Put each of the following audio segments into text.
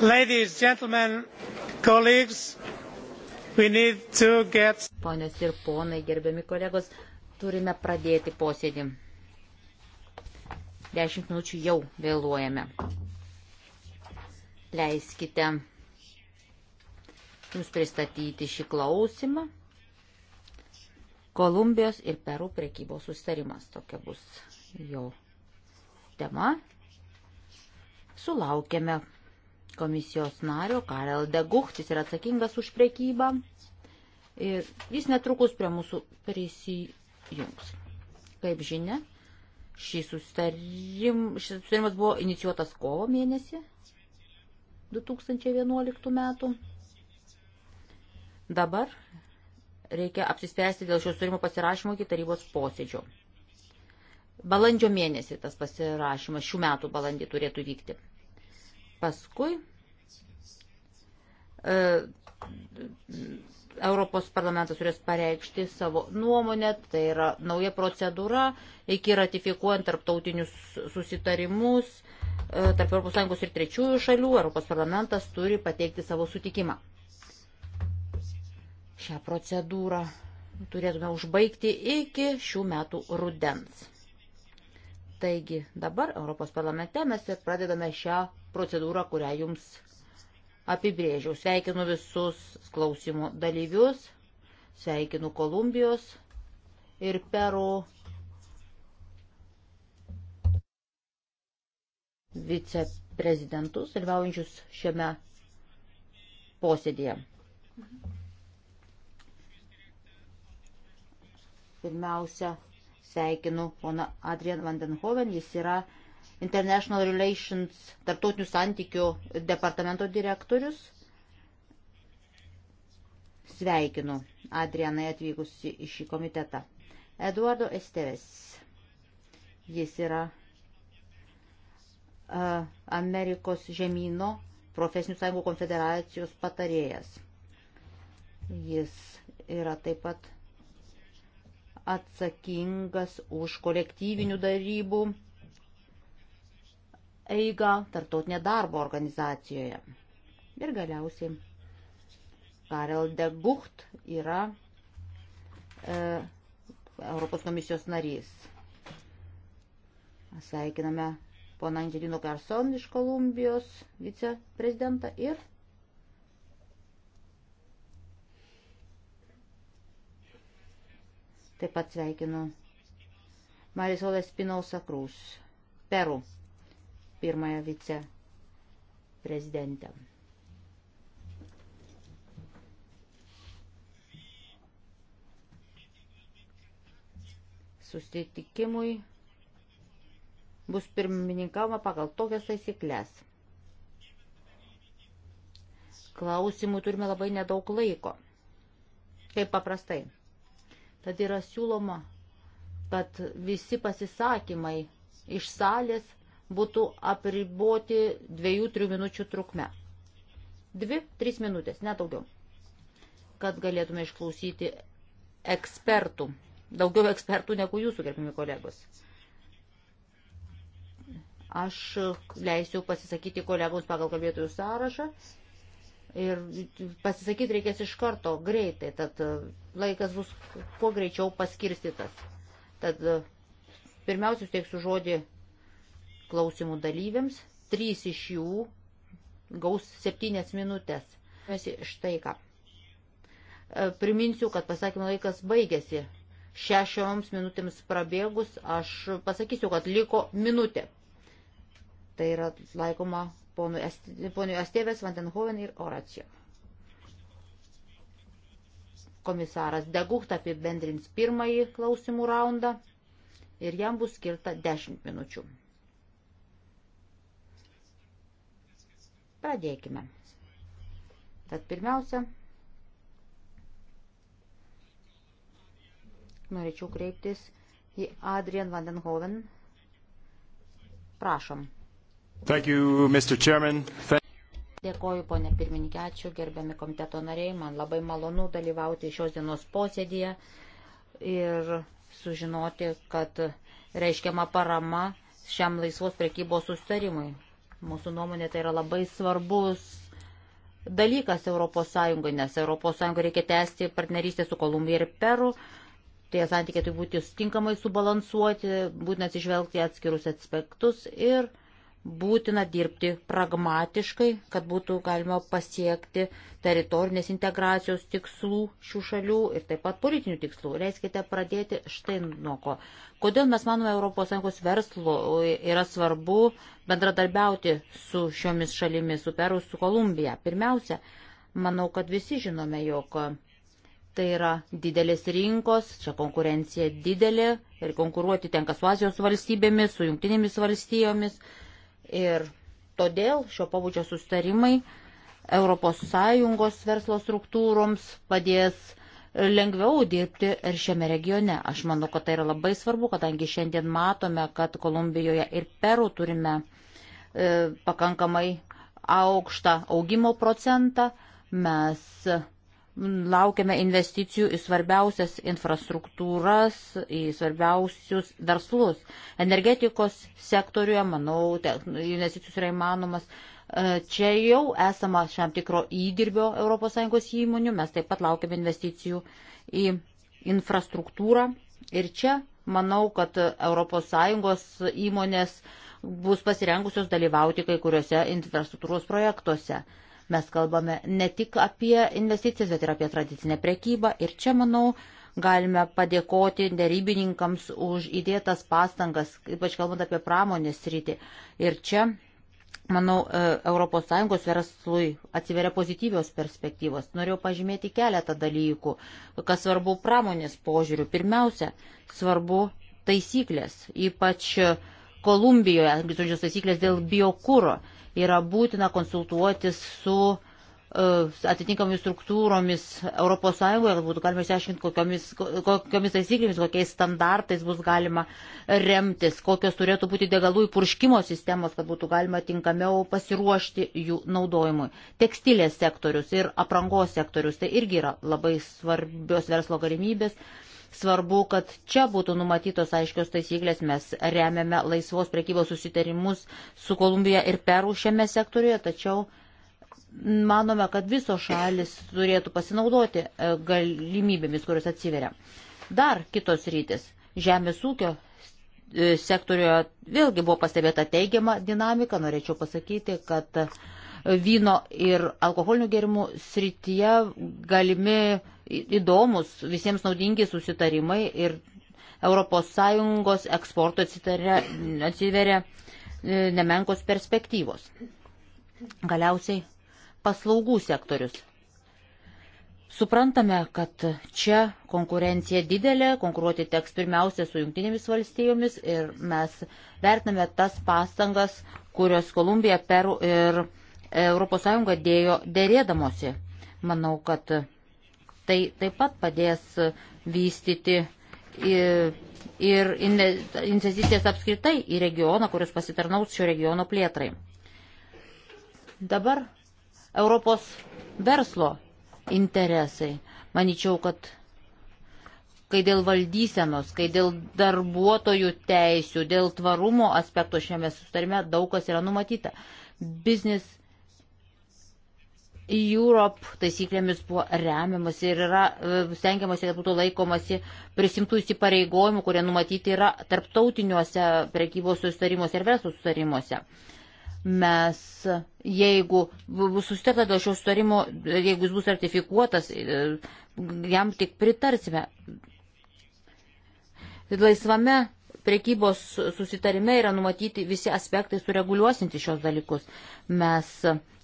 Ladies, gentlemen, colleagues, we need to get. Ponios ir ponai, gerbiami kolegos, turime pradėti posėdį. Dešimt minučių jau vėluojame. Leiskite jums pristatyti šį klausimą. Kolumbijos ir Perų prekybos sustarimas. Tokia bus jo tema. Sulaukėme komisijos nario Karel Deguchtis yra atsakingas už prekybą ir jis netrukus prie mūsų prisijungs. Kaip žinia, šis sustarim, šis sustarimas buvo inicijuotas kovo mėnesį 2011 metų. Dabar reikia apsispręsti dėl šios turimo pasirašymo iki tarybos posėdžio. Balandžio mėnesį tas pasirašymas šių metų balandį turėtų vykti. Paskui e, Europos parlamentas turės pareikšti savo nuomonę, tai yra nauja procedūra, iki ratifikuojant tarptautinius susitarimus e, tarp ES ir trečiųjų šalių, Europos parlamentas turi pateikti savo sutikimą. Šią procedūrą turėtume užbaigti iki šių metų rudens. Taigi dabar Europos parlamente mes ir pradedame šią procedūrą, kurią jums apibrėžiau. Sveikinu visus klausimų dalyvius, sveikinu Kolumbijos ir Peru viceprezidentus, dalyvaujančius šiame posėdėje. Mhm. Pirmiausia, sveikinu pona Adrian Vandenhoven, jis yra International Relations tarptautinių santykių departamento direktorius. Sveikinu Adrianai atvykus į šį komitetą. Eduardo Esteves. Jis yra uh, Amerikos žemynų profesinių sąjungų konfederacijos patarėjas. Jis yra taip pat atsakingas už kolektyvinių darybų eigą tartautinė darbo organizacijoje. Ir galiausiai Karel de Gucht yra e, Europos komisijos narys. Sveikiname poną Angelino Garson iš Kolumbijos viceprezidentą ir Taip pat sveikinu Marisolę Spinausa Krūs, Peru, pirmąją vice prezidentę. Susitikimui bus pirmininkama pagal tokias taisyklės. Klausimų turime labai nedaug laiko. Kaip paprastai. Tad yra siūloma, kad visi pasisakymai iš salės būtų apriboti dviejų, trijų minučių trukme. Dvi, trys minutės, netaugiau. Kad galėtume išklausyti ekspertų. Daugiau ekspertų negu jūsų, gerbimi kolegos. Aš leisiu pasisakyti kolegos pagal kalbėtojų sąrašą Ir pasisakyti reikės iš karto, greitai, tad e, laikas bus kuo greičiau paskirstytas. Tad e, pirmiausia, teiksiu žodį klausimų dalyviams. Trys iš jų gaus septynės minutės. Štai ką. E, priminsiu, kad pasakymo laikas baigėsi. Šešioms minutėms prabėgus aš pasakysiu, kad liko minutė. Tai yra laikoma ponių Estėvės, Vandenhoven ir Oracijo. Komisaras Degucht apibendrins pirmąjį klausimų raundą ir jam bus skirta 10 minučių. Pradėkime. Tad pirmiausia, norėčiau kreiptis į Adrian Vandenhoven. Prašom. Thank you, Mr. Chairman. Thank Dėkoju, ponė pirmininkė, ačiū, gerbiami komiteto nariai, man labai malonu dalyvauti šios dienos posėdėje ir sužinoti, kad reiškiama parama šiam laisvos prekybos sustarimui. Mūsų nuomonė tai yra labai svarbus dalykas ES, nes ES reikia tęsti partnerystę su Kolumbija ir Peru. Tie santykiai turi būti tinkamai subalansuoti, būtent atsižvelgti atskirus aspektus ir būtina dirbti pragmatiškai, kad būtų galima pasiekti teritorinės integracijos tikslų šių šalių ir taip pat politinių tikslų. Leiskite pradėti štai nuo ko. Kodėl mes manome ES verslo yra svarbu bendradarbiauti su šiomis šalimis, su Peru, su Kolumbija? Pirmiausia, manau, kad visi žinome, jog tai yra didelės rinkos, čia konkurencija didelė ir konkuruoti tenka su Azijos valstybėmis, su jungtinėmis valstijomis. Ir todėl šio pabudžio sustarimai ES verslo struktūroms padės lengviau dirbti ir šiame regione. Aš manau, kad tai yra labai svarbu, kadangi šiandien matome, kad Kolumbijoje ir Peru turime e, pakankamai aukštą augimo procentą. Mes Laukiame investicijų į svarbiausias infrastruktūras, į svarbiausius verslus. Energetikos sektoriuje, manau, investicijos yra įmanomas. E, čia jau esama šiam tikro įdirbio ES įmonių, mes taip pat laukiame investicijų į infrastruktūrą. Ir čia manau, kad ES įmonės bus pasirengusios dalyvauti kai kuriuose infrastruktūros projektuose. Mes kalbame ne tik apie investicijas, bet ir apie tradicinę prekybą. Ir čia, manau, galime padėkoti darybininkams už įdėtas pastangas, ypač kalbant apie pramonės rytį. Ir čia, manau, ES verslui atsiveria pozityvios perspektyvos. Norėjau pažymėti keletą dalykų, kas svarbu pramonės požiūrių. Pirmiausia, svarbu taisyklės, ypač Kolumbijoje egzistuojančios taisyklės dėl biokūro yra būtina konsultuotis su e, atitinkamomis struktūromis ES, kad būtų galima išsiaiškinti, kokiomis, kokiomis taisyklėmis, kokiais standartais bus galima remtis, kokios turėtų būti degalų įpurškimo sistemos, kad būtų galima tinkamiau pasiruošti jų naudojimui. Tekstilės sektorius ir aprangos sektorius tai irgi yra labai svarbios verslo galimybės. Uh, Svarbu, kad čia būtų numatytos aiškios taisyklės. Mes remiame laisvos prekybos susitarimus su Kolumbija ir Peru šiame sektoriuje, tačiau manome, kad visos šalis turėtų pasinaudoti e, galimybėmis, kurios atsiveria. Dar kitos rytis. Žemės ūkio e, sektoriuje vėlgi buvo pastebėta teigiama dinamika. Norėčiau pasakyti, kad e, vyno ir alkoholinių gėrimų srityje galimi įdomus, visiems naudingi susitarimai ir ES eksporto atsiveria e, nemenkos perspektyvos. Galiausiai paslaugų sektorius. Suprantame, kad čia konkurencija didelė, konkuruoti teks pirmiausia su jungtinėmis valstijomis ir mes vertiname tas pastangas, kurios Kolumbija, Peru ir ES dėjo dėrėdamosi. Manau, kad Tai taip pat padės vystyti ir, ir investicijas apskritai į regioną, kuris pasitarnaus šio regiono plėtrai. Dabar Europos verslo interesai. Maničiau, kad kai dėl valdysenos, kai dėl darbuotojų teisių, dėl tvarumo aspektų šiame sustarime daug kas yra numatyta. Business Europe taisyklėmis buvo remiamas ir yra e, stengiamasi, kad būtų laikomasi prisimtų įsipareigojimų, kurie numatyti yra tarptautiniuose prekybos sustarimuose ir verslo sustarimuose. Mes, jeigu bus susitarta dėl šio sustarimo, jeigu jis bus ratifikuotas, e, jam tik pritarsime. Laisvame prekybos susitarime yra numatyti visi aspektai sureguliuosinti šios dalykus. Mes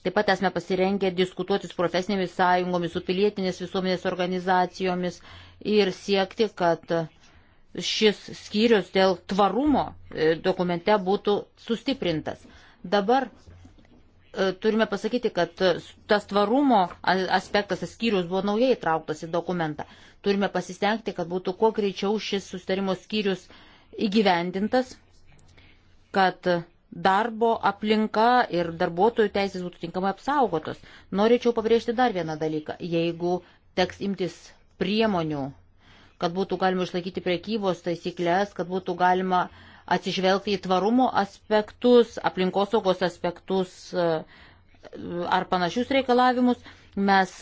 Taip pat esame pasirengę diskutuoti su profesinėmis sąjungomis, su pilietinės visuomenės organizacijomis ir siekti, kad šis skyrius dėl tvarumo e, dokumente būtų sustiprintas. Dabar e, turime pasakyti, kad tas tvarumo aspektas, tas skyrius buvo naujai įtrauktas į dokumentą. Turime pasistengti, kad būtų kuo greičiau šis sustarimo skyrius įgyvendintas, kad darbo aplinka ir darbuotojų teisės būtų tinkamai apsaugotos. Norėčiau pabrėžti dar vieną dalyką. Jeigu teks imtis priemonių, kad būtų galima išlaikyti priekybos taisyklės, kad būtų galima atsižvelgti į tvarumo aspektus, aplinkosaugos aspektus e, ar panašius reikalavimus, mes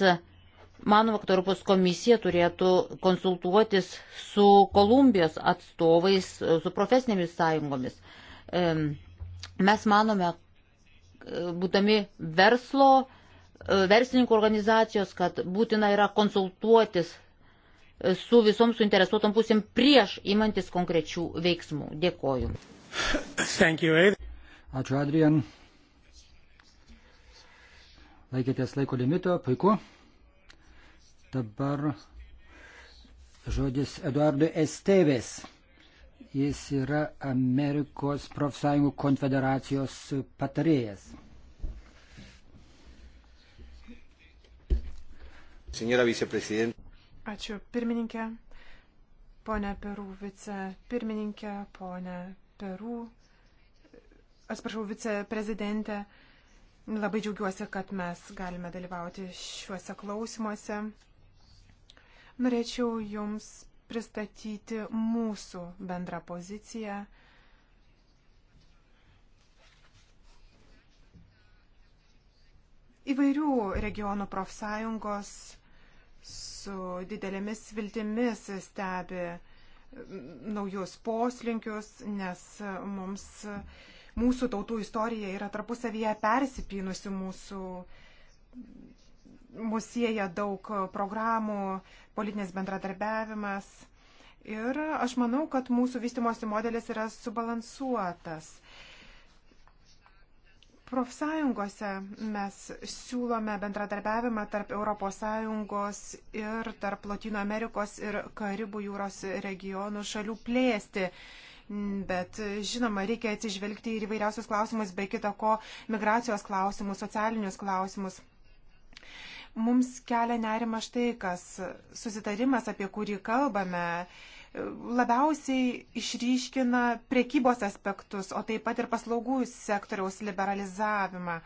manome, kad Europos komisija turėtų konsultuotis su Kolumbijos atstovais, su profesinėmis sąjungomis Mes manome, būdami verslo, verslininkų organizacijos, kad būtina yra konsultuotis su visom suinteresuotom pusėm prieš imantis konkrečių veiksmų. Dėkoju. Ačiū, Adrian. Laikėtės laiko limito, puiku. Dabar žodis Eduardo Estevės. Jis yra Amerikos profsąjungų konfederacijos patarėjas. Ačiū pirmininkė, ponė Perų vicepirmininkė, ponė Perų, atsiprašau, viceprezidentė. Labai džiaugiuosi, kad mes galime dalyvauti šiuose klausimuose. Norėčiau Jums pristatyti mūsų bendrą poziciją. Įvairių regionų profsąjungos su didelėmis viltimis stebi naujus poslinkius, nes mums, mūsų tautų istorija yra tarpusavyje persipynusi mūsų mus sieja daug programų, politinis bendradarbiavimas. Ir aš manau, kad mūsų vystimosi modelis yra subalansuotas. Profsąjungose mes siūlome bendradarbiavimą tarp ES ir tarp Latino Amerikos ir Karibų jūros regionų šalių plėsti. Bet žinoma, reikia atsižvelgti ir įvairiausius klausimus, be kita ko, migracijos klausimus, socialinius klausimus. Mums kelia nerima štai, kas susitarimas, apie kurį kalbame, labiausiai išryškina prekybos aspektus, o taip pat ir paslaugų sektoriaus liberalizavimą.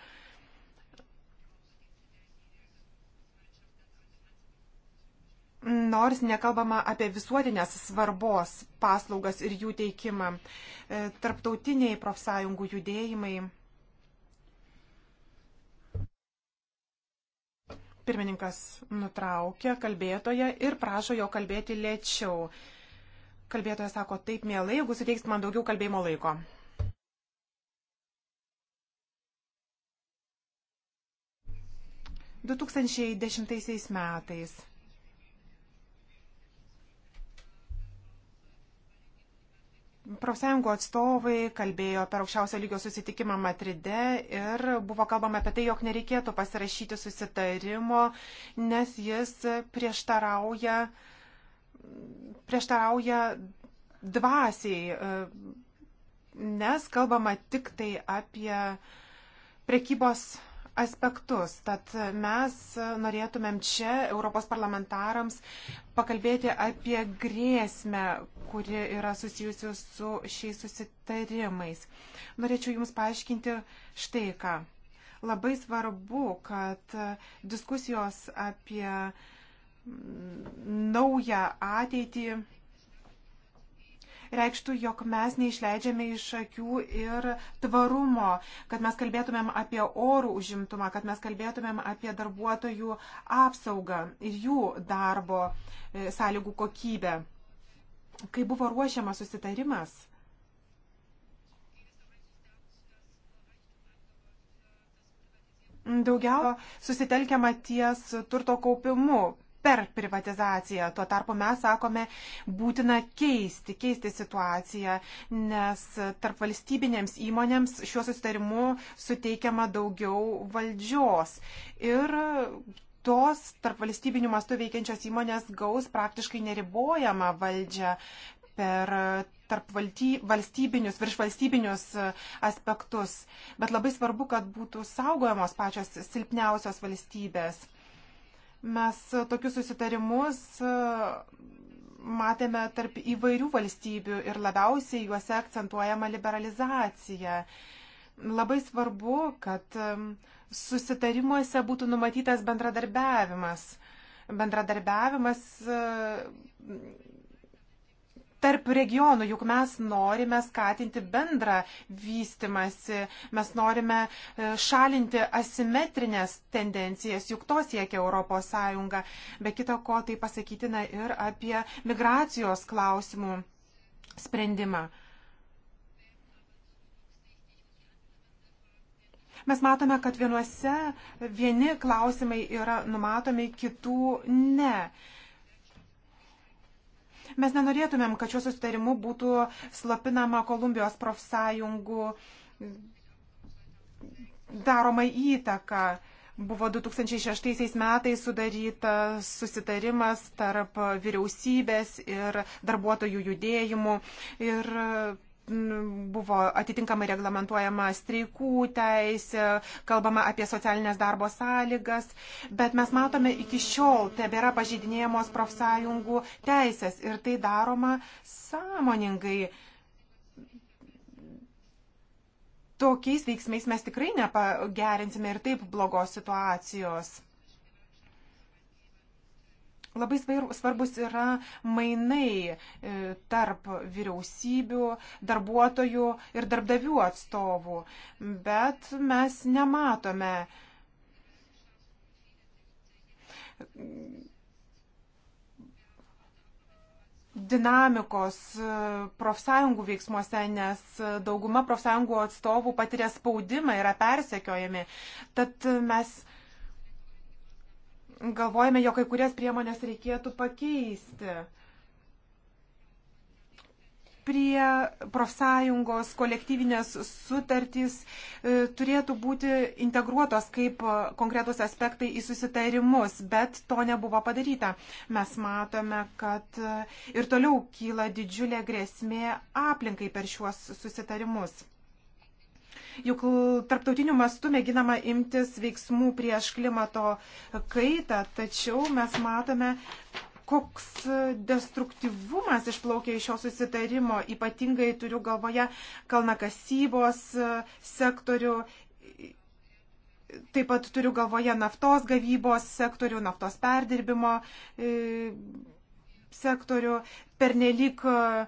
nors nekalbama apie visuotinės svarbos paslaugas ir jų teikimą. E, tarptautiniai profsąjungų judėjimai Pirmininkas nutraukia kalbėtoją ir prašo jo kalbėti lėčiau. Kalbėtojas sako, taip mielai, jeigu suteiksit man daugiau kalbėjimo laiko. Du tūkstančiai dešimtaisiais metais Profsąjungų atstovai kalbėjo per aukščiausio lygio susitikimą Madride ir buvo kalbama apie tai, jog nereikėtų pasirašyti susitarimo, nes jis prieštarauja, prieštarauja dvasiai, e, nes kalbama tik tai apie prekybos aspektus. Tad mes norėtumėm čia Europos parlamentarams pakalbėti apie grėsmę, kuri yra susijusi su šiais susitarimais. Norėčiau Jums paaiškinti štai ką. Labai svarbu, kad diskusijos apie naują ateitį reikštų, jog mes neišleidžiame iš akių ir tvarumo, kad mes kalbėtumėm apie orų užimtumą, kad mes kalbėtumėm apie darbuotojų apsaugą ir jų darbo e, sąlygų kokybę. Kai buvo ruošiamas susitarimas, daugiau susitelkiama ties turto kaupimu, per privatizaciją. Tuo tarpu mes sakome, būtina keisti, keisti situaciją, nes tarp valstybinėms įmonėms šiuo susitarimu suteikiama daugiau valdžios. Ir tos tarp valstybinių mastų veikiančios įmonės gaus praktiškai neribojamą valdžią per tarp valstybinius, viršvalstybinius aspektus. Bet labai svarbu, kad būtų saugojamos pačios silpniausios valstybės. Mes tokius susitarimus e, matėme tarp įvairių valstybių ir labiausiai juose akcentuojama liberalizacija. Labai svarbu, kad e, susitarimuose būtų numatytas bendradarbiavimas. Bendradarbiavimas e, tarp regionų, juk mes norime skatinti bendrą vystimasi, mes norime e, šalinti asimetrinės tendencijas, juk to siekia ES. Be kita ko, tai pasakytina ir apie migracijos klausimų sprendimą. mes matome, kad vienuose vieni klausimai yra numatomi, kitų ne. Mes nenorėtumėm, kad šiuo susitarimu būtų slapinama Kolumbijos profsąjungų daroma įtaka. Buvo 2006 metais sudarytas susitarimas tarp vyriausybės ir darbuotojų judėjimų. Ir buvo atitinkamai reglamentuojama streikų teisė, kalbama apie socialinės darbo sąlygas, bet mes matome iki šiol tebėra pažydinėjamos profsąjungų teisės ir tai daroma sąmoningai. Tokiais veiksmais mes tikrai nepagerinsime ir taip blogos situacijos. Labai svarbus yra mainai e, tarp vyriausybių, darbuotojų ir darbdavių atstovų, bet mes nematome dinamikos e, profsąjungų veiksmuose, nes dauguma profsąjungų atstovų patiria spaudimą, yra persekiojami. Tad mes galvojame, jog kai kurias priemonės reikėtų pakeisti. Prie profsąjungos kolektyvinės sutartys e, turėtų būti integruotos kaip konkretus aspektai į susitarimus, bet to nebuvo padaryta. Mes matome, kad e, ir toliau kyla didžiulė grėsmė aplinkai per šiuos susitarimus. Juk tarptautiniu mastu mėginama imtis veiksmų prieš klimato kaitą, tačiau mes matome, koks destruktyvumas išplaukia iš šio susitarimo, ypatingai turiu galvoje kalnakasybos e, sektorių. Taip pat turiu galvoje naftos gavybos sektorių, naftos perdirbimo e, sektorių, pernelyg e,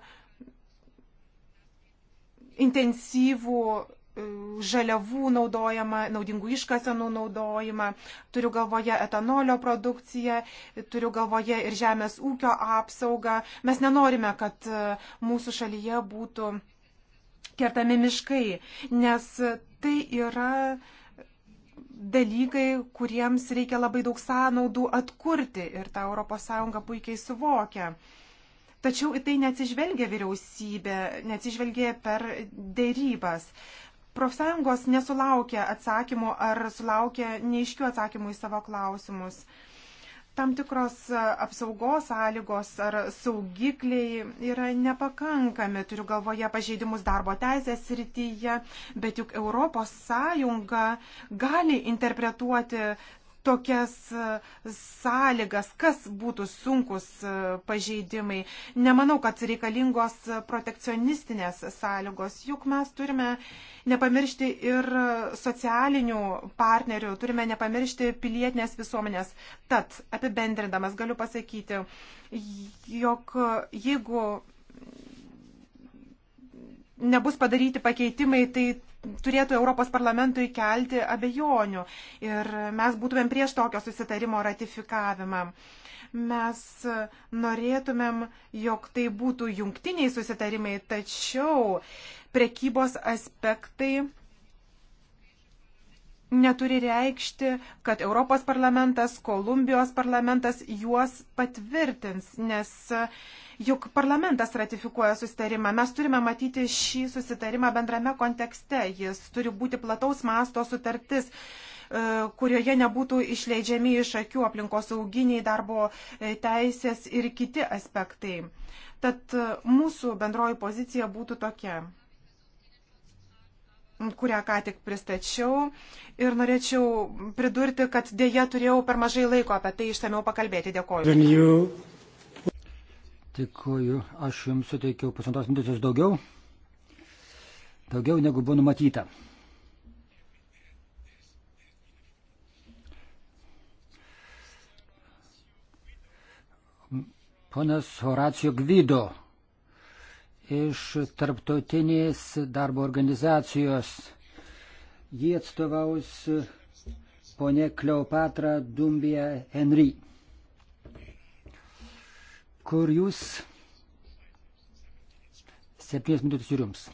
intensyvų žaliavų naudojimą, naudingų iškasenų naudojimą, turiu galvoje etanolio produkciją, turiu galvoje ir žemės ūkio apsaugą. Mes nenorime, kad e, mūsų šalyje būtų kertami miškai, nes tai yra dalykai, kuriems reikia labai daug sąnaudų atkurti ir tą ES puikiai suvokia. Tačiau į tai neatsižvelgia vyriausybė, neatsižvelgia per dėrybas. Uh, Profsąjungos nesulaukia atsakymų ar sulaukia neiškių atsakymų į savo klausimus. Tam tikros e, apsaugos sąlygos ar saugikliai yra nepakankami, turiu galvoje pažeidimus darbo teisės rytyje, bet juk Europos Sąjunga gali interpretuoti tokias e, sąlygas, kas būtų sunkus e, pažeidimai. Nemanau, kad reikalingos protekcionistinės sąlygos, juk mes turime nepamiršti ir socialinių partnerių, turime nepamiršti pilietinės visuomenės. Tad apibendrindamas galiu pasakyti, jog jeigu nebus padaryti pakeitimai, tai turėtų Europos parlamentui kelti abejonių ir mes būtumėm prieš tokio susitarimo ratifikavimą. Mes norėtumėm, jog tai būtų jungtiniai susitarimai, tačiau prekybos aspektai neturi reikšti, kad Europos parlamentas, Kolumbijos parlamentas juos patvirtins, nes e, juk parlamentas ratifikuoja susitarimą. Mes turime matyti šį susitarimą bendrame kontekste. Jis turi būti plataus masto sutartis e, kurioje nebūtų išleidžiami iš akių aplinkosauginiai darbo e, teisės ir kiti aspektai. Tad mūsų bendroji pozicija būtų tokia kurią ką tik pristačiau. Ir norėčiau pridurti, kad dėja turėjau per mažai laiko apie tai išsameu pakalbėti. Dėkoju. Dėkoju. Aš jums suteikiau pusantros minutės daugiau. Daugiau negu buvo numatyta. Ponas Horacijo Gvido iš tarptautinės darbo organizacijos. Jį atstovaus ponė Kleopatra Dumbija Henry. Kur jūs? Septynės minutės ir jums.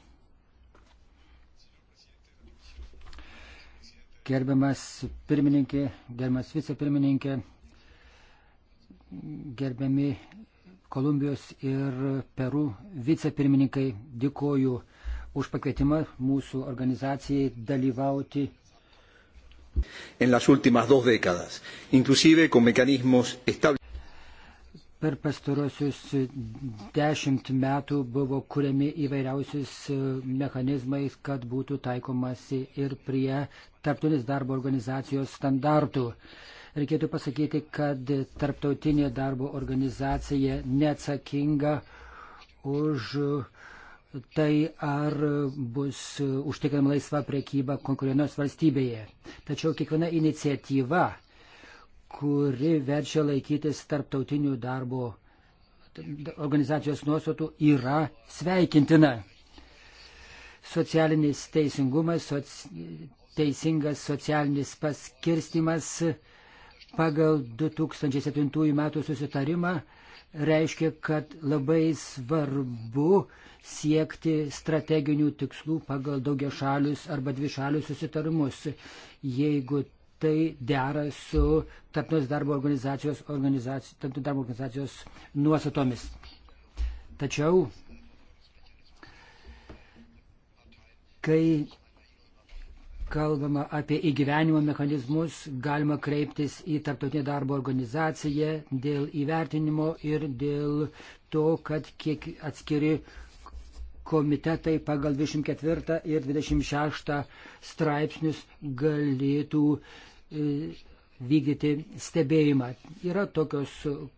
Gerbiamas pirmininkė, gerbiamas vicepirmininkė, gerbiami Kolumbijos ir Peru vicepirmininkai dėkoju už pakvietimą mūsų organizacijai dalyvauti. En las últimas dos décadas, inclusive con mecanismos estables. Per pastarosius dešimt metų buvo kuriami įvairiausius mechanizmais, kad būtų taikomasi ir prie tarptautinės darbo organizacijos standartų. Reikėtų pasakyti, kad tarptautinė darbo organizacija neatsakinga už tai, ar bus užtikrinama laisva priekyba konkurienos valstybėje. Tačiau kiekviena iniciatyva, kuri verčia laikytis tarptautinių darbo organizacijos nuostatų, yra sveikintina socialinis teisingumas, soc, teisingas socialinis paskirstimas pagal 2007 metų susitarimą reiškia, kad labai svarbu siekti strateginių tikslų pagal daugiašalius arba dvišalius susitarimus, jeigu tai dera su tarptautinės darbo organizacijos, organizacijos, darbo organizacijos nuostatomis. Tačiau, kai kalbama apie įgyvenimo mechanizmus, galima kreiptis į Tarptautinę darbo organizaciją dėl įvertinimo ir dėl to, kad kiek atskiri komitetai pagal 24 ir 26 straipsnius galėtų e, vykdyti stebėjimą. Yra tokios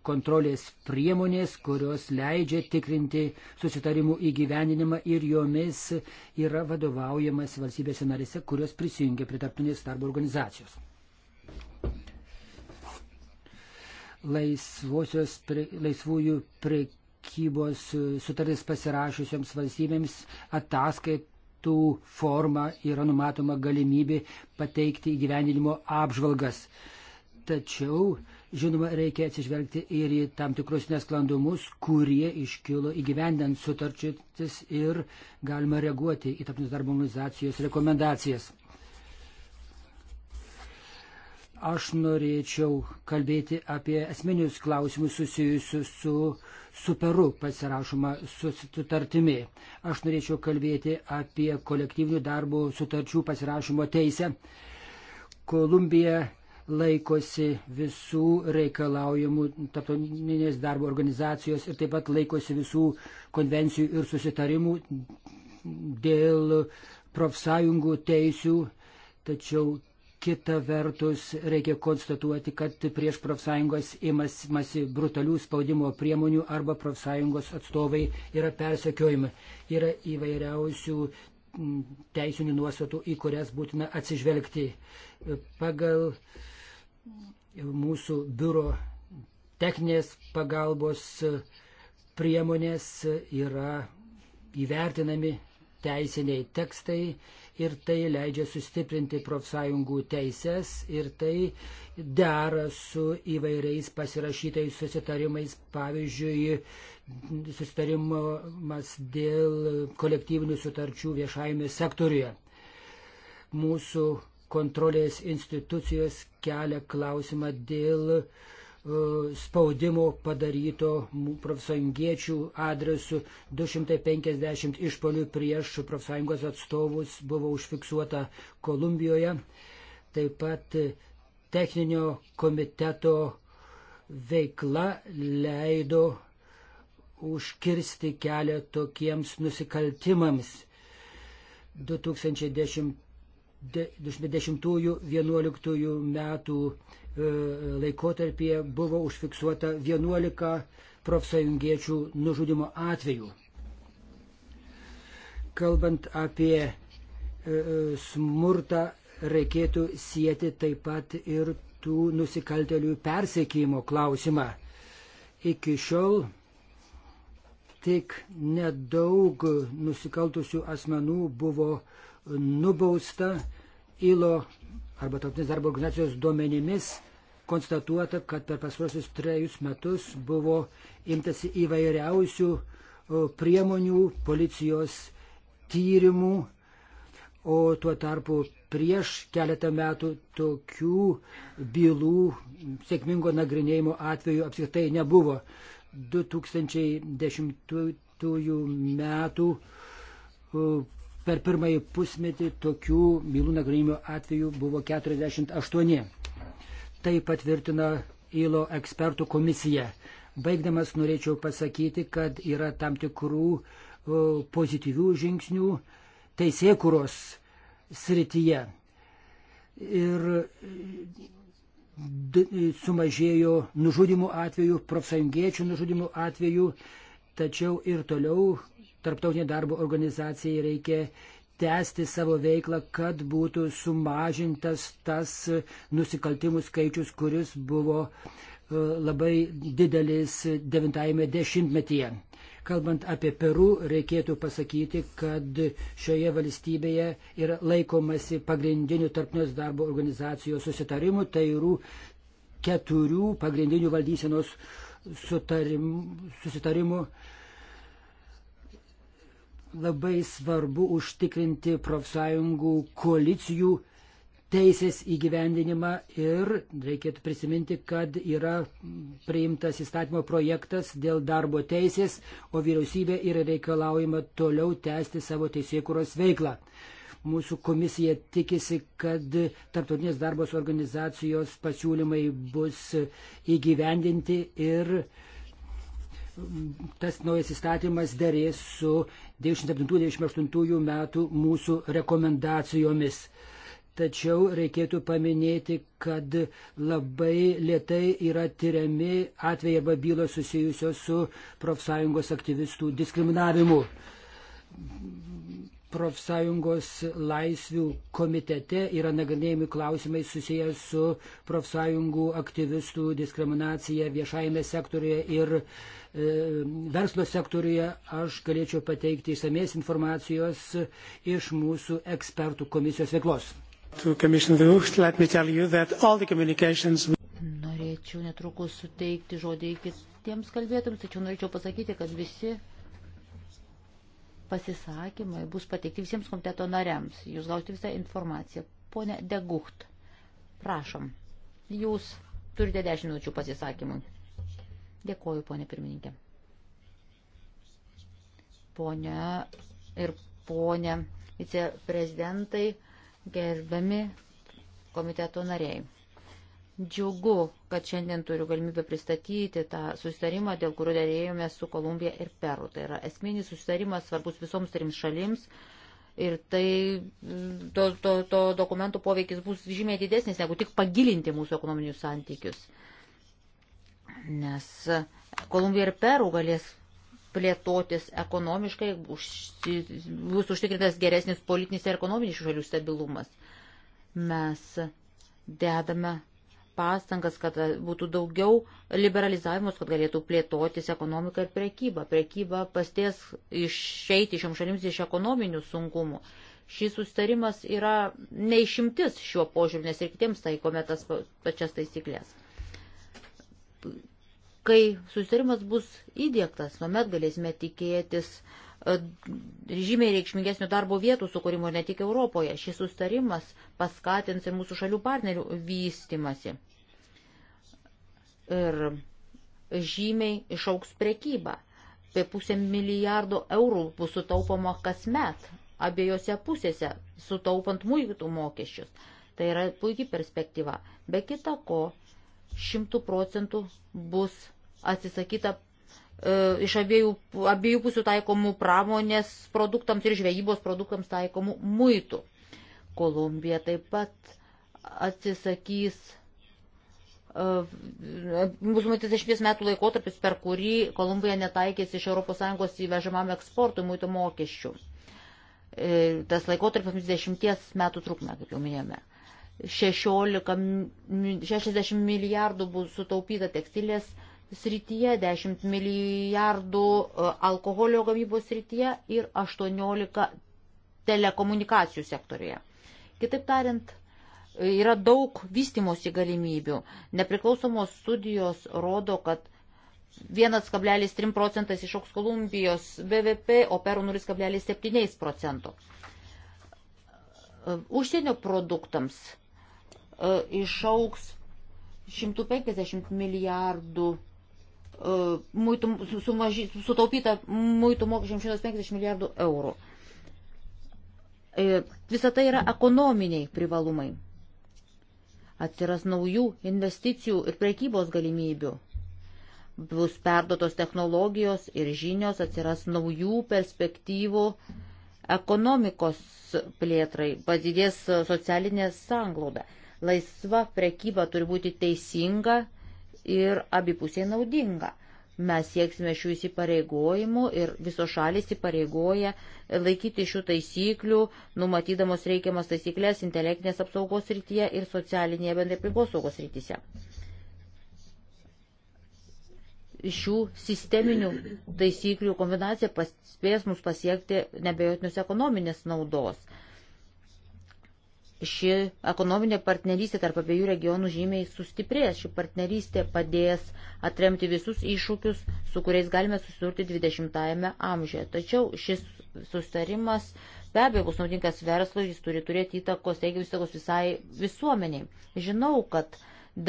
kontrolės priemonės, kurios leidžia tikrinti susitarimų įgyveninimą ir jomis yra vadovaujamas valstybėse narėse, kurios prisijungia prie tarptautinės darbo organizacijos. Laisvosios, pre, laisvųjų prekybos sutartis pasirašiusioms valstybėms ataskait metų forma yra numatoma galimybė pateikti įgyvendinimo apžvalgas. Tačiau, žinoma, reikia atsižvelgti ir į tam tikrus nesklandumus, kurie iškilo įgyvendant sutarčytis ir galima reaguoti į tarptautinės darbo organizacijos rekomendacijas. Aš norėčiau kalbėti apie esminius klausimus susijusius su, su Peru pasirašoma sutartimi. Aš norėčiau kalbėti apie kolektyvinių darbų sutarčių pasirašymo teisę. Kolumbija laikosi visų reikalaujamų tarptautinės darbo organizacijos ir taip pat laikosi visų konvencijų ir susitarimų dėl profsąjungų teisių, tačiau Kita vertus, reikia konstatuoti, kad prieš profsąjungos imasi brutalių spaudimo priemonių arba profsąjungos atstovai yra persekiojami. Yra įvairiausių teisinių nuostatų, į kurias būtina atsižvelgti. Pagal mūsų biuro techninės pagalbos priemonės yra įvertinami teisiniai tekstai ir tai leidžia sustiprinti profsąjungų teises ir tai dera su įvairiais pasirašytais susitarimais, pavyzdžiui, susitarimas dėl kolektyvinių sutarčių viešajame sektoriuje. Mūsų kontrolės institucijos kelia klausimą dėl uh, E, spaudimo padaryto profsąjungiečių adresu 250 išpolių prieš profsąjungos atstovus buvo užfiksuota Kolumbijoje. Taip pat techninio komiteto veikla leido užkirsti kelią tokiems nusikaltimams. 2010-2011 metų E, laikotarpyje buvo užfiksuota 11 profsąjungiečių nužudimo atvejų. Kalbant apie e, e, smurtą, reikėtų sieti taip pat ir tų nusikaltelių persekėjimo klausimą. Iki šiol tik nedaug nusikaltusių asmenų buvo nubausta, ILO arba tarptautinės darbo organizacijos duomenimis konstatuota, kad per pasuosius trejus metus buvo imtasi įvairiausių priemonių, policijos tyrimų, o tuo tarpu prieš keletą metų tokių bylų sėkmingo nagrinėjimo atveju apskritai nebuvo. 2010 metų Per pirmąjį pusmetį tokių bylų nagrinimo atvejų buvo 48. Tai patvirtina ILO ekspertų komisija. Baigdamas norėčiau pasakyti, kad yra tam tikrų pozityvių žingsnių teisėkuros srityje. Ir sumažėjo nužudimų atvejų, profsąjungiečių nužudimų atvejų, tačiau ir toliau tarptautinė darbo organizacija reikia tęsti savo veiklą, kad būtų sumažintas tas nusikaltimų skaičius, kuris buvo e, labai didelis 90-ame dešimtmetyje. Kalbant apie Peru, reikėtų pasakyti, kad šioje valstybėje yra laikomasi pagrindinių tarpnės darbo organizacijos susitarimų, tai yra keturių pagrindinių valdysenos sutarim, susitarimų labai svarbu užtikrinti profsąjungų koalicijų teisės įgyvendinimą ir reikėtų prisiminti, kad yra priimtas įstatymo projektas dėl darbo teisės, o vyriausybė yra reikalaujama toliau tęsti savo teisėkuros veiklą. Mūsų komisija tikisi, kad tarptautinės darbos organizacijos pasiūlymai bus įgyvendinti ir uh, tas naujas įstatymas dėrės su 97-98 metų mūsų rekomendacijomis. Tačiau reikėtų paminėti, kad labai lietai yra tyriami atvejai arba bylos susijusios su profsąjungos aktyvistų diskriminavimu profsąjungos laisvių komitete yra nagrinėjami klausimai susijęs su profsąjungų aktyvistų diskriminacija viešajame sektoriuje ir e, verslo sektoriuje. Aš galėčiau pateikti įsamės informacijos iš mūsų ekspertų komisijos veiklos. Norėčiau netrukus suteikti žodį kitiems kalbėtams, tačiau norėčiau pasakyti, kad visi pasisakymai bus pateikti visiems komiteto nariams. Jūs gausite visą informaciją. Pone Degucht, prašom. Jūs turite 10 minučių pasisakymui. Dėkoju, ponė pirmininkė. Pone ir ponė viceprezidentai, gerbiami komiteto nariai. Džiugu, kad šiandien turiu galimybę pristatyti tą susitarimą, dėl kurio dėrėjome su Kolumbija ir Peru. Tai yra esminis susitarimas svarbus visoms trims šalims. Ir tai to, to, to dokumento poveikis bus žymiai didesnis negu tik pagilinti mūsų ekonominius santykius. Nes Kolumbija ir Peru galės plėtotis ekonomiškai, už, bus užtikrintas geresnis politinis ir ekonominis šalių stabilumas. Mes dedame pastangas, kad būtų daugiau liberalizavimus, kad galėtų plėtotis ekonomika ir prekyba. Prekyba pasties išeiti šiom šalims iš ekonominių sunkumų. Šis sustarimas yra neišimtis šiuo požiūriu, nes ir kitiems taikome tas pačias taisyklės. Kai sustarimas bus įdėktas, tuomet galėsime tikėtis uh, E, žymiai reikšmingesnio darbo vietų sukūrimo ne tik Europoje. Šis sustarimas paskatins ir mūsų šalių partnerių vystimasi. Ir žymiai išauks prekyba. Apie pusę milijardo eurų bus sutaupoma kasmet abiejose pusėse, sutaupant muitų mokesčius. Tai yra puikiai perspektyva. Be kita ko, šimtų procentų bus atsisakyta E, iš abiejų, abiejų pusių taikomų pramonės produktams ir žvejybos produktams taikomų muitų. Kolumbija taip pat atsisakys, e, bus matys iš vis metų laikotarpis, per kurį Kolumbija netaikės iš ES įvežamam eksportui muito mokesčių. E, tas laikotarpis 10 metų trukme, kaip jau minėjome. 16, 60 milijardų bus sutaupyta tekstilės srityje, 10 milijardų e, alkoholio gamybos srityje ir 18 telekomunikacijų sektorėje. Kitaip tariant, e, yra daug vystimosi galimybių. Nepriklausomos studijos rodo, kad 1,3 procentas išauks Kolumbijos BVP, o Peru 0,7 procento. E, užsienio produktams išauks 150 milijardų E, muitų, sumaži, sutaupyta muitų mokesčiam 150 milijardų eurų. E, Visą tai yra ekonominiai privalumai. Atsiras naujų investicijų ir prekybos galimybių. Bus perdotos technologijos ir žinios, atsiras naujų perspektyvų ekonomikos plėtrai, padidės socialinė sanglauda. Laisva prekyba turi būti teisinga, ir abipusiai naudinga. Mes sieksime šių įsipareigojimų ir visos šalis įpareigoja laikyti šių taisyklių, numatydamos reikiamas taisyklės intelektinės apsaugos rytyje ir socialinėje bendrai aplinkos saugos rytise. Šių sisteminių taisyklių kombinacija paspės mus pasiekti nebejotinius ekonominės naudos ši ekonominė partnerystė tarp abiejų regionų žymiai sustiprės. Ši partnerystė padės atremti visus iššūkius, su kuriais galime susidurti 20-ame amžiuje. Tačiau šis sustarimas be abejo bus naudingas verslui, jis turi turėti įtakos, teigiamus įtakos visai visuomeniai. Žinau, kad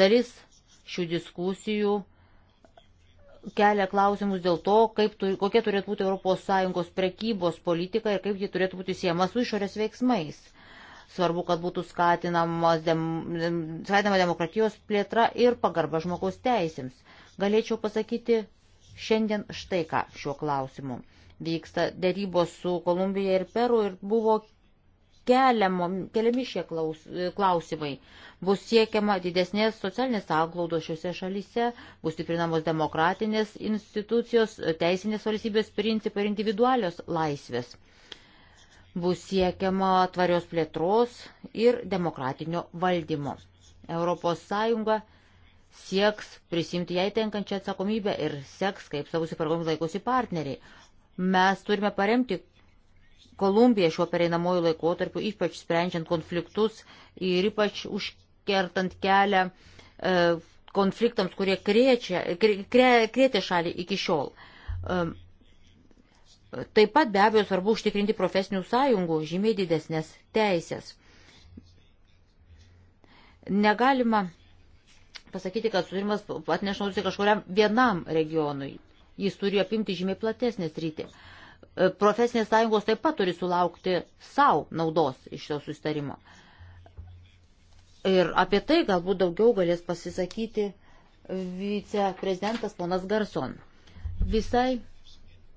dalis šių diskusijų kelia klausimus dėl to, kaip, kokia turėtų būti ES prekybos politika ir kaip ji turėtų būti siejama su išorės veiksmais svarbu, kad būtų skatinama demokratijos plėtra ir pagarba žmogaus teisėms. Galėčiau pasakyti šiandien štai ką šiuo klausimu. Vyksta dėrybos su Kolumbija ir Peru ir buvo keliamo, keliami šie klaus, klausimai. Bus siekiama didesnės socialinės sąglaudos šiuose šalyse, bus stiprinamos demokratinės institucijos, teisinės valstybės principai ir individualios laisvės bus siekiama tvarios plėtros ir demokratinio valdymo. ES sieks prisimti jai tenkančią atsakomybę ir seks, kaip savo įsipareigojimus laikosi partneriai. Mes turime paremti Kolumbiją šiuo pereinamojų laikotarpiu, ypač sprendžiant konfliktus ir ypač užkertant kelią e, konfliktams, kurie krėčia, krė, krėtė šalį iki šiol. E, Taip pat be abejo svarbu užtikrinti profesinių sąjungų žymiai didesnės teisės. Negalima pasakyti, kad sutarimas atneša naudos kažkuriam vienam regionui. Jis turi apimti žymiai platesnį sritį. E, profesinės sąjungos taip pat turi sulaukti savo naudos iš šio sustarimo. Ir apie tai galbūt daugiau galės pasisakyti viceprezidentas ponas Garson. Visai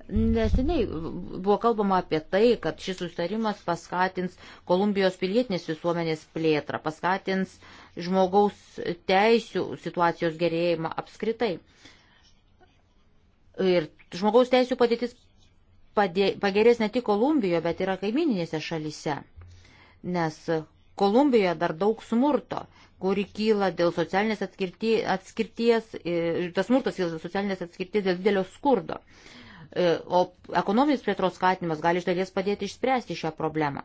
Neseniai buvo kalbama apie tai, kad šis sustarimas paskatins Kolumbijos pilietinės visuomenės plėtrą, paskatins žmogaus teisų situacijos gerėjimą apskritai. Ir žmogaus teisų padėtis padė, pagerės ne tik Kolumbijoje, bet ir kaimininėse šalise. Nes Kolumbijoje dar daug smurto, kuri kyla dėl socialinės atskirties, atskirties ir tas smurtas kyla dėl socialinės atskirties dėl didelio skurdo. Uh, E, o ekonominis plėtros skatinimas gali iš dalies padėti išspręsti šią problemą.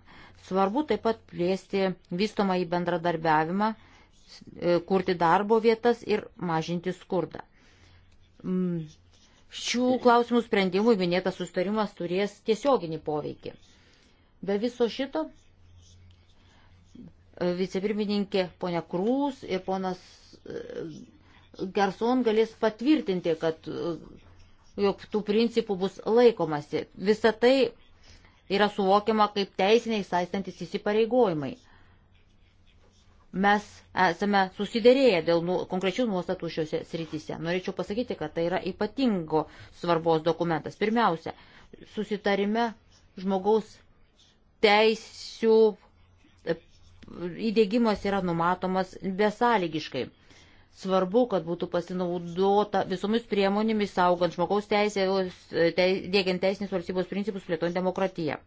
Svarbu taip pat plėsti vystomą į bendradarbiavimą, e, kurti darbo vietas ir mažinti skurdą. Mm, šių klausimų sprendimui minėtas sustarimas turės tiesioginį poveikį. Be viso šito, e, vicepirmininkė ponia Krūs ir ponas Gerson galės patvirtinti, kad jog tų principų bus laikomasi. Visa tai yra suvokiama kaip teisiniai saistantis įsipareigojimai. Mes esame susidėrėję dėl nu, konkrečių nuostatų šiuose srityse. Norėčiau pasakyti, kad tai yra ypatingo svarbos dokumentas. Pirmiausia, susitarime žmogaus teisių įdėgymas yra numatomas besąlygiškai. Svarbu, kad būtų pasinaudota visomis priemonėmis saugant žmogaus teisę, dėgiant teisinės valstybės principus, plėtojant demokratiją.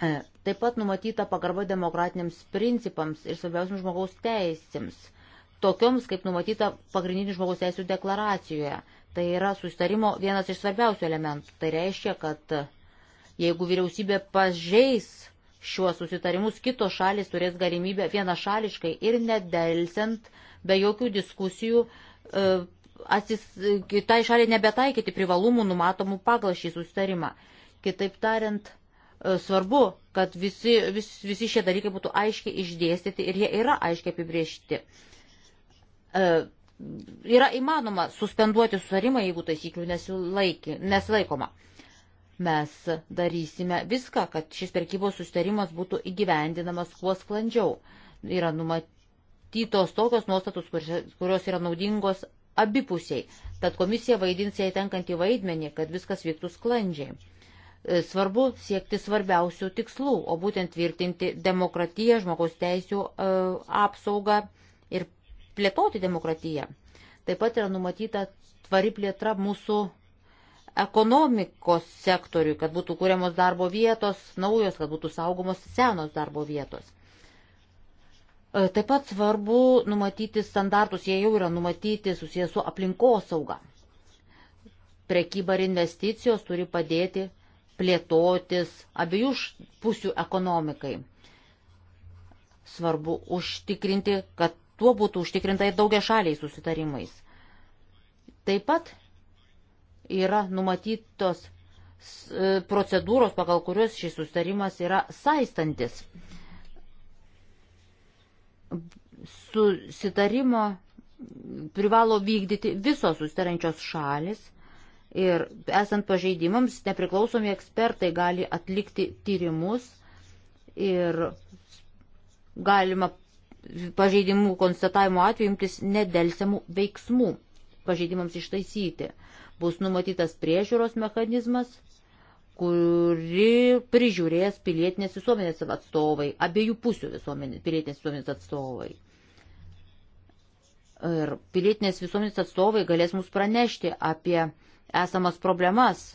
E, taip pat numatyta pagarba demokratiniams principams ir svarbiausiams žmogaus teisėms, tokioms kaip numatyta pagrindinių žmogaus teisų deklaracijoje. Tai yra sustarimo vienas iš svarbiausių elementų. Tai reiškia, kad jeigu vyriausybė pažeis šiuos susitarimus, kitos šalis turės galimybę vienašališkai ir nedelsiant, be jokių diskusijų, e, atsis, kitai šaliai nebetaikyti privalumų numatomų pagal šį susitarimą. Kitaip tariant, e, svarbu, kad visi, vis, visi šie dalykai būtų aiškiai išdėstyti ir jie yra aiškiai apibriežti. E, yra įmanoma suspenduoti susitarimą, jeigu taisyklių nesilaikoma. Mes darysime viską, kad šis prekybos sustarimas būtų įgyvendinamas kuo sklandžiau. Yra numatytos tokios nuostatos, kurios yra naudingos abipusiai. Tad komisija vaidins jai tenkantį vaidmenį, kad viskas vyktų sklandžiai. E, svarbu siekti svarbiausių tikslų, o būtent tvirtinti demokratiją, žmogaus teisų e, apsaugą ir plėtoti demokratiją. Taip pat yra numatyta tvari plėtra mūsų ekonomikos sektoriui, kad būtų kūriamos darbo vietos, naujos, kad būtų saugomos senos darbo vietos. E, taip pat svarbu numatyti standartus, jie jau yra numatyti susijęs su aplinkosauga. Prekyba ir investicijos turi padėti plėtotis abiejų pusių ekonomikai. Svarbu užtikrinti, kad tuo būtų užtikrinta ir daugia šaliai susitarimais. Taip pat yra numatytos e, procedūros, pagal kurios šis sustarimas yra saistantis. Susitarimo privalo vykdyti visos sustarančios šalis ir esant pažeidimams nepriklausomi ekspertai gali atlikti tyrimus ir galima pažeidimų konstatavimo atveju imtis nedelsiamų veiksmų pažeidimams ištaisyti. Bus numatytas priežiūros mechanizmas, kuri prižiūrės pilietinės visuomenės atstovai, abiejų pusių visuomenės, pilietinės visuomenės atstovai. Ir pilietinės visuomenės atstovai galės mus pranešti apie esamas problemas,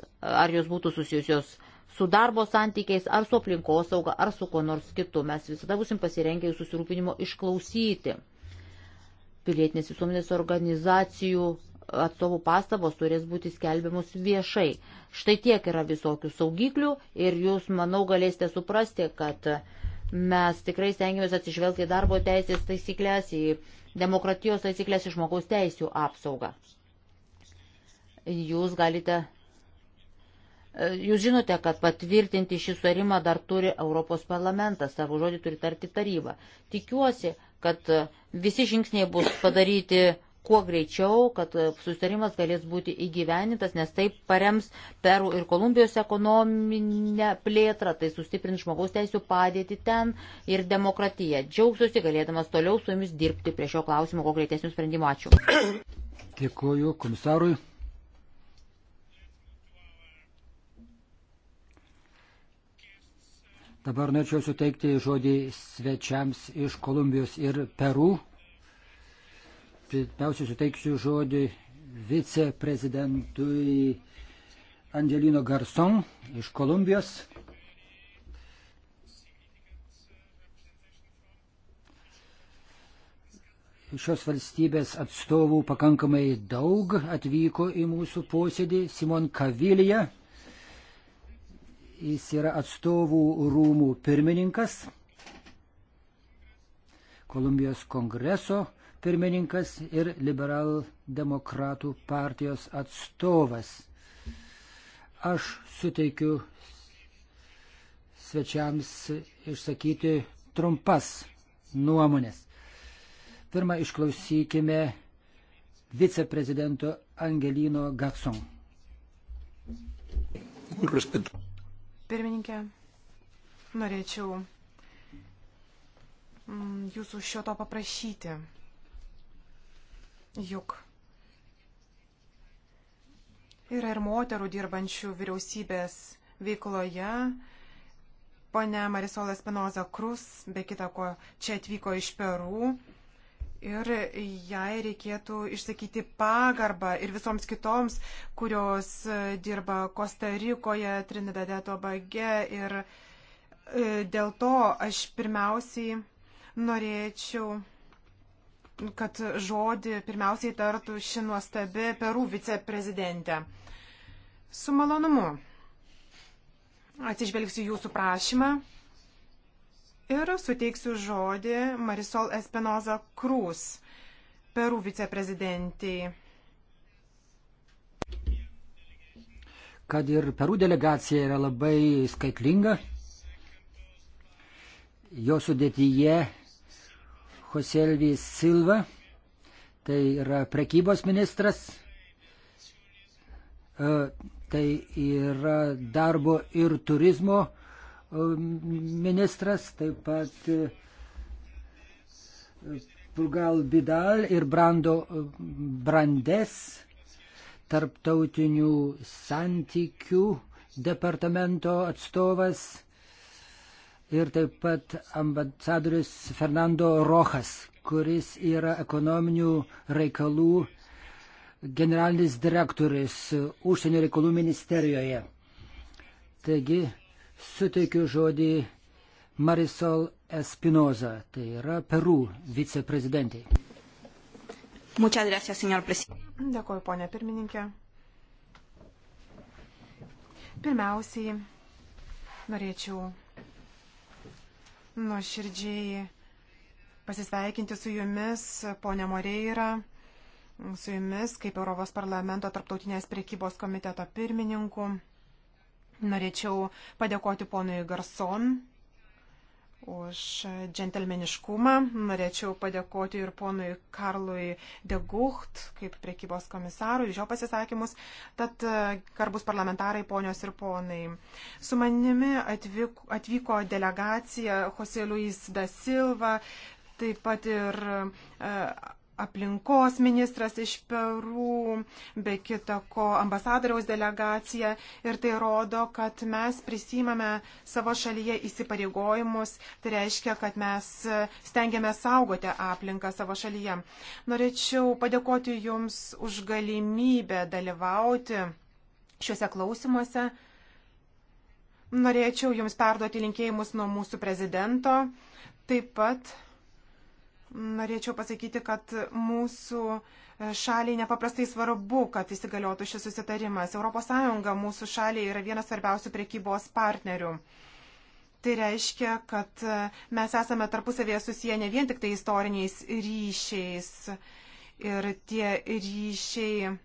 ar jos būtų susijusios su darbo santykiais, ar su aplinkosauga, ar su kuo nors kitu. Mes visada busim pasirengę jų susirūpinimo išklausyti. Pilietinės visuomenės organizacijų atstovų pastabos turės būti skelbiamos viešai. Štai tiek yra visokių saugiklių ir jūs, manau, galėsite suprasti, kad mes tikrai stengiamės atsižvelgti į darbo teisės taisyklės, į demokratijos taisyklės, į žmogaus teisų apsaugą. Jūs galite. Jūs žinote, kad patvirtinti šį sutarimą dar turi Europos parlamentas, savo žodį turi tarti taryba. Tikiuosi, kad visi žingsniai bus padaryti kuo greičiau, kad sustarimas galės būti įgyvenintas, nes taip parems Peru ir Kolumbijos ekonominę plėtrą, tai sustiprins žmogaus teisų padėti ten ir demokratiją. Džiaugsiuosi galėdamas toliau su jumis dirbti prie šio klausimo, kuo greitesnių sprendimų. Ačiū. Dėkuoju komisarui. Dabar norėčiau suteikti žodį svečiams iš Kolumbijos ir Peru pirmiausia suteiksiu žodį viceprezidentui Angelino Garson iš Kolumbijos. Šios valstybės atstovų pakankamai daug atvyko į mūsų posėdį. Simon Kavilija, jis yra atstovų rūmų pirmininkas Kolumbijos kongreso pirmininkas ir liberaldemokratų partijos atstovas. Aš suteikiu svečiams išsakyti trumpas nuomonės. Pirmą išklausykime viceprezidento Angelino Gatson. Pirmininkė, norėčiau mm, jūsų šio to paprašyti. Juk yra ir moterų dirbančių vyriausybės veikloje. Pone Marisolas Penoza Krus, be kita ko, čia atvyko iš Perų. Ir jai reikėtų išsakyti pagarbą ir visoms kitoms, kurios e, dirba Kostarikoje, Trinidade, Tobage. Ir e, dėl to aš pirmiausiai norėčiau kad žodį pirmiausiai tartų ši nuostabi Perų viceprezidentė. Su malonumu atsižvelgsiu jūsų prašymą ir suteiksiu žodį Marisol Espinoza Cruz, Perų viceprezidentiai. Kad ir Perų delegacija yra labai skaitlinga, jo sudėtyje Joselvi Silva, tai yra prekybos ministras, e, tai yra darbo ir turizmo e, ministras, taip pat e, Pulgal Bidal ir Brando Brandes, tarptautinių santykių departamento atstovas ir taip pat ambasadorius Fernando Rojas, kuris yra ekonominių reikalų generalinis direktorius užsienio reikalų ministerijoje. Taigi, suteikiu žodį Marisol Espinoza, tai yra Peru viceprezidentė. Muchas gracias, señor presidente. Dėkuoju, ponė pirmininkė. Pirmiausiai norėčiau nuoširdžiai pasisveikinti su jumis, ponė Moreira, su jumis kaip Europos parlamento tarptautinės priekybos komiteto pirmininku. Norėčiau padėkoti ponui Garson už džentelmeniškumą. Norėčiau padėkoti ir ponui Karlui Degucht, kaip priekybos komisarui, už jo pasisakymus. Tad, e, garbus parlamentarai, ponios ir ponai, su manimi atvyko, atvyko delegacija Jose Luis da Silva, taip pat ir. Uh, aplinkos ministras iš Perų, be kita ko ambasadoriaus delegacija. Ir tai rodo, kad mes prisimame savo šalyje įsipareigojimus. Tai reiškia, kad mes stengiame saugoti aplinką savo šalyje. Norėčiau padėkoti Jums už galimybę dalyvauti šiuose klausimuose. Norėčiau Jums perduoti linkėjimus nuo mūsų prezidento. Taip pat norėčiau pasakyti, kad mūsų šaliai nepaprastai svarbu, kad įsigaliotų šis susitarimas. ES mūsų šaliai yra vienas svarbiausių prekybos partnerių. Tai reiškia, kad mes esame tarpusavėje susiję ne vien tik tai istoriniais ryšiais. Ir tie ryšiai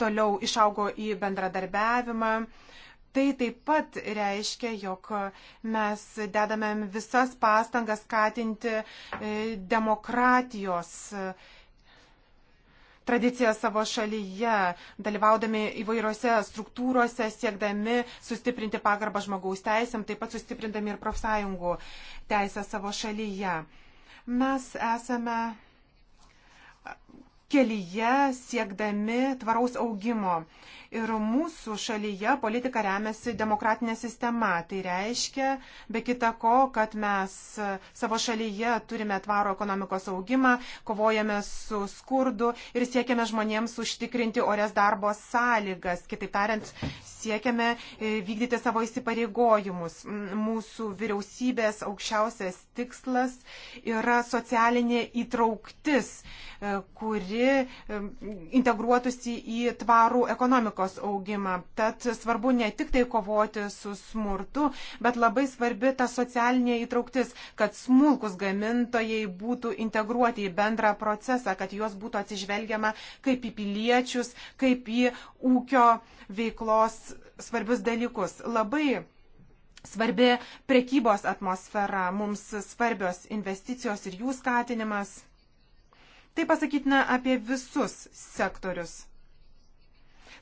toliau išaugo į bendradarbiavimą, uh, Tai taip pat reiškia, jog mes dedame visas pastangas skatinti e, demokratijos e, tradiciją savo šalyje, dalyvaudami įvairiose struktūrose, siekdami sustiprinti pagarbą žmogaus teisėm, taip pat sustiprindami ir profsąjungų teisę savo šalyje. Mes esame kelyje siekdami tvaraus augimo. Ir mūsų šalyje politika remiasi demokratinė sistema. Tai reiškia, be kita ko, kad mes savo šalyje turime tvaro ekonomikos augimą, kovojame su skurdu ir siekiame žmonėms užtikrinti ores darbo sąlygas. Kitaip tariant, siekiame e, vykdyti savo įsipareigojimus. Mūsų vyriausybės aukščiausias tikslas yra socialinė įtrauktis, e, kuri e, integruotųsi į tvarų ekonomikos augimą. Tad svarbu ne tik tai kovoti su smurtu, bet labai svarbi ta socialinė įtrauktis, kad smulkus gamintojai būtų integruoti į bendrą procesą, kad juos būtų atsižvelgiama kaip į piliečius, kaip į ūkio veiklos svarbius dalykus. Labai svarbi prekybos atmosfera, mums svarbios investicijos ir jų skatinimas. Tai pasakytina apie visus sektorius.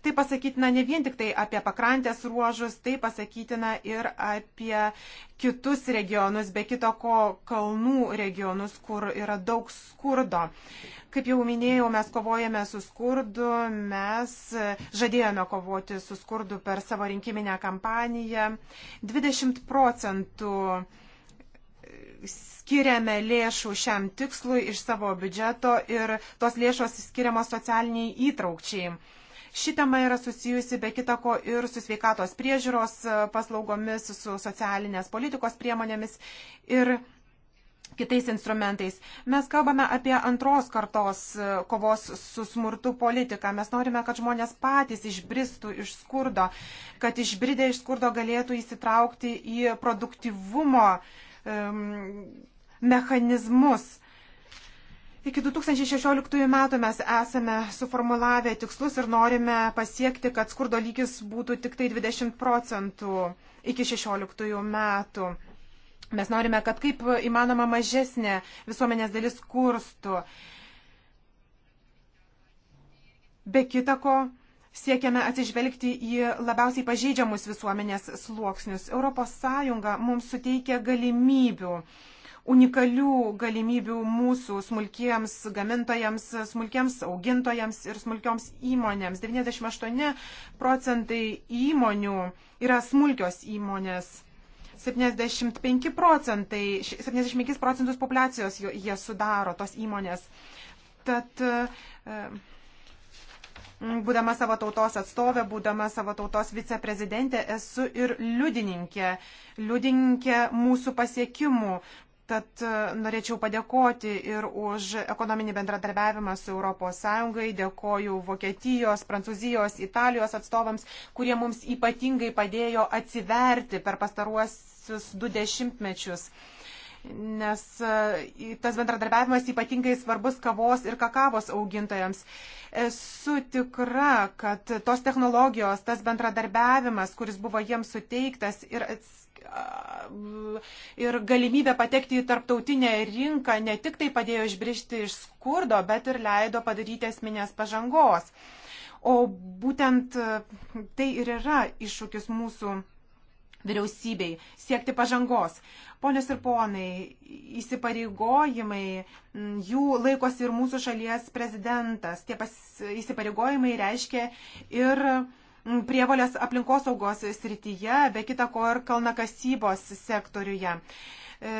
Tai pasakytina ne vien tik tai apie pakrantės ruožus, tai pasakytina ir apie kitus regionus, be kito ko kalnų regionus, kur yra daug skurdo. Kaip jau minėjau, mes kovojame su skurdu, mes žadėjome kovoti su skurdu per savo rinkiminę kampaniją. 20 procentų skiriame lėšų šiam tikslui iš savo biudžeto ir tos lėšos skiriamos socialiniai įtraukčiai. Ši tema yra susijusi be kitako ir su sveikatos priežiūros e, paslaugomis, su socialinės politikos priemonėmis ir kitais instrumentais. Mes kalbame apie antros kartos e, kovos su smurtu politiką. Mes norime, kad žmonės patys išbristų iš skurdo, kad išbridę iš skurdo galėtų įsitraukti į produktivumo um, mechanizmus Iki 2016 metų mes esame suformulavę tikslus ir norime pasiekti, kad skurdo lygis būtų tik tai 20 procentų iki 16 metų. Mes norime, kad kaip įmanoma mažesnė visuomenės dalis kurstų. Be kitako, siekiame atsižvelgti į labiausiai pažeidžiamus visuomenės sluoksnius. ES mums suteikia galimybių unikalių galimybių mūsų smulkiems gamintojams, smulkiems augintojams ir smulkioms įmonėms. 98 procentai įmonių yra smulkios įmonės. 75 procentai, 75 procentus populacijos jie sudaro tos įmonės. Tad e, būdama savo tautos atstovė, būdama savo tautos viceprezidentė, esu ir liudininkė, liudininkė mūsų pasiekimų, Tad e, norėčiau padėkoti ir už ekonominį bendradarbiavimą su ES, dėkoju Vokietijos, Prancūzijos, Italijos atstovams, kurie mums ypatingai padėjo atsiverti per pastaruosius du dešimtmečius nes e, tas bendradarbiavimas ypatingai svarbus kavos ir kakavos augintojams. Esu tikra, kad tos technologijos, tas bendradarbiavimas, kuris buvo jiems suteiktas ir, ir galimybė patekti į tarptautinę rinką, ne tik tai padėjo išbrišti iš skurdo, bet ir leido padaryti esminės pažangos. O būtent e, tai ir yra iššūkis mūsų vyriausybei siekti pažangos. Ponios ir ponai, įsipareigojimai, jų laikosi ir mūsų šalies prezidentas. Tie pas, įsipareigojimai reiškia ir prievalės aplinkosaugos srityje, be kita ko ir kalnakasybos sektoriuje. E,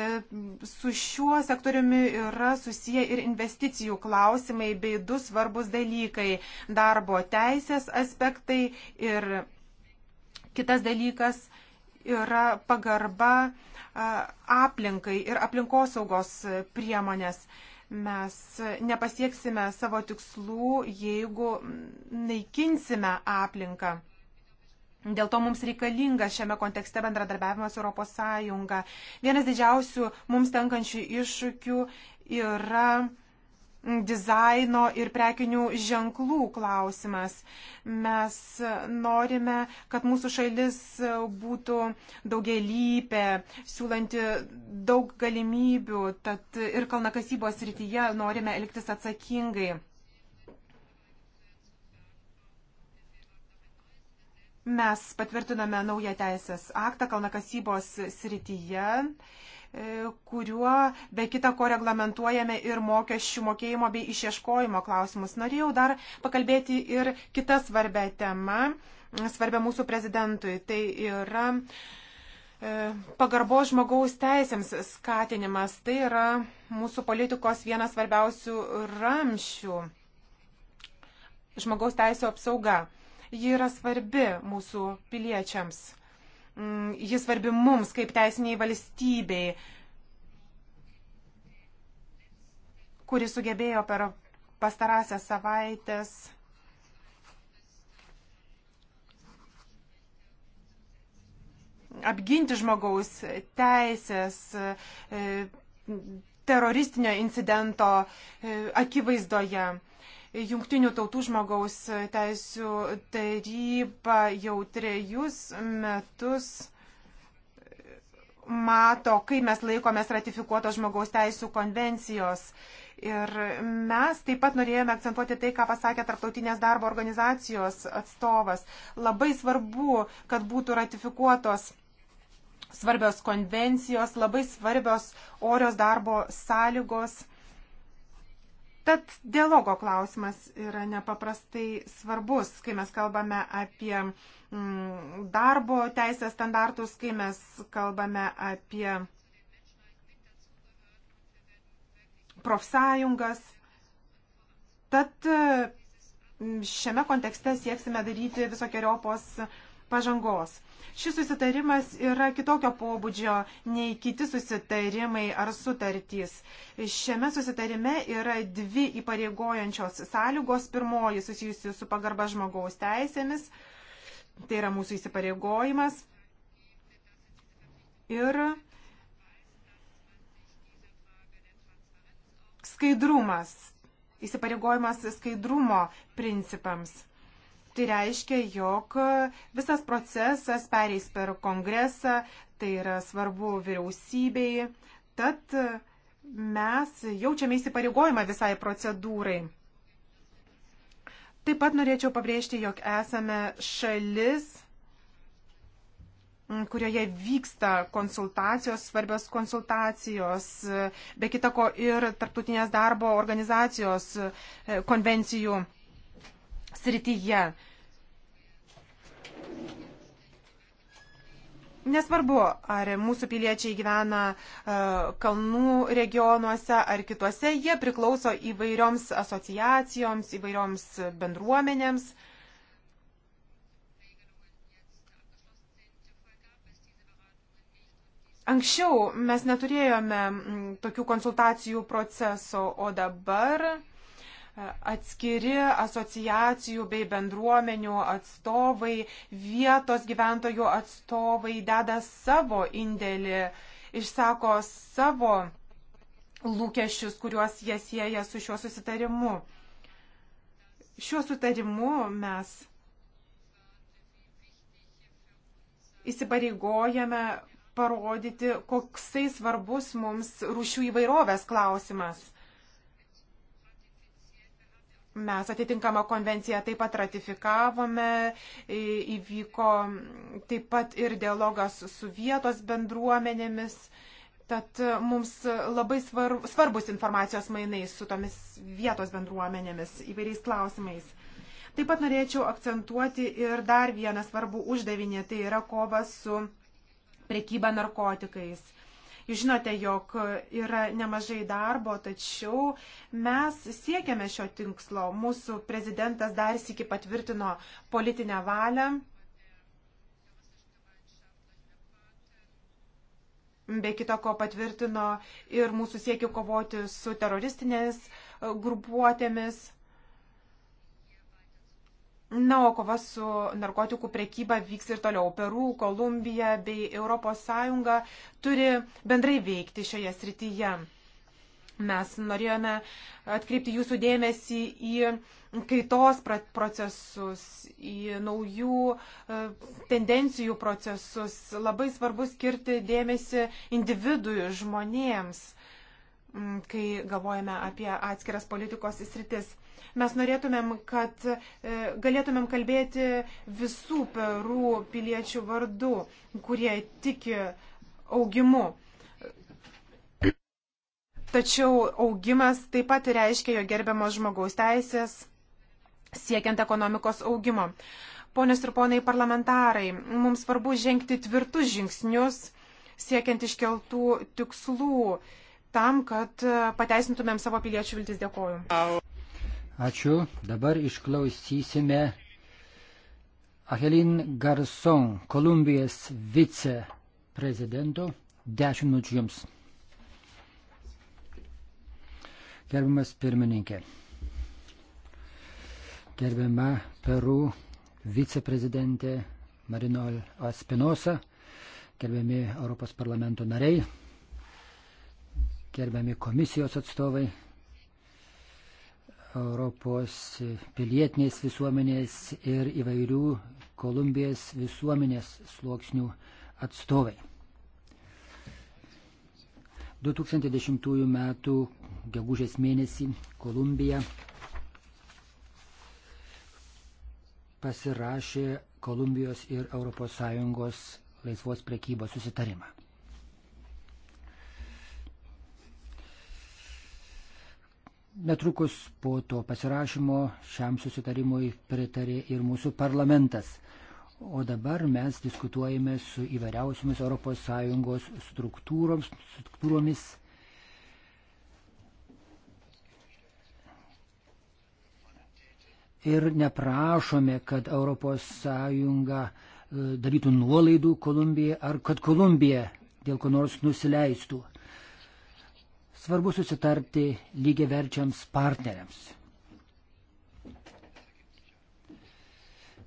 su šiuo sektoriumi yra susiję ir investicijų klausimai bei du svarbus dalykai - darbo teisės aspektai ir kitas dalykas yra pagarba aplinkai ir aplinkosaugos priemonės. Mes nepasieksime savo tikslų, jeigu naikinsime aplinką. Dėl to mums reikalingas šiame kontekste bendradarbiavimas Europos Sąjunga. Vienas didžiausių mums tenkančių iššūkių yra dizaino ir prekinių ženklų klausimas. Mes norime, kad mūsų šalis būtų daugelypė, siūlanti daug galimybių, tad ir kalnakasybos rytyje norime elgtis atsakingai. Mes patvirtiname naują teisės aktą kalnakasybos srityje E, kuriuo be kita ko reglamentuojame ir mokesčių mokėjimo bei išieškojimo klausimus. Norėjau dar pakalbėti ir kitą svarbę temą, svarbę mūsų prezidentui. Tai yra e, pagarbos žmogaus teisėms skatinimas tai yra mūsų politikos vienas svarbiausių ramšių. Žmogaus teisų apsauga. Ji yra svarbi mūsų piliečiams. Mm, jis svarbi mums kaip teisiniai valstybei, kuri sugebėjo per pastarąsias savaitės apginti žmogaus teisės e, teroristinio incidento e, akivaizdoje. Jungtinių tautų žmogaus teisų taryba jau trejus metus mato, kaip mes laikomės ratifikuotos žmogaus teisų konvencijos. Ir mes taip pat norėjome akcentuoti tai, ką pasakė Tarptautinės darbo organizacijos atstovas. Labai svarbu, kad būtų ratifikuotos svarbios konvencijos, labai svarbios orios darbo sąlygos Tad dialogo klausimas yra nepaprastai svarbus, kai mes kalbame apie mm, darbo teisės standartus, kai mes kalbame apie profsąjungas. Tad mm, šiame kontekste sieksime daryti visokiojopos uh, pažangos. Šis susitarimas yra kitokio pobūdžio nei kiti susitarimai ar sutartys. Šiame susitarime yra dvi įpareigojančios sąlygos. Pirmoji susijusi su pagarba žmogaus teisėmis, tai yra mūsų įsipareigojimas. Ir skaidrumas, įsipareigojimas skaidrumo principams. Tai reiškia, jog visas procesas pereis per kongresą, tai yra svarbu vyriausybei, tad mes jaučiame įsipareigojimą visai procedūrai. Taip pat norėčiau pabrėžti, jog esame šalis, kurioje vyksta konsultacijos, svarbios konsultacijos, be kitako ir tarptautinės darbo organizacijos konvencijų srityje. Nesvarbu, ar mūsų piliečiai gyvena e, kalnų regionuose ar kituose, jie priklauso įvairioms asociacijoms, įvairioms bendruomenėms. Anksčiau mes neturėjome tokių konsultacijų proceso, o dabar atskiri asociacijų bei bendruomenių atstovai, vietos gyventojų atstovai deda savo indėlį, išsako savo lūkesčius, kuriuos jie sieja su šiuo susitarimu. Šiuo sutarimu mes įsipareigojame parodyti, koksai svarbus mums rūšių įvairovės klausimas. Mes atitinkamą konvenciją taip pat ratifikavome, įvyko taip pat ir dialogas su vietos bendruomenėmis. Tad mums labai svarbus informacijos mainai su tomis vietos bendruomenėmis įvairiais klausimais. Taip pat norėčiau akcentuoti ir dar vieną svarbų uždavinį, tai yra kova su prekyba narkotikais. Jūs žinote, jog yra nemažai darbo, tačiau mes siekiame šio tinkslo. Mūsų prezidentas dar sėki patvirtino politinę valią. Be kito ko patvirtino ir mūsų siekių kovoti su teroristinės grupuotėmis. Na, o kova su narkotikų prekyba vyks ir toliau. Peru, Kolumbija bei ES turi bendrai veikti šioje srityje. Mes norėjome atkreipti jūsų dėmesį į kaitos procesus, į naujų e, tendencijų procesus. Labai svarbu skirti dėmesį individui, žmonėms, kai galvojame apie atskiras politikos įsritis. Mes norėtumėm, kad e, galėtumėm kalbėti visų Perų piliečių vardu, kurie tiki augimu. Tačiau augimas taip pat reiškia jo gerbiamos žmogaus teisės siekiant ekonomikos augimo. Ponios ir ponai parlamentarai, mums svarbu žengti tvirtus žingsnius siekiant iškeltų tikslų tam, kad pateisintumėm savo piliečių viltis. Dėkoju. Ačiū. Dabar išklausysime Ahelin Garson, Kolumbijos viceprezidento. Dešimt minučių jums. Gerbiamas pirmininkė. Gerbiama Peru viceprezidentė Marinol Aspinosa. Gerbiami Europos parlamento nariai. Gerbiami komisijos atstovai, Europos pilietinės visuomenės ir įvairių Kolumbijos visuomenės sluoksnių atstovai. 2010 m. gegužės mėnesį Kolumbija pasirašė Kolumbijos ir ES laisvos prekybos susitarimą. Netrukus po to pasirašymo šiam susitarimui pritarė ir mūsų parlamentas. O dabar mes diskutuojame su įvairiausiamis ES struktūromis. Ir neprašome, kad ES e, darytų nuolaidų Kolumbijai ar kad Kolumbija dėl ko nors nusileistų. Svarbu susitarti lygiaverčiams partneriams.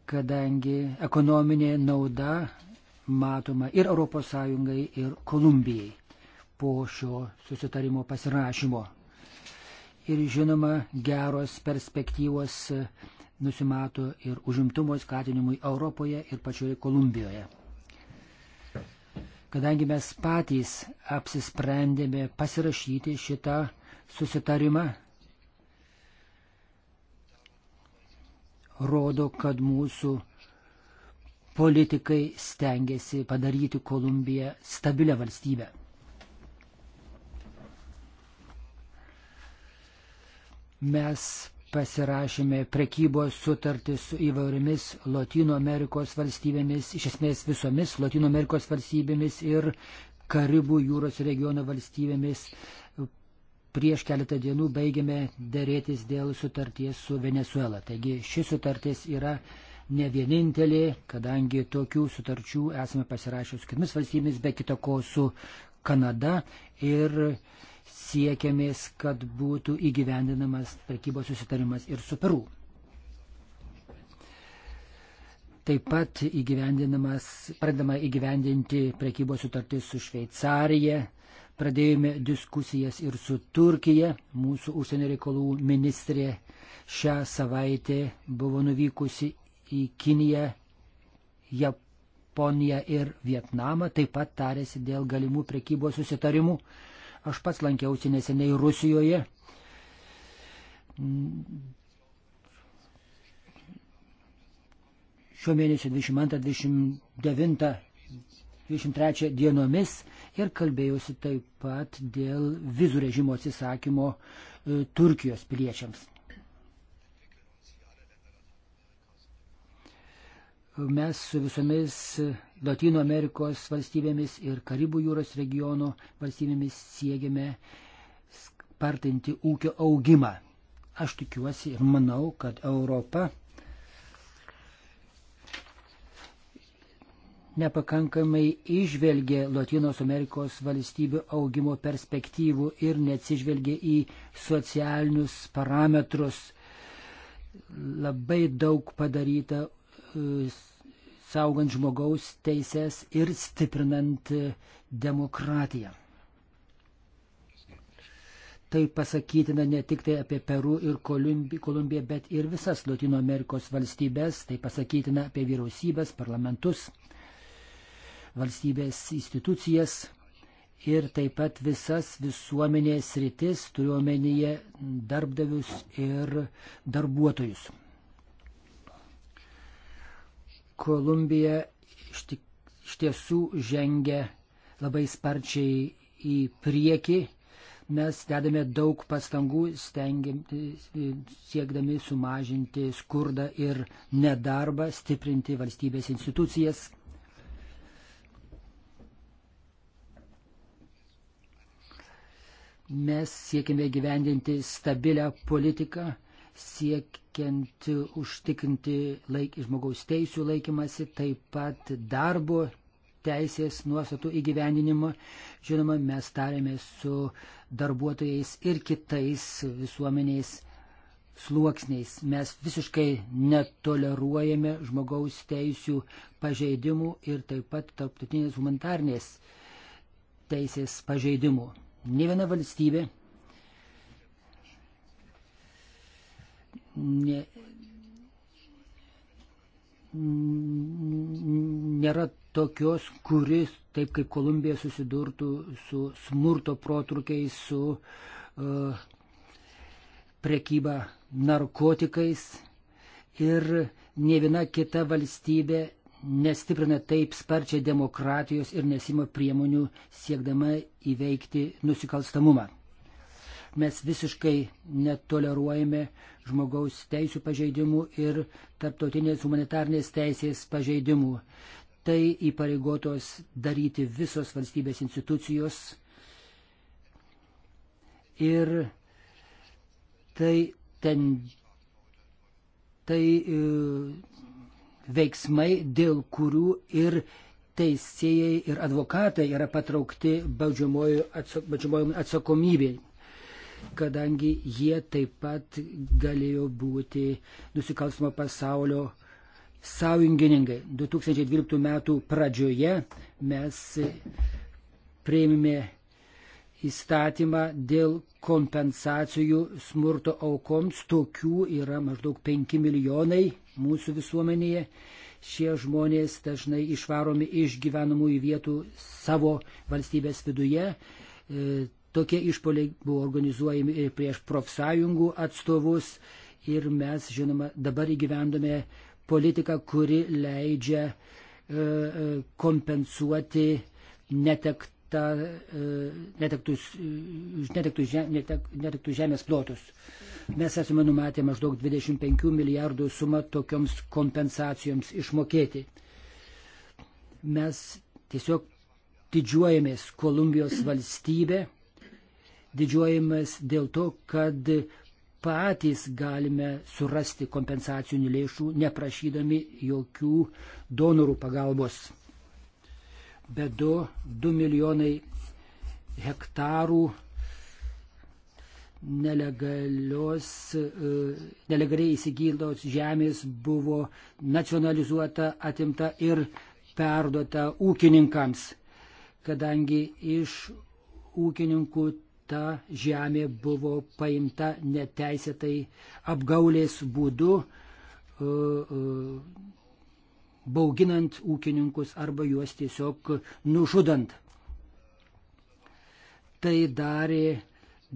Kadangi ekonominė nauda matoma ir ES, ir Kolumbijai po šio susitarimo pasirašymo. Ir žinoma, geros perspektyvos nusimato ir užimtumo skatinimui Europoje ir pačioje Kolumbijoje kadangi mes patys apsisprendėme pasirašyti šitą susitarimą, rodo, kad mūsų politikai stengiasi padaryti Kolumbiją stabilę valstybę. Mes pasirašėme prekybos sutartis su įvairiomis Latino Amerikos valstybėmis, iš esmės visomis Latino Amerikos valstybėmis ir Karibų jūros regiono valstybėmis. Prieš keletą dienų baigėme dėrėtis dėl sutarties su Venezuela. Taigi ši sutartis yra ne vienintelė, kadangi tokių sutarčių esame pasirašę su kitomis valstybėmis, be kitako su Kanada ir uh, siekiamės, kad būtų įgyvendinamas prekybos susitarimas ir su Peru. Taip pat įgyvendinamas, pradama įgyvendinti prekybos sutartis su Šveicarija, pradėjome diskusijas ir su Turkija. Mūsų užsienio reikalų ministrė šią savaitę buvo nuvykusi į Kiniją, Japoniją. Japoniją ir Vietnamą, taip pat tarėsi dėl galimų prekybos susitarimų. Aš pats lankiausi neseniai Rusijoje. Šio mėnesio 22-29 23 dienomis ir kalbėjusi taip pat dėl vizų režimo atsisakymo e, Turkijos piliečiams. mes su visomis Latino Amerikos valstybėmis ir Karibų jūros regiono valstybėmis siekiame spartinti ūkio augimą. Aš tikiuosi ir manau, kad Europa nepakankamai išvelgė Latinos Amerikos valstybių augimo perspektyvų ir neatsižvelgė į socialinius parametrus. Labai daug padaryta e, saugant žmogaus teises ir stiprinant demokratiją. Tai pasakytina ne tik tai apie Peru ir Kolumbiją, bet ir visas Latino Amerikos valstybės, tai pasakytina apie vyriausybės, parlamentus, valstybės institucijas ir taip pat visas visuomenės rytis, turiuomenyje darbdavius ir darbuotojus. Kolumbija iš tiesų žengia labai sparčiai į priekį. Mes dedame daug pastangų, stengiam, e, siekdami sumažinti skurdą ir nedarbą, stiprinti valstybės institucijas. Mes siekime gyvendinti stabilę politiką siekiant užtikrinti laik, žmogaus teisų laikymasi, taip pat darbo teisės nuostatų įgyvendinimo. Žinoma, mes tarėmės su darbuotojais ir kitais visuomeniais sluoksniais. Mes visiškai netoleruojame žmogaus teisų pažeidimų ir taip pat tarptautinės humanitarnės teisės pažeidimų. Ne viena valstybė ne, nėra tokios, kuris, taip kaip Kolumbija, susidurtų su smurto protrukiais, su uh, prekyba narkotikais ir ne viena kita valstybė nestiprina taip sparčiai demokratijos ir nesima priemonių siekdama įveikti nusikalstamumą. Mes visiškai netoleruojame žmogaus teisų pažeidimų ir tarptautinės humanitarnės teisės pažeidimų. Tai įpareigotos daryti visos valstybės institucijos. Ir tai ten. Tai e, veiksmai, dėl kurių ir teisėjai, ir advokatai yra patraukti baudžiamojų atsakomybėj kadangi jie taip pat galėjo būti nusikalstamo pasaulio sąjungininkai. 2012 m. pradžioje mes prieimėme įstatymą dėl kompensacijų smurto aukoms. Tokių yra maždaug 5 milijonai mūsų visuomenėje. Šie žmonės dažnai išvaromi iš gyvenamųjų vietų savo valstybės viduje. E, Tokie išpoliai buvo organizuojami ir prieš profsąjungų atstovus ir mes, žinoma, dabar įgyvendome politiką, kuri leidžia e, e, kompensuoti netektą, e, netektus, netektus, netek, netektus žemės plotus. Mes esame numatę maždaug 25 milijardų sumą tokioms kompensacijoms išmokėti. Mes tiesiog didžiuojamės Kolumbijos valstybė didžiuojamės dėl to, kad patys galime surasti kompensacinių lėšų, neprašydami jokių donorų pagalbos. Be du, 2 milijonai hektarų nelegaliai įsigytos žemės buvo nacionalizuota, atimta ir perduota ūkininkams, kadangi iš ūkininkų ta žemė buvo paimta neteisėtai apgaulės būdu, e, e, bauginant ūkininkus arba juos tiesiog nužudant. Tai darė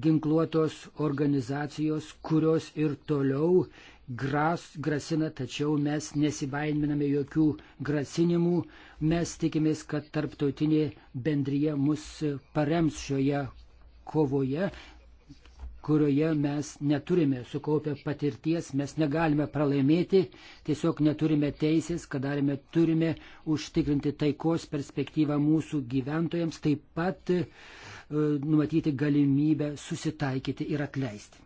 ginkluotos organizacijos, kurios ir toliau gras, grasina, tačiau mes nesibaiminame jokių grasinimų, mes tikimės, kad tarptautinė bendryje mus parems šioje kovoje, kurioje mes neturime sukaupę patirties, mes negalime pralaimėti, tiesiog neturime teisės, kadarime turime užtikrinti taikos perspektyvą mūsų gyventojams, taip pat e, numatyti galimybę susitaikyti ir atleisti.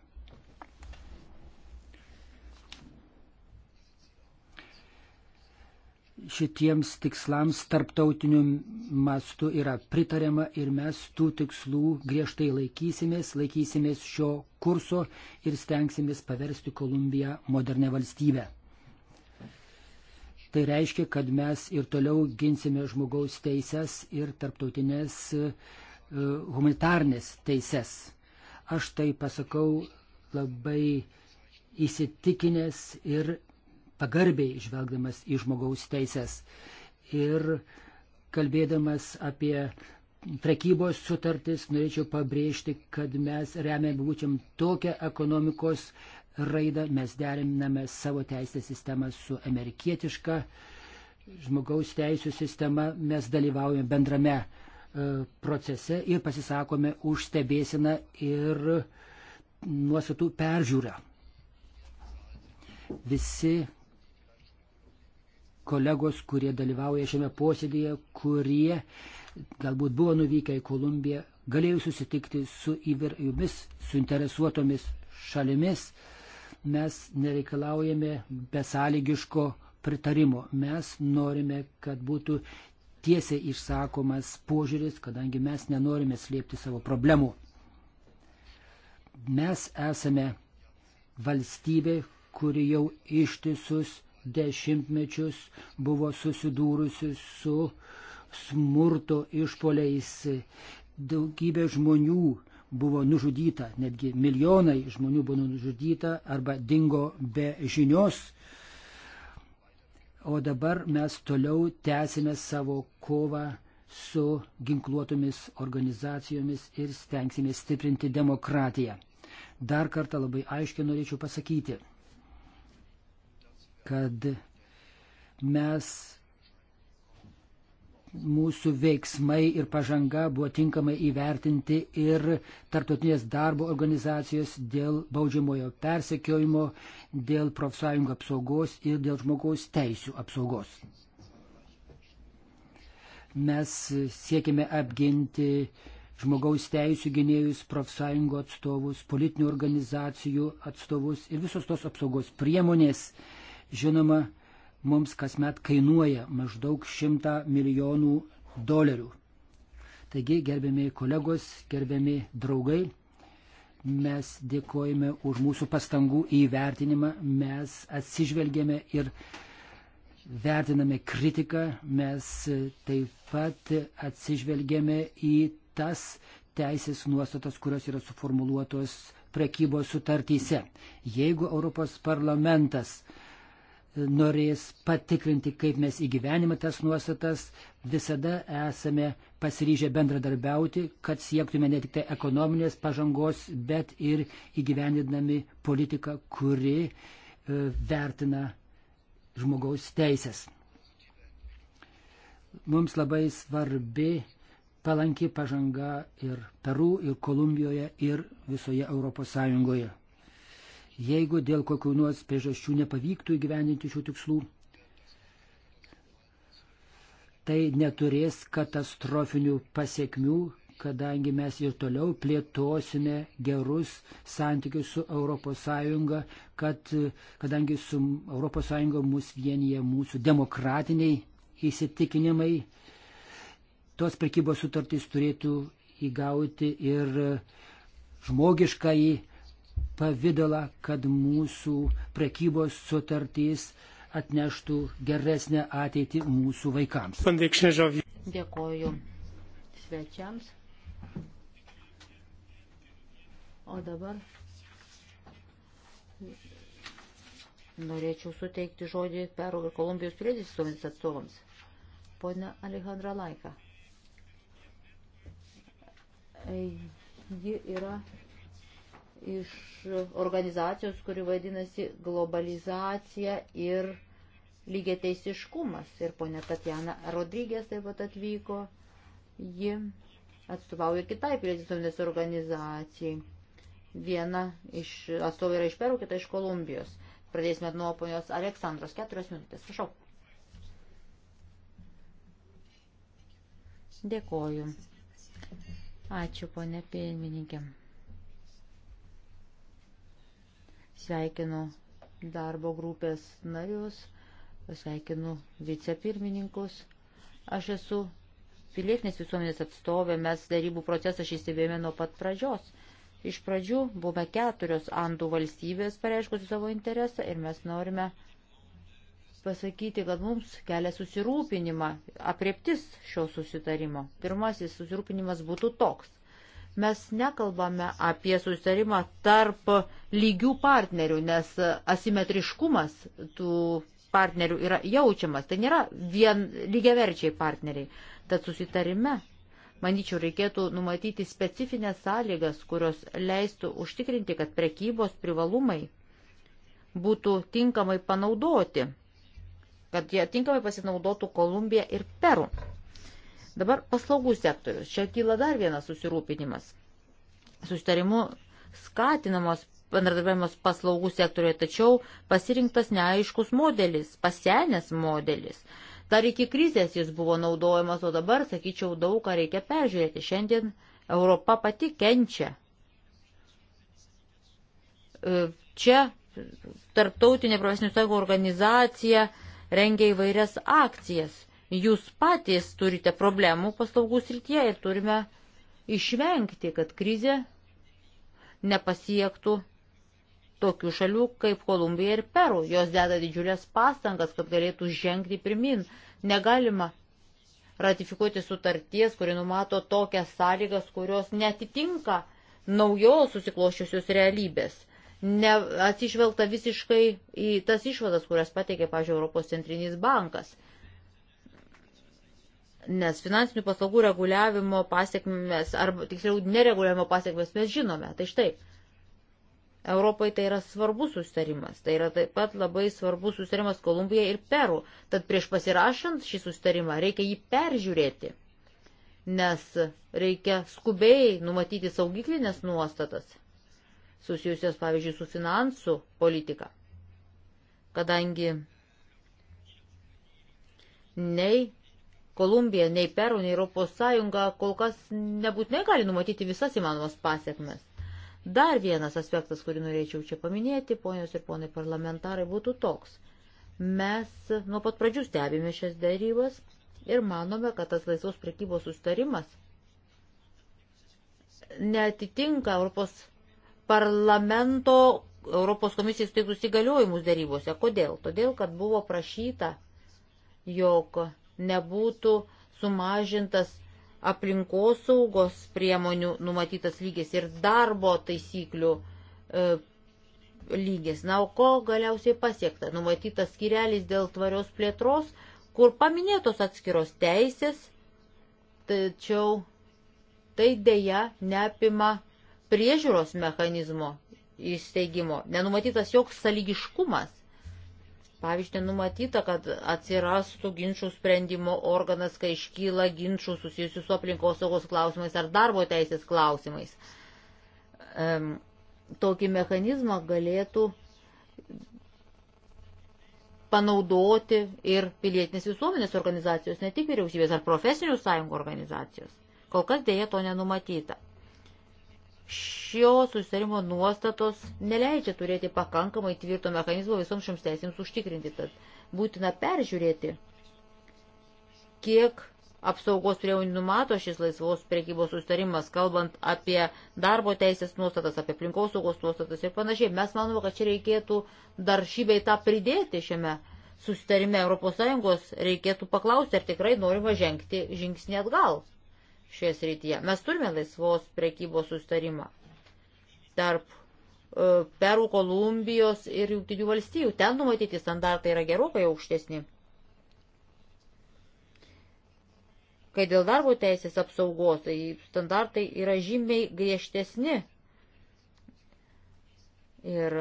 šitiems tikslams tarptautiniu mastu yra pritariama ir mes tų tikslų griežtai laikysimės, laikysimės šio kurso ir stengsimės paversti Kolumbiją modernę valstybę. Tai reiškia, kad mes ir toliau ginsime žmogaus teises ir tarptautinės e, humanitarnės teises. Aš tai pasakau labai įsitikinęs ir pagarbiai žvelgdamas į žmogaus teisės ir kalbėdamas apie prekybos sutartis, norėčiau pabrėžti, kad mes remiam būtent tokią ekonomikos raidą, mes deriname savo teisės sistemą su amerikietiška žmogaus teisų sistema, mes dalyvaujame bendrame e, procese ir pasisakome už stebėsiną ir nuostatų peržiūrą. Visi kolegos, kurie dalyvauja šiame posėdėje, kurie galbūt buvo nuvykę į Kolumbiją, galėjo susitikti su įvairiomis suinteresuotomis šalimis. Mes nereikalaujame besąlygiško pritarimo. Mes norime, kad būtų tiesiai išsakomas požiūris, kadangi mes nenorime slėpti savo problemų. Mes esame valstybė, kuri jau ištisus dešimtmečius buvo susidūrusi su smurto išpoliais. Daugybė žmonių buvo nužudyta, netgi milijonai žmonių buvo nužudyta arba dingo be žinios. O dabar mes toliau tęsime savo kovą su ginkluotomis organizacijomis ir stengsime stiprinti demokratiją. Dar kartą labai aiškiai norėčiau pasakyti, kad mes mūsų veiksmai ir pažanga buvo tinkamai įvertinti ir tarptautinės darbo organizacijos dėl baudžiamojo persekiojimo, dėl profsąjungų apsaugos ir dėl žmogaus teisų apsaugos. Mes siekime apginti žmogaus teisų gynėjus, profsąjungų atstovus, politinių organizacijų atstovus ir visos tos apsaugos priemonės žinoma, mums kasmet kainuoja maždaug 100 milijonų dolerių. Taigi, gerbiami kolegos, gerbiami draugai, mes dėkojame už mūsų pastangų įvertinimą, mes atsižvelgėme ir vertiname kritiką, mes taip pat atsižvelgėme į tas teisės nuostatas, kurios yra suformuluotos prekybos sutartyse. Jeigu Europos parlamentas uh, norės patikrinti, kaip mes įgyvenime tas nuostatas, visada esame pasiryžę bendradarbiauti, kad siektume ne tik tai ekonominės pažangos, bet ir įgyvendinami politiką, kuri e, vertina žmogaus teisės. Mums labai svarbi palanki pažanga ir Peru, ir Kolumbijoje, ir visoje Europos Sąjungoje jeigu dėl kokių nors priežasčių nepavyktų įgyveninti šių tikslų, tai neturės katastrofinių pasiekmių, kadangi mes ir toliau plėtosime gerus santykius su ES, kad, kadangi su ES mus vienyje mūsų demokratiniai įsitikinimai, tos prekybos sutartys turėtų įgauti ir žmogiškąjį pavydalą, kad mūsų prekybos sutartys atneštų geresnę ateitį mūsų vaikams. Dėkoju svečiams. O dabar norėčiau suteikti žodį Peru ir Kolumbijos pilietys atstovams. Pone Alejandra Laika. Ji yra iš organizacijos, kuri vadinasi globalizacija ir lygiai teisiškumas. Ir ponė Tatjana Rodrygės taip pat atvyko. Ji atstovauja kitai pilietinės organizacijai. Viena iš atstovų yra iš Peru, kita iš Kolumbijos. Pradėsime nuo ponios Aleksandros. Keturios minutės. Prašau. Dėkoju. Ačiū, ponė pirmininkė. Sveikinu darbo grupės narius, sveikinu vicepirmininkus. Aš esu pilietinės visuomenės atstovė, mes darybų procesą šį stebėjome nuo pat pradžios. Iš pradžių buvome keturios Andų valstybės pareiškusi savo interesą ir mes norime pasakyti, kad mums kelia susirūpinimą, apreptis šio susitarimo. Pirmasis susirūpinimas būtų toks. Mes nekalbame apie susitarimą tarp lygių partnerių, nes asimetriškumas tų partnerių yra jaučiamas. Tai nėra vien lygiaverčiai partneriai. Tad susitarime, manyčiau, reikėtų numatyti specifines sąlygas, kurios leistų užtikrinti, kad prekybos privalumai būtų tinkamai panaudoti, kad jie tinkamai pasinaudotų Kolumbija ir Peru. Dabar paslaugų sektorius. Čia kyla dar vienas susirūpinimas. Susitarimu skatinamos bendradarbiavimas paslaugų sektorioje, tačiau pasirinktas neaiškus modelis, pasenęs modelis. Dar iki krizės jis buvo naudojamas, o dabar, sakyčiau, daug ką reikia peržiūrėti. Šiandien Europa pati kenčia. E, čia tarptautinė profesinių sąjungų organizacija rengia įvairias akcijas jūs patys turite problemų paslaugų srityje ir turime išvengti, kad krizė nepasiektų tokių šalių kaip Kolumbija ir Peru. Jos deda didžiulės pastangas, kad galėtų žengti pirmin. Negalima ratifikuoti sutarties, kuri numato tokias sąlygas, kurios netitinka naujos susiklošiusios realybės. Neatsižvelgta visiškai į tas išvadas, kurias pateikė, pažiūrėjau, Europos centrinis bankas nes finansinių paslaugų reguliavimo pasiekmes, arba tiksliau nereguliavimo pasiekmes mes žinome. Tai štai, Europai tai yra svarbus sustarimas, tai yra taip pat labai svarbus sustarimas Kolumbija ir Peru. Tad prieš pasirašant šį sustarimą reikia jį peržiūrėti, nes reikia skubiai numatyti saugiklinės nuostatas, susijusios pavyzdžiui su finansų politika. Kadangi nei Kolumbija, nei Peru, nei Europos Sąjunga kol kas nebūtinai gali numatyti visas įmanomas pasiekmes. Dar vienas aspektas, kurį norėčiau čia paminėti, ponios ir ponai parlamentarai, būtų toks. Mes nuo pat pradžių stebime šias darybas ir manome, kad tas laisvos prekybos sustarimas netitinka Europos parlamento, Europos komisijos teiktus įgaliojimus darybose. Kodėl? Todėl, kad buvo prašyta, jog nebūtų sumažintas aplinkosaugos priemonių numatytas lygis ir darbo taisyklių e, lygis. Na, o ko galiausiai pasiekta? Numatytas skirelis dėl tvarios plėtros, kur paminėtos atskiros teisės, tačiau tai dėja neapima priežiūros mechanizmo įsteigimo. Nenumatytas joks saligiškumas Pavyzdžiui, numatyta, kad atsirastų ginčių sprendimo organas, kai iškyla ginčių susijusių su aplinkosaugos klausimais ar darbo teisės klausimais. Um, tokį mechanizmą galėtų panaudoti ir pilietinės visuomenės organizacijos, ne tik vyriausybės ar profesinių sąjungų organizacijos. Kol kas dėja to nenumatyta šio susitarimo nuostatos neleidžia turėti pakankamai tvirto mechanizmo visoms šioms teisėms užtikrinti. Tad būtina peržiūrėti, kiek apsaugos priemonių numato šis laisvos priekybos sustarimas, kalbant apie darbo teisės nuostatas, apie aplinkos saugos nuostatas ir panašiai. Mes manome, kad čia reikėtų dar šį bei tą pridėti šiame sustarime ES, reikėtų paklausti, ar tikrai norima žengti žingsnį atgal šioje srityje. Mes turime laisvos prekybos sustarimą tarp e, Perų Kolumbijos ir Junktinių valstybių. Ten numatyti standartai yra gerokai aukštesni. Kai dėl darbo teisės apsaugos, tai standartai yra žymiai griežtesni. Ir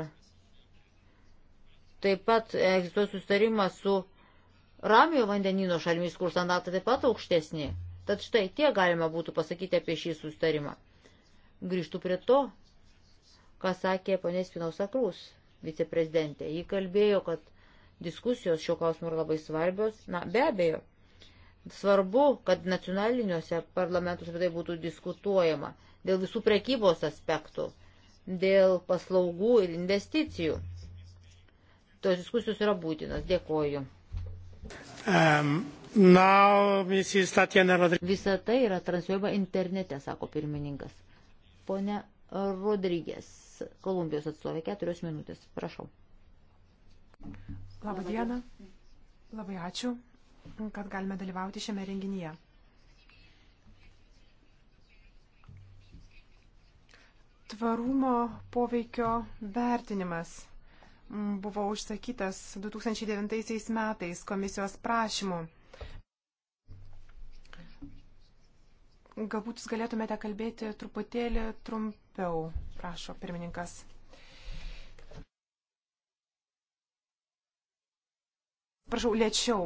taip pat egzistuoja sustarimas su Ramiojo vandenino šalimis, kur standartai taip pat aukštesni. Tad štai tie galima būtų pasakyti apie šį sustarimą. Grįžtų prie to, ką sakė ponė Spinosa Krūs, viceprezidentė. Ji kalbėjo, kad diskusijos šio klausimu yra labai svarbios. Na, be abejo, svarbu, kad nacionaliniuose parlamentuose apie tai būtų diskutuojama dėl visų prekybos aspektų, dėl paslaugų ir investicijų. Tos diskusijos yra būtinas. Dėkoju. Um, Now, Visa tai yra transliuojama internete, sako pirmininkas. Pone Rodrygės, Kolumbijos atstovė, keturios minutės. Prašau. Labą dieną. Labai ačiū, kad galime dalyvauti šiame renginyje. tvarumo poveikio vertinimas buvo užsakytas 2009 metais komisijos prašymu. Galbūt jūs galėtumėte kalbėti truputėlį trumpiau, prašo pirmininkas. Prašau, lėčiau.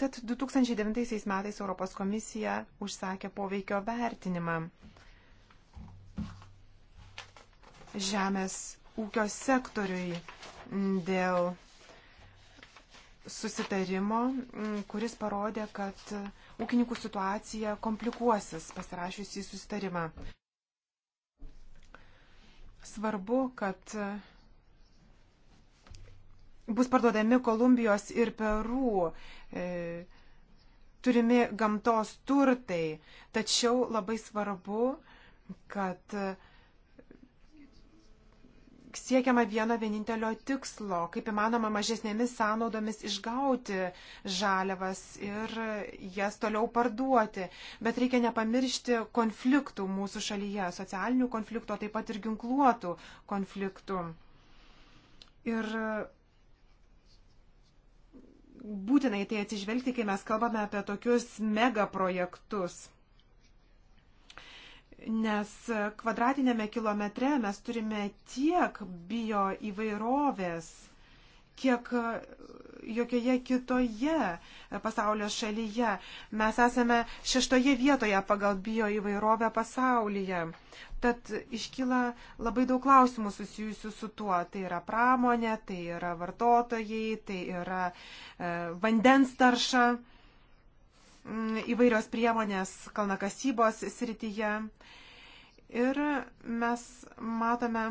Tad 2009 metais Europos komisija užsakė poveikio vertinimą žemės ūkio sektoriui dėl susitarimo, mm, kuris parodė, kad mm, ūkininkų situacija komplikuosis pasirašius į susitarimą. Svarbu, kad mm, bus parduodami Kolumbijos ir Peru e, turimi gamtos turtai, tačiau labai svarbu, kad e, siekiama vieno vienintelio tikslo, kaip įmanoma mažesnėmis sąnaudomis išgauti žaliavas ir jas toliau parduoti. Bet reikia nepamiršti konfliktų mūsų šalyje, socialinių konfliktų, taip pat ir ginkluotų konfliktų. Ir būtinai tai atsižvelgti, kai mes kalbame apie tokius megaprojektus nes kvadratinėme kilometre mes turime tiek bio įvairovės, kiek jokioje kitoje pasaulio šalyje. Mes esame šeštoje vietoje pagal bio įvairovę pasaulyje. Tad iškyla labai daug klausimų susijusių su tuo. Tai yra pramonė, tai yra vartotojai, tai yra e, vandens tarša. E, Mm, įvairios priemonės kalnakasybos srityje. Ir mes matome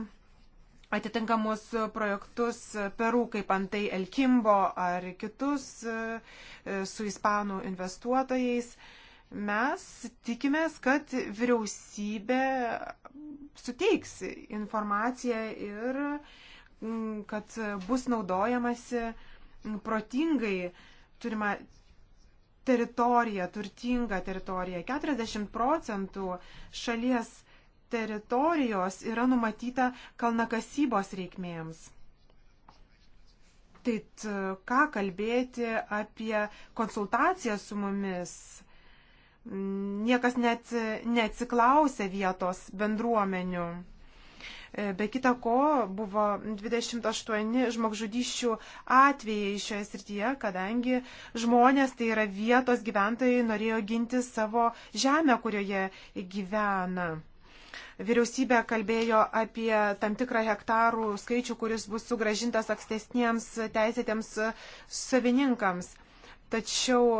atitinkamus projektus Peru, kaip antai Elkimbo ar kitus e, su ispanų investuotojais. Mes tikimės, kad vyriausybė suteiks informaciją ir mm, kad bus naudojamasi protingai turime teritoriją, turtingą teritoriją. 40 procentų šalies teritorijos yra numatyta kalnakasybos reikmėms. Tai ką kalbėti apie konsultaciją su mumis? Niekas net neatsiklausė vietos bendruomenių. E, be kita ko, buvo 28 žmogžudyščių atvejai šioje srityje, kadangi žmonės, tai yra vietos gyventojai, norėjo ginti savo žemę, kurioje gyvena. Vyriausybė kalbėjo apie tam tikrą hektarų skaičių, kuris bus sugražintas ankstesniems teisėtiems savininkams. Tačiau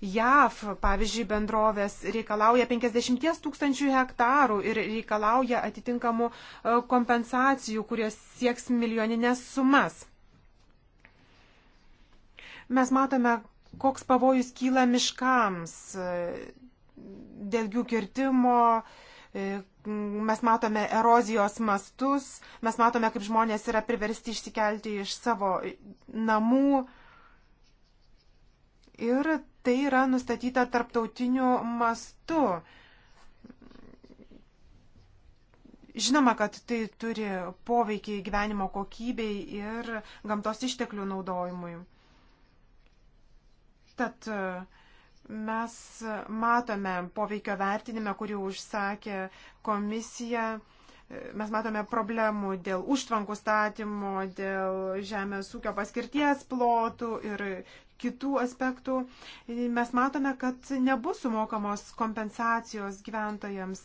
JAV, pavyzdžiui, bendrovės reikalauja 50 tūkstančių hektarų ir reikalauja atitinkamų e, kompensacijų, kurios sieks milijoninės sumas. Mes matome, koks pavojus kyla miškams e, dėl jų kirtimo, e, mes matome erozijos mastus, mes matome, kaip žmonės yra priversti išsikelti iš savo namų. Ir tai yra nustatyta tarptautiniu mastu. Žinoma, kad tai turi poveikį gyvenimo kokybei ir gamtos išteklių naudojimui. Tad e, mes matome poveikio vertinime, kurį užsakė komisija, Mes matome problemų dėl užtvankų statymo, dėl žemės ūkio paskirties plotų ir kitų aspektų. Mes matome, kad nebus sumokamos kompensacijos gyventojams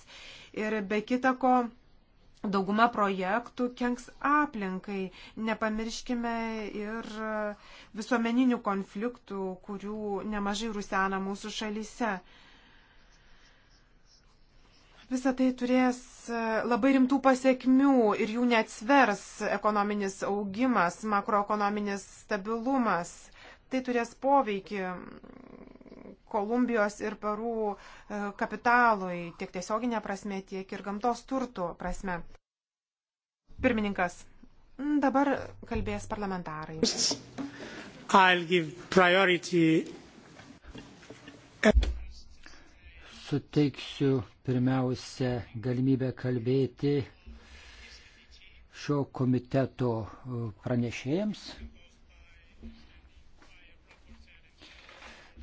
ir be kitako dauguma projektų kenks aplinkai. Nepamirškime ir visuomeninių konfliktų, kurių nemažai rusena mūsų šalyse. Visą tai turės e, labai rimtų pasiekmių ir jų neatsvers ekonominis augimas, makroekonominis stabilumas. Tai turės poveikį Kolumbijos ir Perų e, kapitalui tiek tiesioginė prasme, tiek ir gamtos turtų prasme. Pirmininkas, dabar kalbės parlamentarai. Suteiksiu Pirmiausia, galimybę kalbėti šio komiteto e, pranešėjams.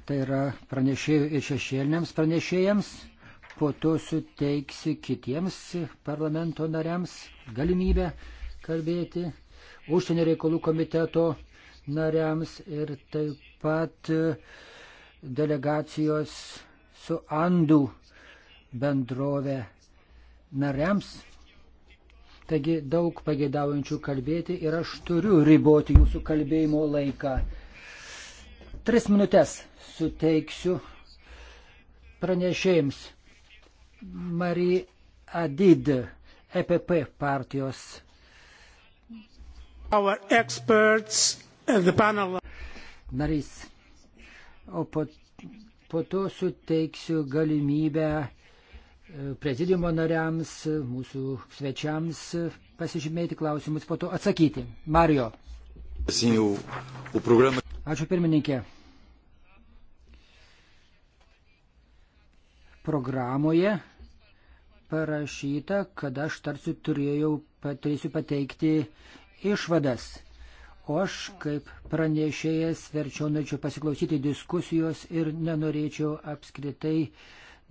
Tai yra pranešėjų ir šešėliniams pranešėjams. Po to suteiksi kitiems parlamento nariams galimybę kalbėti užsienio reikalų komiteto nariams ir taip pat e, delegacijos su Andų bendrovę nariams. Taigi daug pagėdaujančių kalbėti ir aš turiu riboti jūsų kalbėjimo laiką. Tris minutės suteiksiu pranešėjams. Marija Adid, EPP partijos. Our experts, the panel. Narys. O po, po to suteiksiu galimybę prezidiumo nariams, mūsų svečiams pasižymėti klausimus, po to atsakyti. Mario. Ačiū pirmininkė. Programoje parašyta, kad aš tarsi turėjau, turėsiu pateikti išvadas. O aš kaip pranešėjas verčiau norėčiau pasiklausyti diskusijos ir nenorėčiau apskritai uh,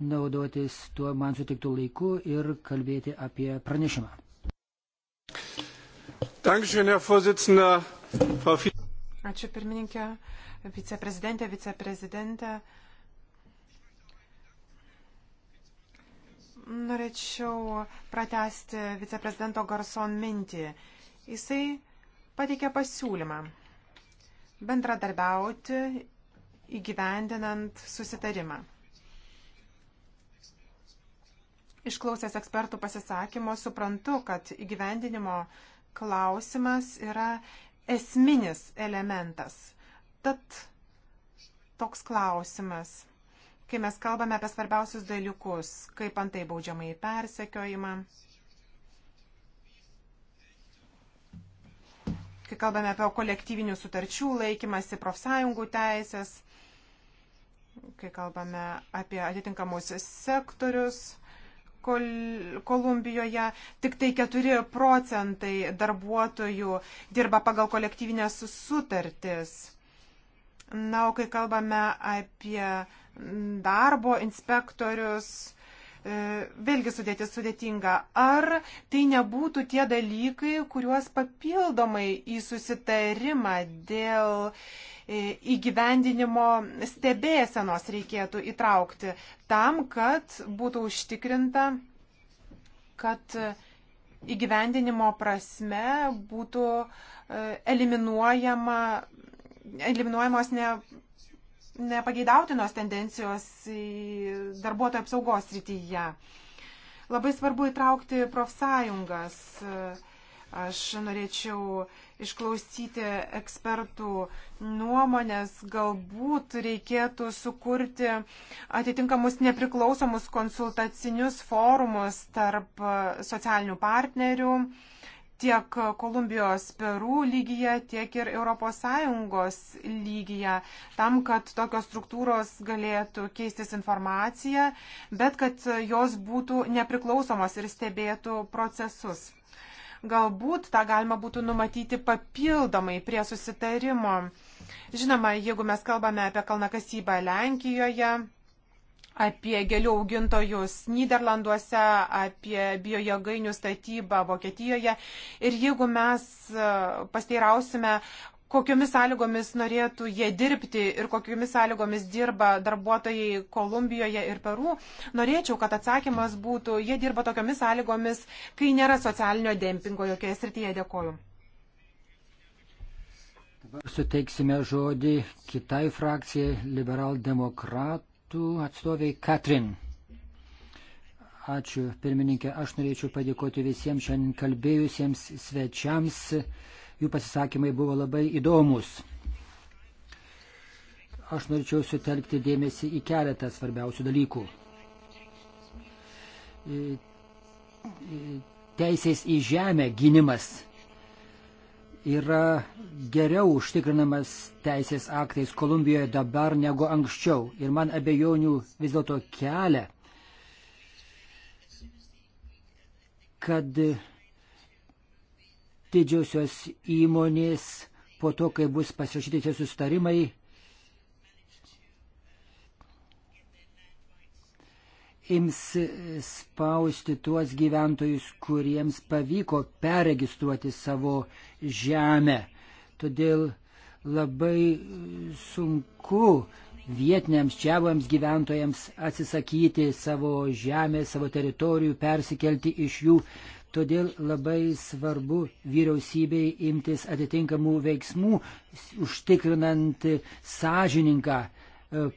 naudotis tuo man sutiktų laiku ir kalbėti apie pranešimą. Ačiū pirmininkė, viceprezidentė, viceprezidentė. Norėčiau pratesti viceprezidento Garson mintį. Jisai pateikė pasiūlymą bendradarbiauti įgyvendinant susitarimą. Išklausęs ekspertų pasisakymo, suprantu, kad įgyvendinimo klausimas yra esminis elementas. Tad toks klausimas, kai mes kalbame apie svarbiausius dalykus, kaip antai baudžiamai persekiojimą, kai kalbame apie kolektyvinių sutarčių laikymasi, profsąjungų teisės, kai kalbame apie atitinkamus sektorius, Kol, Kolumbijoje tik tai 4 procentai darbuotojų dirba pagal kolektyvinės sutartis. Na, o kai kalbame apie darbo inspektorius, E, vėlgi sudėtis sudėtinga. Ar tai nebūtų tie dalykai, kuriuos papildomai į susitarimą dėl e, įgyvendinimo stebėsenos reikėtų įtraukti tam, kad būtų užtikrinta, kad įgyvendinimo prasme būtų e, eliminuojama, eliminuojamos ne nepageidautinos tendencijos darbuotojų apsaugos srityje. Labai svarbu įtraukti profsąjungas. Aš norėčiau išklausyti ekspertų nuomonės, galbūt reikėtų sukurti atitinkamus nepriklausomus konsultacinius forumus tarp socialinių partnerių tiek Kolumbijos Perų lygyje, tiek ir ES lygyje, tam, kad tokios struktūros galėtų keistis informaciją, bet kad jos būtų nepriklausomos ir stebėtų procesus. Galbūt tą galima būtų numatyti papildomai prie susitarimo. Žinoma, jeigu mes kalbame apie kalnakasybą Lenkijoje, apie gėlių augintojus Niderlanduose, apie biojėgainių statybą Vokietijoje. Ir jeigu mes e, pasteirausime, kokiomis sąlygomis norėtų jie dirbti ir kokiomis sąlygomis dirba darbuotojai Kolumbijoje ir Peru, norėčiau, kad atsakymas būtų, jie dirba tokiomis sąlygomis, kai nėra socialinio dempingo jokioje srityje. Dėkoju. Dabar suteiksime žodį kitai frakcijai, liberaldemokratų metų atstoviai Katrin. Ačiū, pirmininkė. Aš norėčiau padėkoti visiems šiandien kalbėjusiems svečiams. Jų pasisakymai buvo labai įdomus. Aš norėčiau sutelkti dėmesį į keletą svarbiausių dalykų. E, e, teisės į žemę gynimas yra geriau užtikrinamas teisės aktais Kolumbijoje dabar negu anksčiau. Ir man abejonių vis dėlto kelia, kad didžiosios įmonės po to, kai bus pasirašyti tie sustarimai, ims spausti tuos gyventojus, kuriems pavyko peregistruoti savo žemę. Todėl labai sunku vietiniams čiavams gyventojams atsisakyti savo žemės, savo teritorijų, persikelti iš jų. Todėl labai svarbu vyriausybei imtis atitinkamų veiksmų, užtikrinant sąžininką e,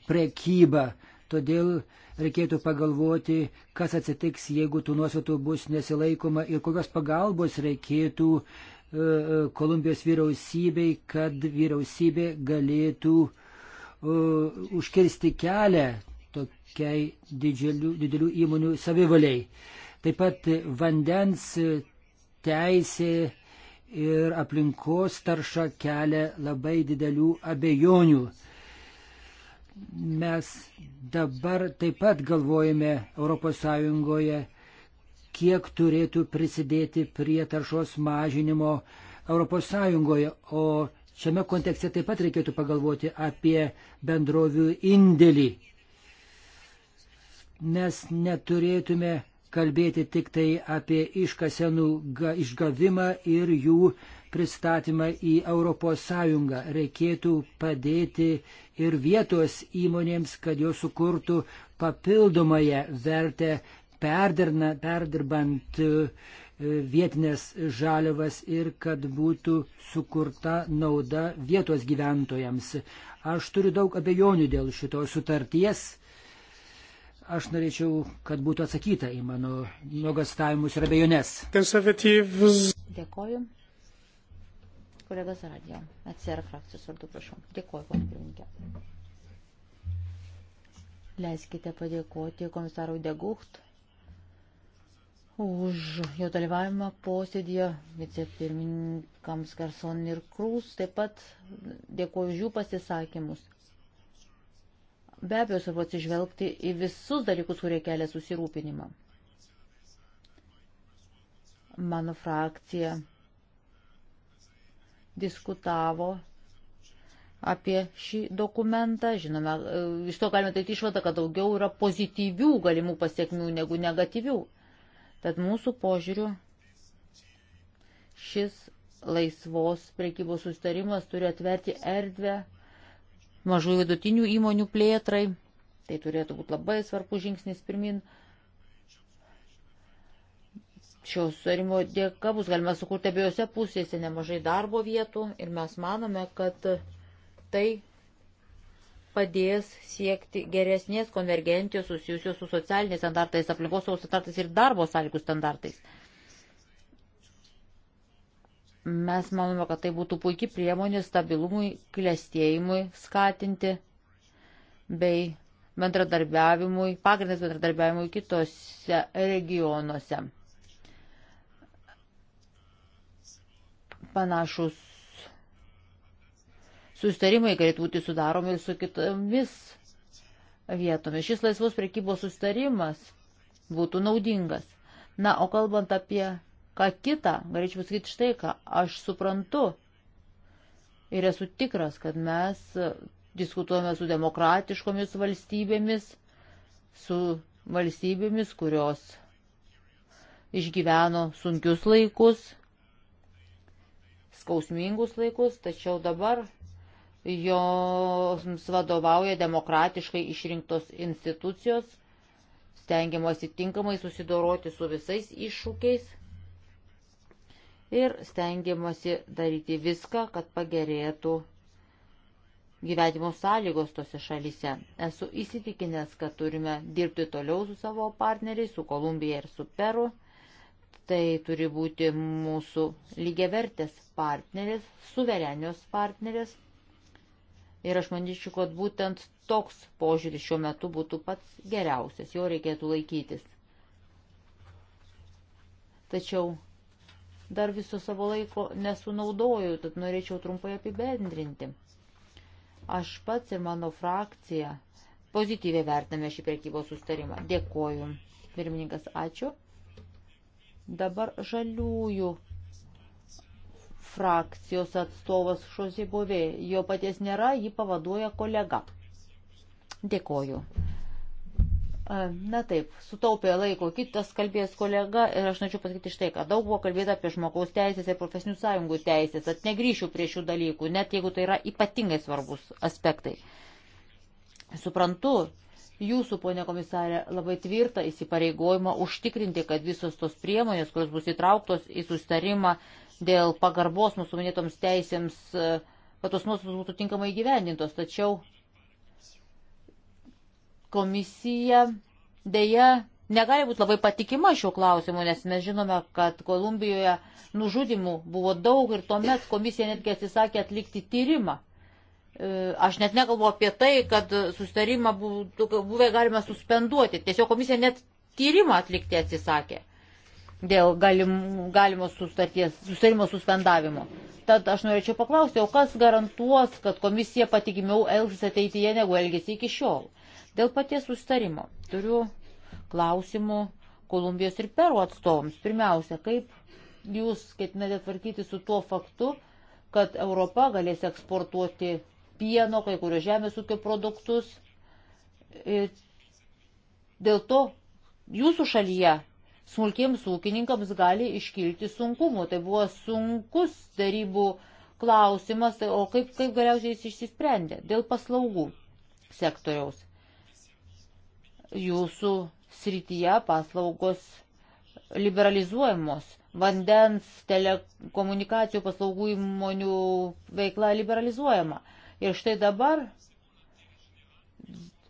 prekybą. Todėl uh, reikėtų pagalvoti, kas atsitiks, jeigu tų nuostatų bus nesilaikoma ir kokios pagalbos reikėtų e, e, Kolumbijos vyriausybei, kad vyriausybė galėtų e, užkirsti kelią tokiai didelių, didelių įmonių savivaliai. Taip pat vandens teisė ir aplinkos tarša kelia labai didelių abejonių. Mes dabar taip pat galvojame ES, kiek turėtų prisidėti prie taršos mažinimo ES, o šiame kontekste taip pat reikėtų pagalvoti apie bendrovių indėlį. Mes neturėtume kalbėti tik tai apie iškasenų išgavimą ir jų pristatymą į ES. Reikėtų padėti ir vietos įmonėms, kad jos sukurtų papildomąją vertę perdirna, perdirbant e, vietinės žaliavas ir kad būtų sukurta nauda vietos gyventojams. Aš turiu daug abejonių dėl šitos sutarties. Aš norėčiau, kad būtų atsakyta į mano nuogastavimus ir abejonės. Dėkoju kolega Zaradė. Atsir frakcijos vardu, prašau. Dėkuoju, ponė pirmininkė. Leiskite padėkoti komisarui Degucht už jo dalyvavimą posėdėje vicepirmininkams Garson ir Krūs. Taip pat dėkuoju už jų pasisakymus. Be abejo, svarbu atsižvelgti į visus dalykus, kurie kelia susirūpinimą. Mano frakcija diskutavo apie šį dokumentą. Žinome, iš to galime daryti išvadą, kad daugiau yra pozityvių galimų pasiekmių negu negatyvių. Tad mūsų požiūriu šis laisvos prekybos sustarimas turi atverti erdvę mažų vidutinių įmonių plėtrai. Tai turėtų būti labai svarbus žingsnis pirmin. Šio sutarimo dėka bus galima sukurti abiejose pusėse nemažai darbo vietų ir mes manome, kad tai padės siekti geresnės konvergencijos susijusios su socialiniais standartais, aplinkos saugos standartais ir darbo sąlygų standartais. Mes manome, kad tai būtų puikiai priemonė stabilumui, klėstėjimui skatinti bei bendradarbiavimui, pagrindas bendradarbiavimui kitose regionuose. Panašus sustarimai galėtų būti sudaromi ir su kitomis vietomis. Šis laisvos prekybos sustarimas būtų naudingas. Na, o kalbant apie ką kitą, galėčiau pasakyti štai ką, aš suprantu ir esu tikras, kad mes diskutuojame su demokratiškomis valstybėmis, su valstybėmis, kurios išgyveno sunkius laikus, skausmingus laikus, tačiau dabar joms vadovauja demokratiškai išrinktos institucijos, stengiamasi tinkamai susidoroti su visais iššūkiais ir stengiamasi daryti viską, kad pagerėtų gyvenimo sąlygos tose šalyse. Esu įsitikinęs, kad turime dirbti toliau su savo partneriais, su Kolumbija ir su Peru tai turi būti mūsų lygiavertės partnerės, suverenios partnerės. Ir aš manyčiau, kad būtent toks požiūris šiuo metu būtų pats geriausias, jo reikėtų laikytis. Tačiau dar viso savo laiko nesunaudoju, tad norėčiau trumpai apibendrinti. Aš pats ir mano frakcija pozityviai vertiname šį prekybos sustarimą. Dėkoju. Pirmininkas, ačiū. Dabar žaliųjų frakcijos atstovas Šosi Bovė. Jo paties nėra, jį pavaduoja kolega. Dėkoju. Na taip, sutaupė laiko kitas kalbėjęs kolega ir aš norėčiau pasakyti štai, kad daug buvo kalbėta apie žmogaus teisės ir profesinių sąjungų teisės, tad negryšiu prie šių dalykų, net jeigu tai yra ypatingai svarbus aspektai. Suprantu jūsų, ponė komisarė, labai tvirtą įsipareigojimą užtikrinti, kad visos tos priemonės, kurios bus įtrauktos į sustarimą dėl pagarbos mūsų minėtoms teisėms, e, kad tos nuostatos būtų tinkamai gyvendintos. Tačiau komisija dėja negali būti labai patikima šiuo klausimu, nes mes žinome, kad Kolumbijoje nužudimų buvo daug ir tuomet komisija netgi atsisakė atlikti tyrimą. E, aš net nekalbu apie tai, kad sustarimą buvę galima suspenduoti. Tiesiog komisija net tyrimą atlikti atsisakė dėl galim, galimo sustarimo suspendavimo. Tad aš norėčiau paklausti, o kas garantuos, kad komisija patikimiau elgsis ateityje negu elgėsi iki šiol? Dėl paties sustarimo turiu klausimų Kolumbijos ir Peru atstovams. Pirmiausia, kaip jūs ketinate tvarkyti su tuo faktu, kad Europa galės eksportuoti pieno, kai kurios žemės ūkio produktus. Ir dėl to jūsų šalyje smulkiems ūkininkams gali iškilti sunkumų. Tai buvo sunkus darybų klausimas, o kaip, kaip galiausiai jis išsisprendė? Dėl paslaugų sektoriaus. Jūsų srityje paslaugos liberalizuojamos, vandens, telekomunikacijų paslaugų įmonių veikla liberalizuojama. Ir štai dabar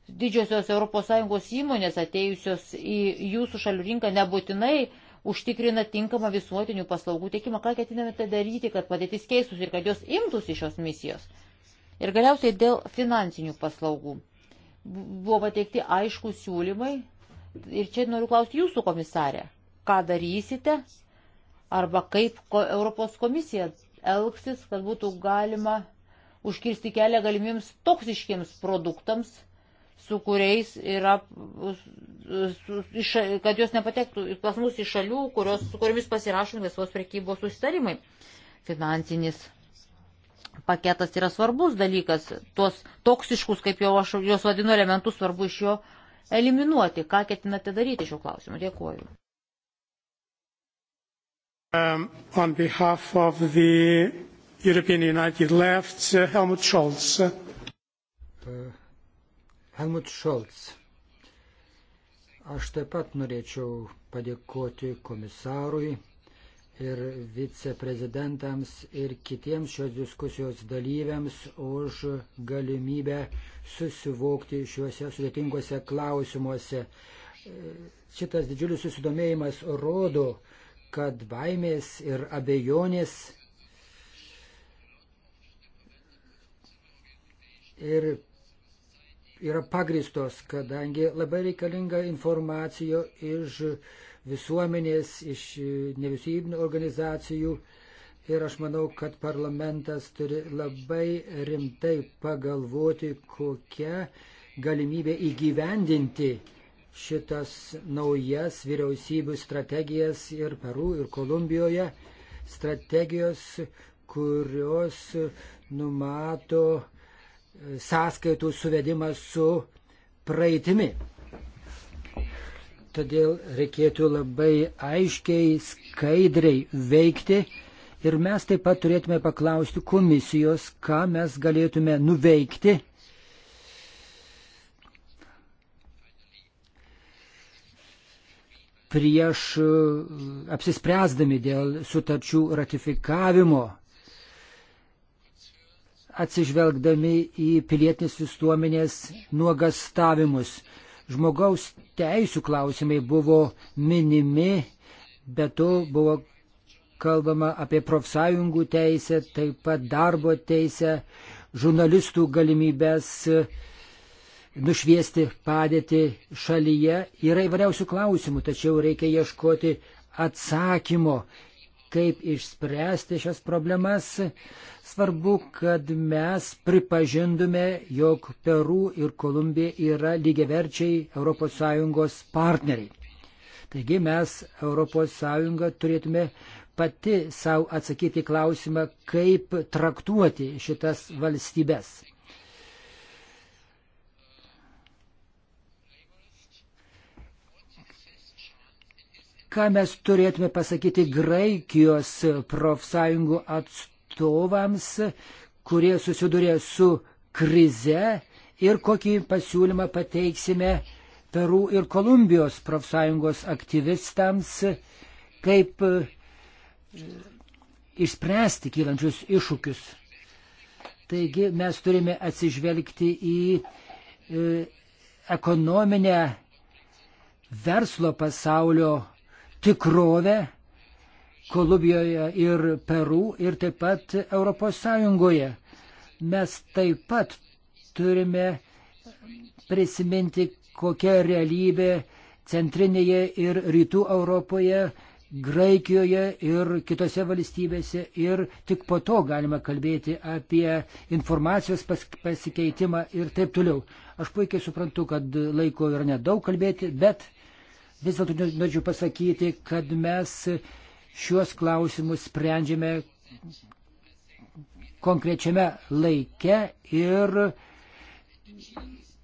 didžiosios ES įmonės atėjusios į jūsų šalių rinką nebūtinai užtikrina tinkamą visuotinių paslaugų teikimą. Ką ketinamėte daryti, kad padėtis keistųsi ir kad jos imtųsi šios misijos? Ir galiausiai dėl finansinių paslaugų. Buvo pateikti aiškų siūlymai ir čia noriu klausti jūsų komisarė, ką darysite arba kaip Europos komisija elgsis, kad būtų galima užkirsti kelią galimiems toksiškiams produktams, su kuriais yra, su, iš, kad jos nepatektų pas mus iš šalių, kurios, su kuriomis pasirašomi laisvos prekybos susitarimai. Finansinis paketas yra svarbus dalykas, tuos toksiškus, kaip jau aš juos vadinu, elementus svarbu iš jo eliminuoti. Ką ketinate daryti šiuo klausimu? Dėkuoju. Um, on behalf of the European United Left, uh, Helmut Scholz. Uh, Helmut Scholz. Aš taip pat norėčiau padėkoti komisarui ir viceprezidentams ir kitiems šios diskusijos dalyviams už galimybę susivokti šiuose sudėtinguose klausimuose. Šitas didžiulis susidomėjimas rodo, kad baimės ir abejonės ir yra pagristos, kadangi labai reikalinga informacija iš visuomenės, iš e, nevisybinių organizacijų. Ir aš manau, kad parlamentas turi labai rimtai pagalvoti, kokia galimybė įgyvendinti šitas naujas vyriausybių strategijas ir Peru, ir Kolumbijoje, strategijos, kurios numato sąskaitų suvedimas su praeitimi. Todėl reikėtų labai aiškiai, skaidriai veikti ir mes taip pat turėtume paklausti komisijos, ką mes galėtume nuveikti. prieš e, apsispręsdami dėl sutarčių ratifikavimo atsižvelgdami į pilietinės visuomenės nuogastavimus. Žmogaus teisų klausimai buvo minimi, bet to buvo kalbama apie profsąjungų teisę, taip pat darbo teisę, žurnalistų galimybės e, nušviesti padėti šalyje. Yra įvairiausių klausimų, tačiau reikia ieškoti atsakymo, kaip išspręsti šias problemas svarbu, kad mes pripažindume, jog Peru ir Kolumbija yra lygiaverčiai ES partneriai. Taigi mes ES turėtume pati savo atsakyti klausimą, kaip traktuoti šitas valstybės. ką mes turėtume pasakyti Graikijos profsąjungų atstovams? atstovams, kurie susidurė su krize ir kokį pasiūlymą pateiksime Peru ir Kolumbijos profsąjungos aktyvistams, kaip e, išspręsti kylančius iššūkius. Taigi mes turime atsižvelgti į e, ekonominę verslo pasaulio tikrovę Kolumbijoje ir Peru ir taip pat Europos Sąjungoje. Mes taip pat turime prisiminti, kokia realybė centrinėje ir rytų Europoje, Graikijoje ir kitose valstybėse ir tik po to galima kalbėti apie informacijos pas, pasikeitimą ir taip toliau. Aš puikiai suprantu, kad laiko yra nedaug kalbėti, bet vis dėlto norėčiau pasakyti, kad mes Šiuos klausimus sprendžiame konkrečiame laike ir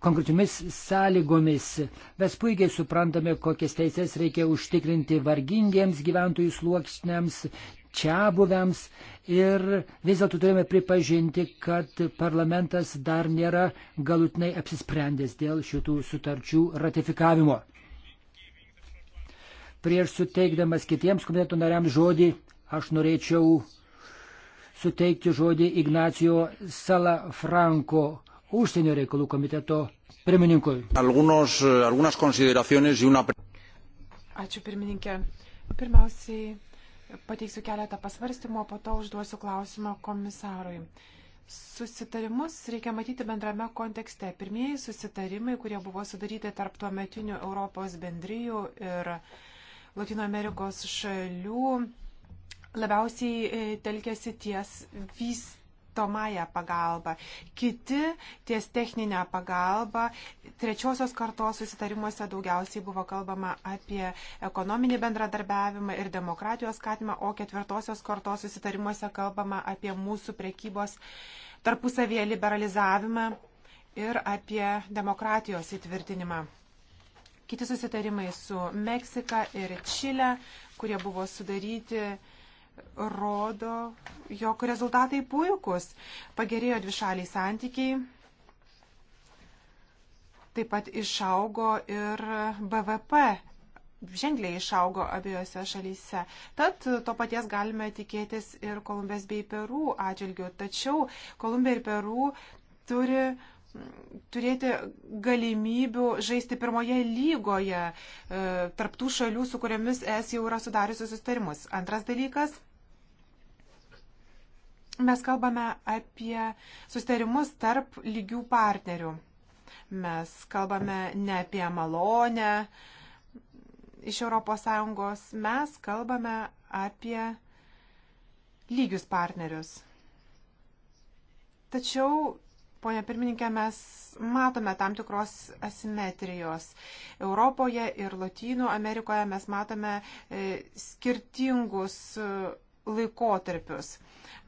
konkrečiomis sąlygomis. Mes puikiai suprantame, kokias teises reikia užtikrinti vargingiems gyventojų sluoksniams, čia buvėms ir vis dėlto turime pripažinti, kad parlamentas dar nėra galutinai apsisprendęs dėl šitų sutarčių ratifikavimo. Prieš suteikdamas kitiems komiteto nariams žodį, aš norėčiau suteikti žodį Ignacio Salafranco, užsienio reikalų komiteto pirmininkui. Algunos, eh, algunas consideraciones y una... Ačiū pirmininkė. Pirmiausiai pateiksiu keletą pasvarstymų, o po to užduosiu klausimą komisarui. Susitarimus reikia matyti bendrame kontekste. Pirmieji susitarimai, kurie buvo sudaryti tarp tuo metinių Europos bendryjų ir Latino Amerikos šalių labiausiai e, telkėsi ties vystomąją pagalbą, kiti ties techninę pagalbą. Trečiosios kartos susitarimuose daugiausiai buvo kalbama apie ekonominį bendradarbiavimą ir demokratijos skatimą, o ketvirtosios kartos susitarimuose kalbama apie mūsų prekybos tarpusavėje liberalizavimą ir apie demokratijos įtvirtinimą. Kiti susitarimai su Meksika ir Čile, kurie buvo sudaryti, rodo, jog rezultatai puikus. Pagerėjo dvišaliai santykiai, taip pat išaugo ir BVP. Ženkliai išaugo abiejose šalyse. Tad to paties galime tikėtis ir Kolumbės bei Perų atžvilgių. Tačiau Kolumbija ir Perų turi turėti galimybių žaisti pirmoje lygoje e, tarptų šalių, su kuriamis es jau yra sudariusi sustarimus. Antras dalykas. Mes kalbame apie sustarimus tarp lygių partnerių. Mes kalbame ne apie malonę iš ES, mes kalbame apie lygius partnerius. Tačiau Pone pirmininkė, mes matome tam tikros asimetrijos. Europoje ir Latino Amerikoje mes matome e, skirtingus e, laikotarpius.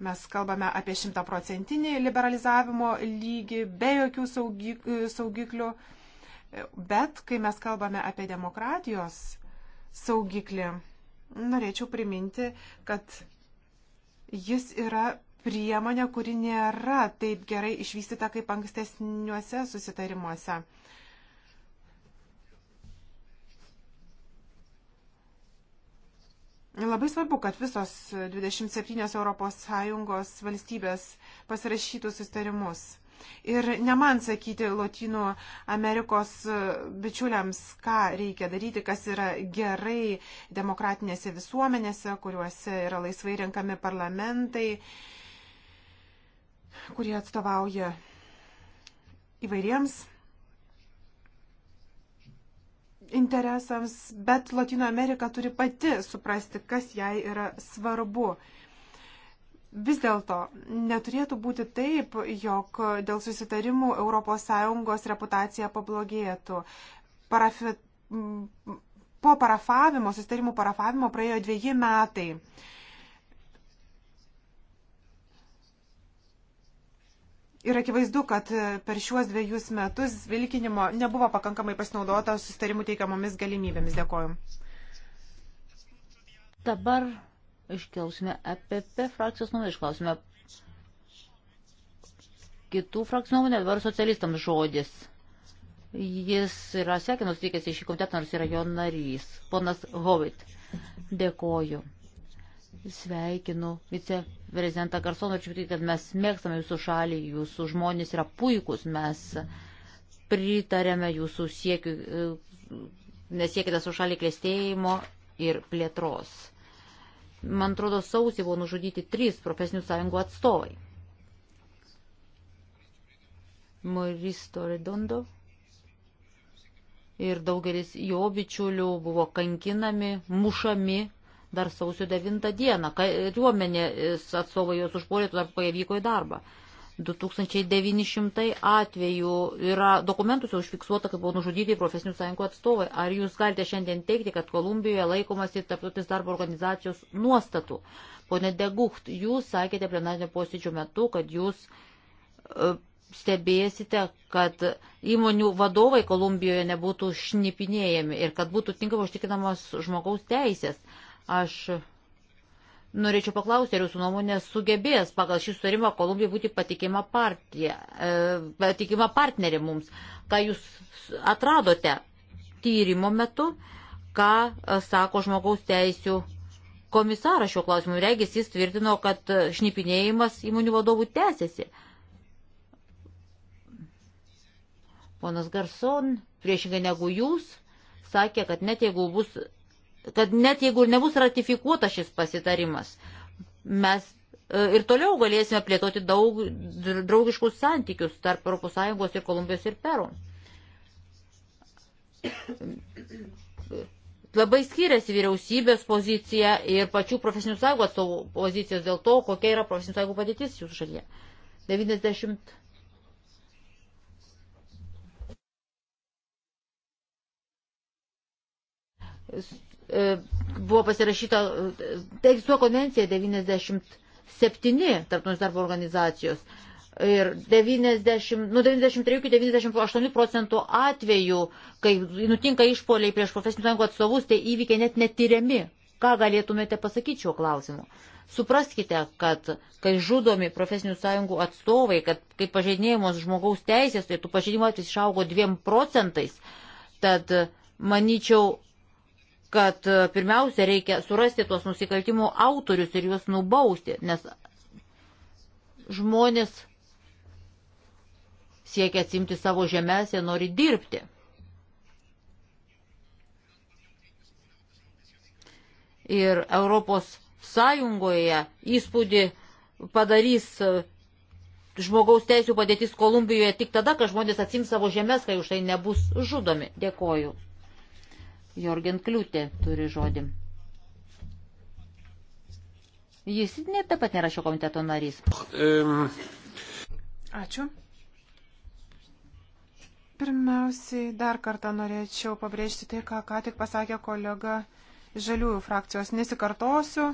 Mes kalbame apie šimtaprocentinį liberalizavimo lygį be jokių e, saugiklių, bet kai mes kalbame apie demokratijos saugiklį, norėčiau priminti, kad jis yra priemonė, kuri nėra taip gerai išvystyta kaip ankstesniuose susitarimuose. Labai svarbu, kad visos 27 ES valstybės pasirašytų sustarimus. Ir ne man sakyti Lotynų Amerikos bičiuliams, ką reikia daryti, kas yra gerai demokratinėse visuomenėse, kuriuose yra laisvai renkami parlamentai. Uh, kurie atstovauja įvairiems interesams, bet Latino Amerika turi pati suprasti, kas jai yra svarbu. Vis dėlto neturėtų būti taip, jog dėl susitarimų ES reputacija pablogėtų. Parafi... Po parafavimo, susitarimų parafavimo praėjo dviejai metai. Ir akivaizdu, kad e, per šiuos dviejus metus vilkinimo nebuvo pakankamai pasinaudota sustarimų teikiamomis galimybėmis. Dėkoju. Dabar išklausime EPP frakcijos nuomonę, išklausime kitų frakcijų nuomonę, dabar socialistams žodis. Jis yra sveikinus vykęs į šį komitetą, nors yra jo narys. Ponas Hovit, dėkoju. Sveikinu vice prezidentą Garsoną, ačiū tik, kad mes mėgstame jūsų šalį, jūsų žmonės yra puikūs, mes pritarėme jūsų siekiu, e, nesiekite su šalį klėstėjimo ir plėtros. Man atrodo, sausį buvo nužudyti trys profesinių sąjungų atstovai. Moristo Redondo ir daugelis jo bičiulių buvo kankinami, mušami, dar sausio 9 dieną. Kariuomenės atstovai juos užpuolė, tuo tarpu jie vyko į darbą. 2900 atvejų yra dokumentuose užfiksuota, kaip buvo nužudyti profesinių sąjungų atstovai. Ar jūs galite šiandien teikti, kad Kolumbijoje laikomasi tarptautis darbo organizacijos nuostatų? Pone Degucht, jūs sakėte plenarinio posėdžio metu, kad jūs e, stebėsite, kad įmonių vadovai Kolumbijoje nebūtų šnipinėjami ir kad būtų tinkamai užtikrinamos žmogaus teisės. Aš norėčiau paklausti, ar jūsų nuomonė sugebės pagal šį sutarimą Kolumbija būti patikima, partija, e, patikima partnerė mums. Ką jūs atradote tyrimo metu, ką e, sako žmogaus teisių komisaras šiuo klausimu. Regis jis tvirtino, kad šnipinėjimas įmonių vadovų tęsiasi. Ponas Garson, priešingai negu jūs, sakė, kad net jeigu bus kad net jeigu ir nebus ratifikuota šis pasitarimas, mes e, ir toliau galėsime plėtoti daug draugiškus santykius tarp ES ir Kolumbijos ir Peru. Labai skiriasi vyriausybės pozicija ir pačių profesinių sąjungų atstovų pozicijos dėl to, kokia yra profesinių sąjungų padėtis jūsų šalyje. 90. E, buvo pasirašyta Teisų konvencija 97 tarptautinės darbo organizacijos. Ir 90, nuo 93 iki 98 procentų atvejų, kai nutinka išpoliai prieš profesinių sąjungų atstovus, tai įvykiai net netyriami. Ką galėtumėte pasakyti šiuo klausimu? Supraskite, kad kai žudomi profesinių sąjungų atstovai, kad kai pažeidinėjimos žmogaus teisės, tai tų pažeidimų atvejs išaugo 2 procentais, tad manyčiau, kad e, pirmiausia reikia surasti tuos nusikaltimų autorius ir juos nubausti, nes žmonės siekia atsimti savo žemės, jie nori dirbti. Ir Europos Sąjungoje įspūdį padarys e, žmogaus teisų padėtis Kolumbijoje tik tada, kai žmonės atsims savo žemės, kai už tai nebus žudomi. Dėkoju. Jorgen Kliūtė turi žodį. Jis net taip pat nėra šio komiteto narys. Ačiū. Pirmiausiai dar kartą norėčiau pabrėžti tai, ką ką tik pasakė kolega Žaliųjų frakcijos. Nesikartosiu,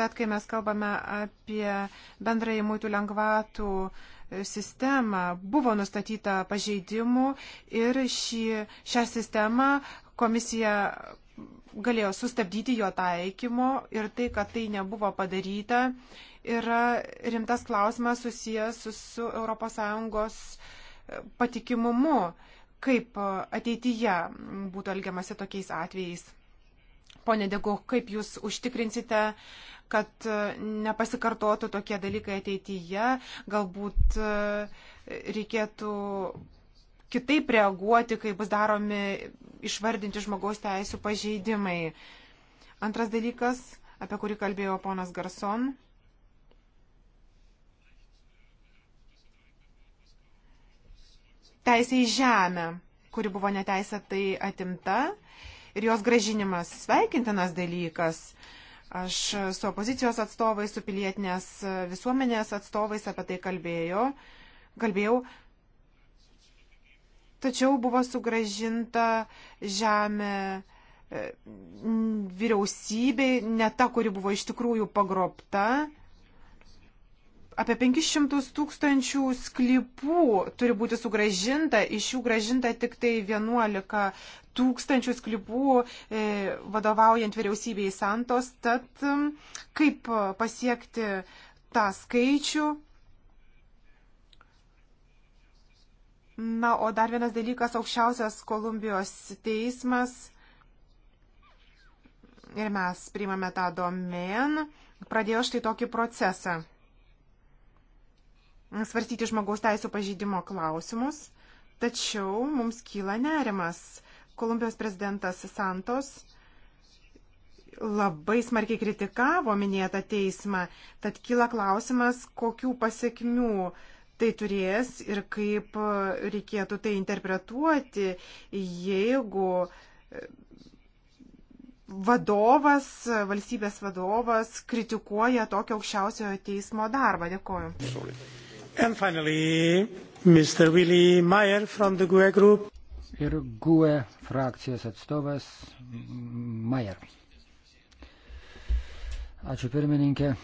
bet kai mes kalbame apie bendrąjį mūtų lengvatų uh, sistemą. Buvo nustatyta pažeidimų ir šį, šią sistemą komisija galėjo sustabdyti jo taikymo ir tai, kad tai nebuvo padaryta, yra rimtas klausimas susijęs su, su ES e, patikimumu, kaip e, ateityje būtų elgiamasi tokiais atvejais. Pone Degu, kaip jūs užtikrinsite, kad e, nepasikartotų tokie dalykai ateityje, galbūt e, reikėtų kitaip reaguoti, kai bus daromi išvardinti žmogaus teisų pažeidimai. Antras dalykas, apie kurį kalbėjo ponas Garson. Teisė į žemę, kuri buvo neteisėtai atimta ir jos gražinimas sveikintinas dalykas. Aš su opozicijos atstovais, su pilietinės visuomenės atstovais apie tai kalbėjo, kalbėjau. Tačiau buvo sugražinta žemė e, vyriausybei, ne ta, kuri buvo iš tikrųjų pagrobta apie 500 tūkstančių sklypų turi būti sugražinta, iš jų gražinta tik tai 11 tūkstančių sklypų e, vadovaujant vyriausybei Santos. Tad kaip pasiekti tą skaičių? Na, o dar vienas dalykas, aukščiausias Kolumbijos teismas ir mes priimame tą domen, pradėjo štai tokį procesą svarstyti žmogaus teisų pažydimo klausimus, tačiau mums kyla nerimas. Kolumbijos prezidentas Santos labai smarkiai kritikavo minėtą teismą, tad kyla klausimas, kokių pasiekmių tai turės ir kaip reikėtų tai interpretuoti, jeigu e, vadovas, valstybės vadovas kritikuoja tokio aukščiausiojo teismo darbą. Dėkoju. Sorry. And finally, Mr. Willy Meyer from the GUE Group. Ir GUE frakcijos atstovas Meyer. Ačiū pirmininkė.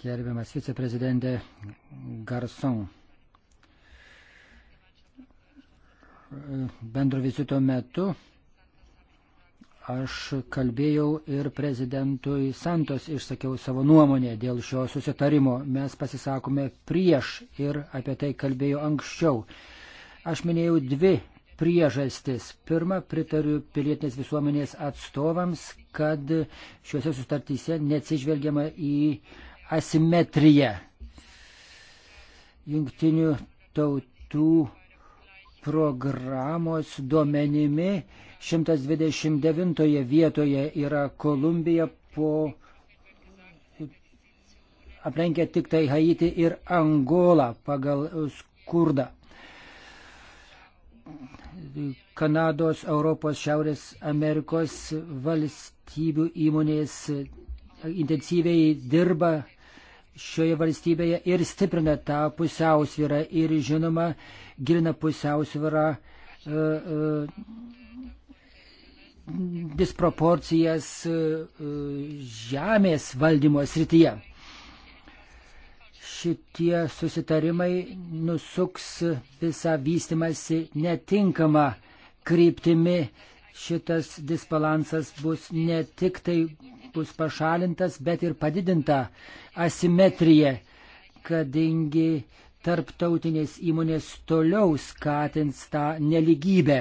Gerbiamas viceprezidentė Garson. Bendro vizito metu Aš kalbėjau ir prezidentui Santos išsakiau savo nuomonę dėl šio susitarimo. Mes pasisakome prieš ir apie tai kalbėjau anksčiau. Aš minėjau dvi priežastis. Pirma, pritariu pilietinės visuomenės atstovams, kad šiuose sutartyse neatsižvelgiama į asimetriją. Jungtinių tautų programos duomenimi 129 vietoje yra Kolumbija po aplenkia tik tai Haiti ir Angola pagal skurdą. Kanados, Europos, Šiaurės Amerikos valstybių įmonės intensyviai dirba šioje valstybėje ir stiprina tą pusiausvyrą ir žinoma gilina pusiausvyrą uh, uh, disproporcijas e, žemės valdymo srityje. Šitie susitarimai nusuks visą vystimąsi netinkamą kryptimi. Šitas disbalansas bus ne tik tai bus pašalintas, bet ir padidinta asimetrija, kadangi tarptautinės įmonės toliau skatins tą neligybę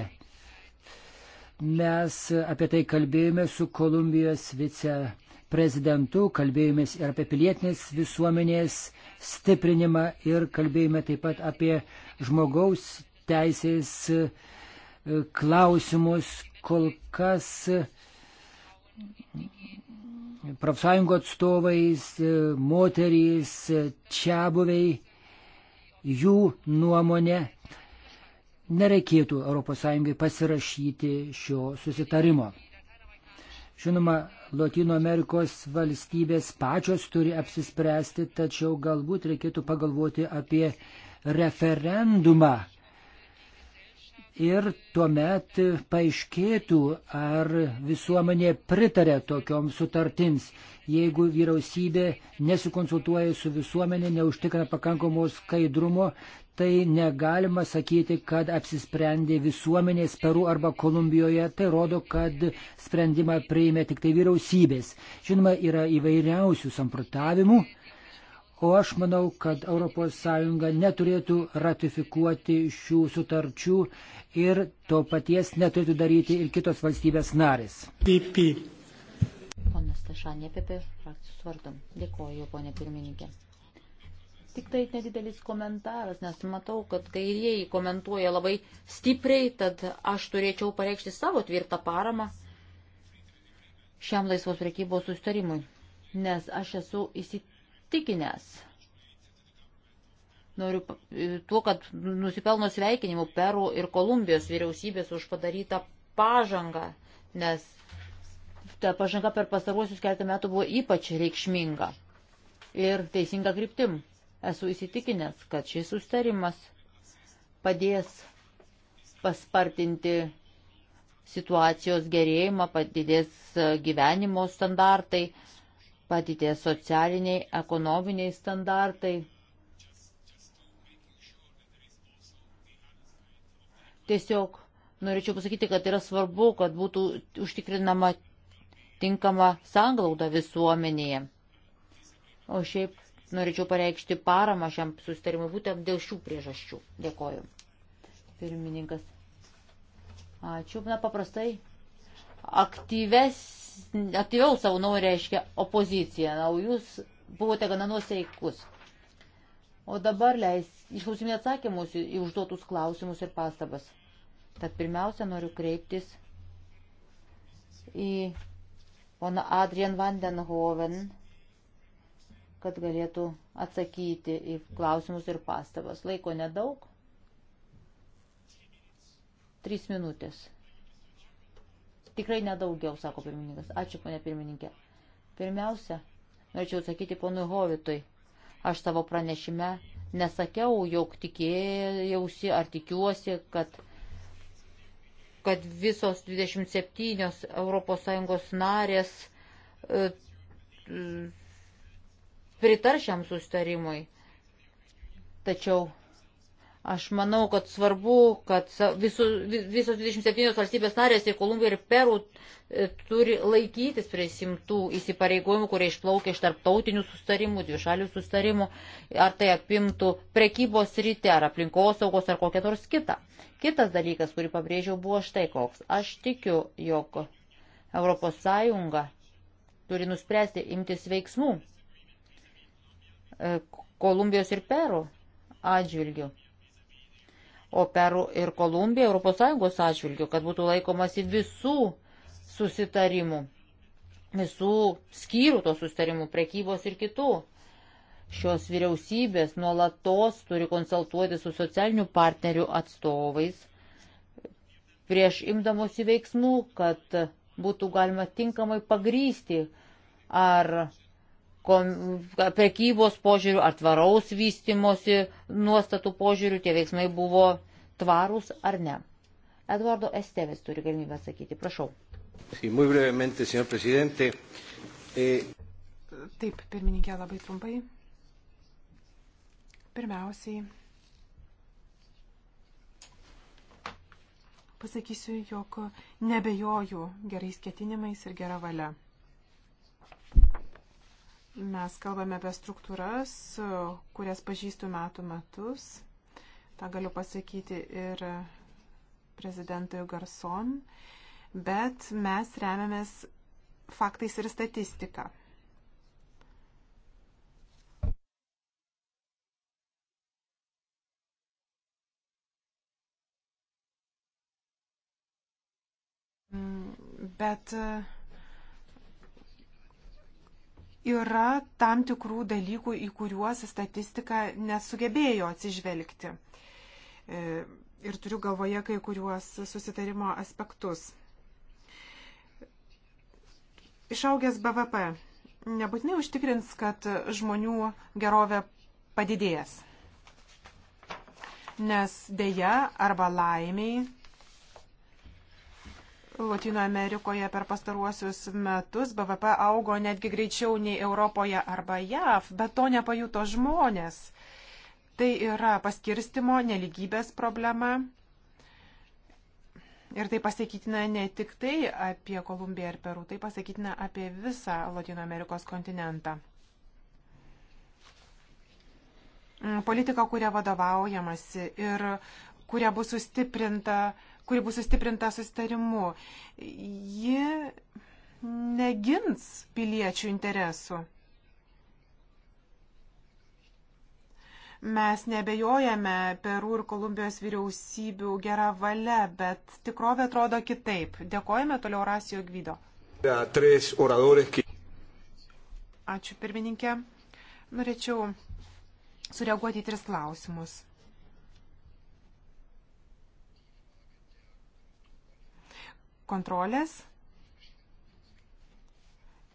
Mes apie tai kalbėjome su Kolumbijos viceprezidentu, kalbėjomės ir apie pilietinės visuomenės stiprinimą ir kalbėjome taip pat apie žmogaus teisės e, klausimus. Kol kas e, profsąjungo atstovais, e, moterys, čia buviai, jų nuomonė nereikėtų ES pasirašyti šio susitarimo. Žinoma, Latino Amerikos valstybės pačios turi apsispręsti, tačiau galbūt reikėtų pagalvoti apie referendumą. Ir tuomet paaiškėtų, ar visuomenė pritarė tokioms sutartims. Jeigu vyriausybė nesikonsultuoja su visuomenė, neužtikrina pakankamos skaidrumo, tai negalima sakyti, kad apsisprendė visuomenės Peru arba Kolumbijoje. Tai rodo, kad sprendimą priėmė tik tai vyriausybės. Žinoma, yra įvairiausių samprotavimų. O aš manau, kad ES neturėtų ratifikuoti šių sutarčių ir to paties neturėtų daryti ir kitos valstybės narės. PP. Ponas Tašanė, PP frakcijos vardu. Dėkoju, ponė pirmininkė. Tik tai nedidelis komentaras, nes matau, kad kairieji komentuoja labai stipriai, tad aš turėčiau pareikšti savo tvirtą paramą šiam laisvos prekybos sustarimui, nes aš esu įsitikinęs. Noriu e, tuo, kad nusipelno sveikinimų Peru ir Kolumbijos vyriausybės už padarytą pažangą, nes ta pažanga per pastaruosius keletą metų buvo ypač reikšminga ir teisinga kryptim. Esu įsitikinęs, kad šis sustarimas padės paspartinti situacijos gerėjimą, padidės e, gyvenimo standartai, padidės socialiniai, ekonominiai standartai. Tiesiog norėčiau pasakyti, kad yra svarbu, kad būtų užtikrinama tinkama sanglauda visuomenėje. O šiaip norėčiau pareikšti paramą šiam sustarimui būtent dėl šių priežasčių. Dėkoju. Pirmininkas. Ačiū. Na, paprastai aktyves, aktyviau savo norį reiškia opozicija. Na, o jūs buvote gana nuoseikus. O dabar leis išklausymė atsakymus į užduotus klausimus ir pastabas. Tad pirmiausia, noriu kreiptis į poną Adrian Vandenhoven kad galėtų atsakyti į klausimus ir pastabas. Laiko nedaug. Trys minutės. Tikrai nedaugiau, sako pirmininkas. Ačiū, ponė pirmininkė. Pirmiausia, norėčiau atsakyti ponui Hovitui. Aš savo pranešime nesakiau, jog tikėjausi ar tikiuosi, kad, kad visos 27 ES narės e, pritar šiam sustarimui. Tačiau aš manau, kad svarbu, kad visu, visos 27 valstybės narės ir Kolumbija ir Peru e, turi laikytis prisimtų įsipareigojimų, kurie išplaukia iš tarptautinių sustarimų, dvišalių sustarimų, ar tai apimtų prekybos rytį, ar aplinkosaugos, ar kokią nors kitą. Kitas dalykas, kurį pabrėžiau, buvo štai koks. Aš tikiu, jog ES turi nuspręsti imtis veiksmų E, Kolumbijos ir Peru atžvilgių. O Peru ir Kolumbija ES atžvilgių, kad būtų laikomasi visų susitarimų, visų skyrių to susitarimų, prekybos ir kitų. Šios vyriausybės nuolatos turi konsultuoti su socialinių partnerių atstovais prieš imdamosi veiksmų, kad būtų galima tinkamai pagrysti, ar prekybos požiūrių ar tvaraus vystimosi nuostatų požiūrių tie veiksmai buvo tvarūs ar ne. Eduardo Esteves turi galimybę atsakyti. Prašau. Sí, muy brevemente, señor presidente. Eh... Taip, pirmininkė, labai trumpai. Pirmiausiai, pasakysiu, jog nebejoju gerais ketinimais ir gera valia. Mes kalbame apie struktūras, kurias pažįstu metų metus. Ta galiu pasakyti ir prezidentui Garson. Bet mes remiamės faktais ir statistika. Mm, bet uh yra tam tikrų dalykų, į kuriuos statistika nesugebėjo atsižvelgti. E, ir turiu galvoje kai kuriuos susitarimo aspektus. Išaugęs BVP nebūtinai užtikrins, kad žmonių gerovė padidėjęs. Nes dėja arba laimiai Latino Amerikoje per pastaruosius metus BVP augo netgi greičiau nei Europoje arba JAV, bet to nepajuto žmonės. Tai yra paskirstimo neligybės problema. Ir tai pasakytina ne tik tai apie Kolumbiją ir Peru, tai pasakytina apie visą Latino Amerikos kontinentą. Politika, kuria vadovaujamasi ir kuria bus sustiprinta uh, kuri bus sustiprinta susitarimu, ji negins piliečių interesų. Mes nebejojame Peru ir Kolumbijos vyriausybių gerą valią, bet tikrovė atrodo kitaip. Dėkojame toliau Rasijo Gvido. Ačiū pirmininkė. Norėčiau sureaguoti į tris klausimus. kontrolės.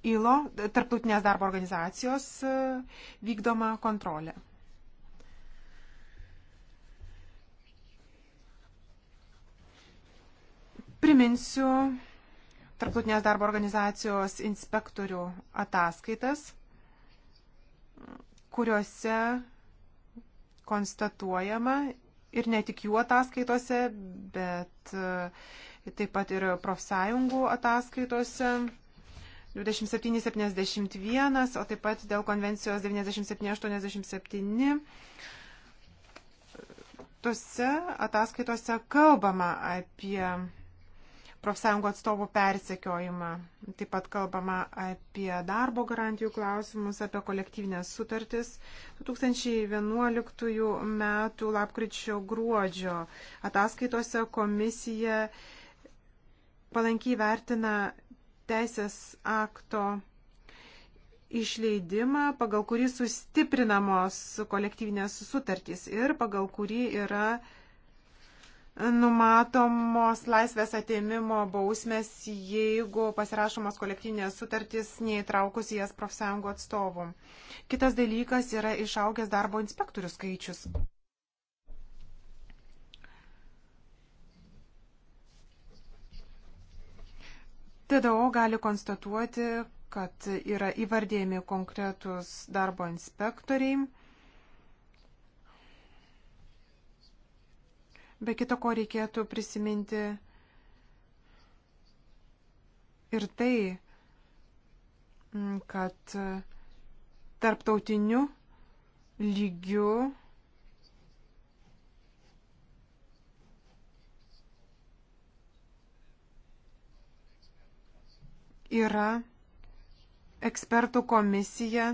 ILO, Tarptautinės darbo organizacijos e, vykdoma kontrolė. Priminsiu Tarptautinės darbo organizacijos inspektorių ataskaitas, kuriuose konstatuojama ir ne tik jų ataskaitose, bet uh, taip pat ir profsąjungų ataskaitose 2771, o taip pat dėl konvencijos 9787. Tose ataskaitose kalbama apie profsąjungų atstovų persekiojimą. Taip pat kalbama apie darbo garantijų klausimus, apie kolektyvinės sutartis. 2011 m. lapkričio gruodžio ataskaitose komisija palankiai vertina teisės akto išleidimą, pagal kurį sustiprinamos kolektyvinės sutartys ir pagal kurį yra numatomos laisvės atėmimo bausmės, jeigu pasirašomos kolektyvinės sutartys neįtraukus jas profsąjungų atstovų. Kitas dalykas yra išaugęs darbo inspektorių skaičius. TDO gali konstatuoti, kad yra įvardėjami konkretus darbo inspektoriai. Be kita ko reikėtų prisiminti ir tai, kad tarptautiniu lygiu yra ekspertų komisija,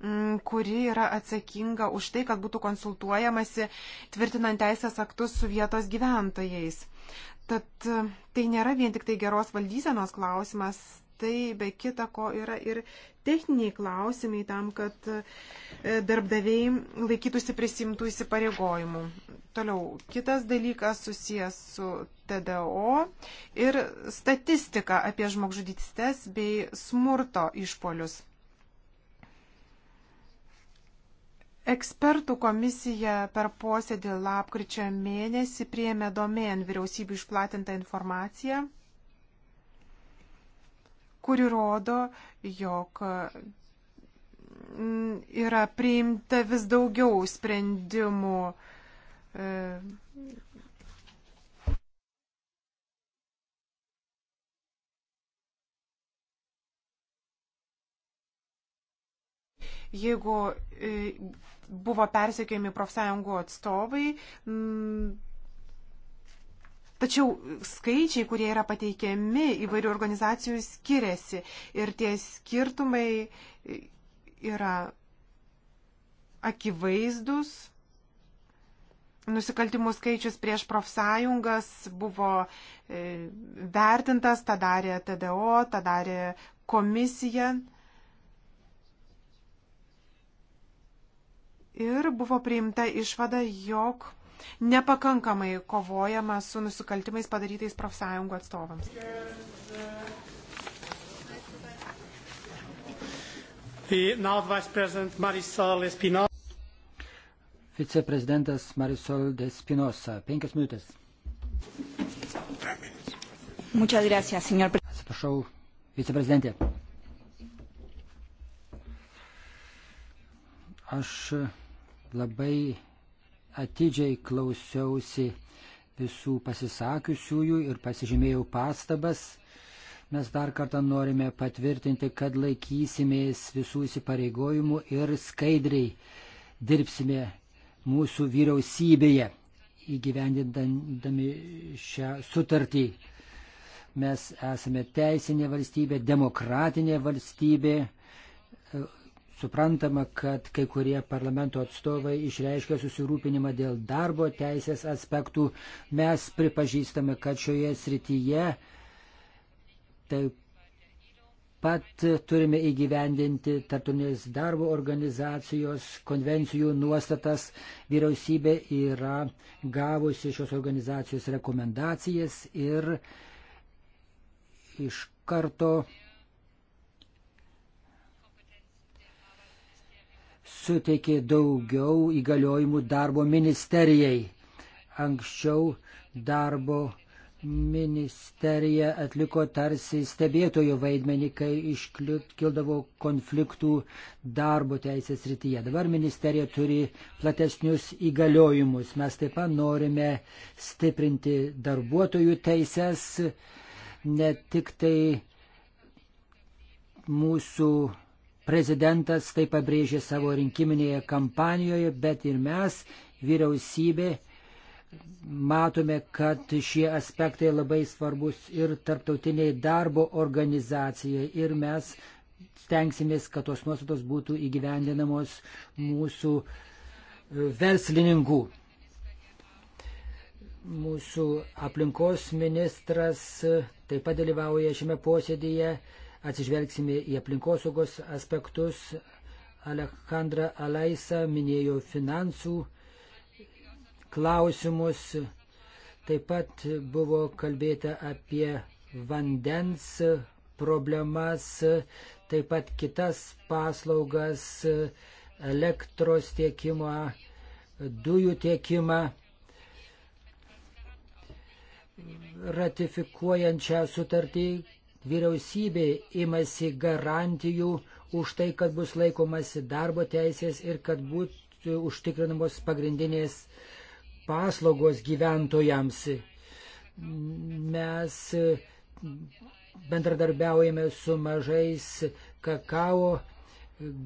mm, kuri yra atsakinga už tai, kad būtų konsultuojamasi tvirtinant teisės aktus su vietos gyventojais. Tad e, tai nėra vien tik tai geros valdysenos klausimas, tai be kita ko yra ir techniniai klausimai tam, kad e, darbdaviai laikytųsi prisimtų įsipareigojimų. Toliau, kitas dalykas susijęs su TDO ir statistika apie žmogžudystės bei smurto išpolius. Ekspertų komisija per posėdį lapkričio mėnesį priėmė domėn vyriausybių išplatintą informaciją kuri rodo, jog mm, yra priimta vis daugiau sprendimų e, jeigu e, buvo persekiojami profsąjungų atstovai, mm, Tačiau skaičiai, kurie yra pateikiami įvairių organizacijų, skiriasi ir tie skirtumai yra akivaizdus. Nusikaltimų skaičius prieš profsąjungas buvo e, vertintas, tą darė TDO, tą darė komisija. Ir buvo priimta išvada, jog nepakankamai kovojama su nusikaltimais padarytais profsąjungų atstovams. Viceprezidentas Marisol Despinosa, penkias minutės. Muchas gracias, señor presidente. Atsiprašau, viceprezidentė. Aš labai atidžiai klausiausi visų pasisakiusiųjų ir pasižymėjau pastabas. Mes dar kartą norime patvirtinti, kad laikysimės visų įsipareigojimų ir skaidriai dirbsime mūsų vyriausybėje įgyvendindami šią sutartį. Mes esame teisinė valstybė, demokratinė valstybė, Suprantama, kad kai kurie parlamento atstovai išreiškia susirūpinimą dėl darbo teisės aspektų. Mes pripažįstame, kad šioje srityje taip pat turime įgyvendinti tartunės darbo organizacijos konvencijų nuostatas. Vyriausybė yra gavusi šios organizacijos rekomendacijas ir iš karto suteikė daugiau įgaliojimų darbo ministerijai. Anksčiau darbo ministerija atliko tarsi stebėtojo vaidmenį, kai iškildavo konfliktų darbo teisės rytyje. Dabar ministerija turi platesnius įgaliojimus. Mes taip pat norime stiprinti darbuotojų teises, ne tik tai mūsų Prezidentas tai pabrėžė savo rinkiminėje kampanijoje, bet ir mes, vyriausybė, matome, kad šie aspektai labai svarbus ir tarptautiniai darbo organizacijai ir mes stengsimės, kad tos nuostatos būtų įgyvendinamos mūsų e, verslininkų. Mūsų aplinkos ministras e, taip pat dalyvauja šiame posėdėje atsižvelgsime į aplinkosaugos aspektus. Alejandra Alaisa minėjo finansų klausimus. Taip pat buvo kalbėta apie vandens problemas, taip pat kitas paslaugas, elektros tiekimą, dujų tiekimą ratifikuojančią sutartį vyriausybė imasi garantijų už tai, kad bus laikomasi darbo teisės ir kad būtų e, užtikrinamos pagrindinės paslaugos gyventojams. Mes e, bendradarbiaujame su mažais kakao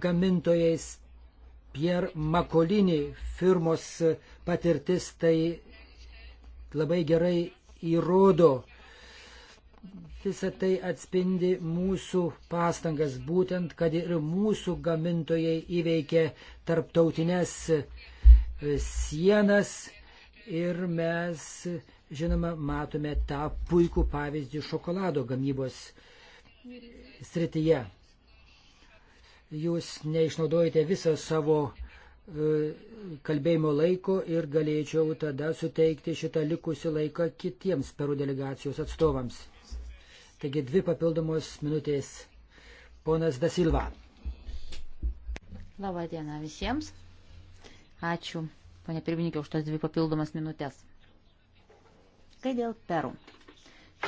gamintojais. Pierre Makolini firmos patirtis tai labai gerai įrodo Visą tai atspindi mūsų pastangas, būtent, kad ir mūsų gamintojai įveikė tarptautines e, sienas ir mes, žinoma, matome tą puikų pavyzdį šokolado gamybos srityje. Jūs neišnaudojate viso savo e, kalbėjimo laiko ir galėčiau tada suteikti šitą likusį laiką kitiems Peru delegacijos atstovams. Taigi dvi papildomos minutės. Ponas Dasilva. Labą dieną visiems. Ačiū, ponė pirmininkė, už tas dvi papildomas minutės. Kai dėl Peru.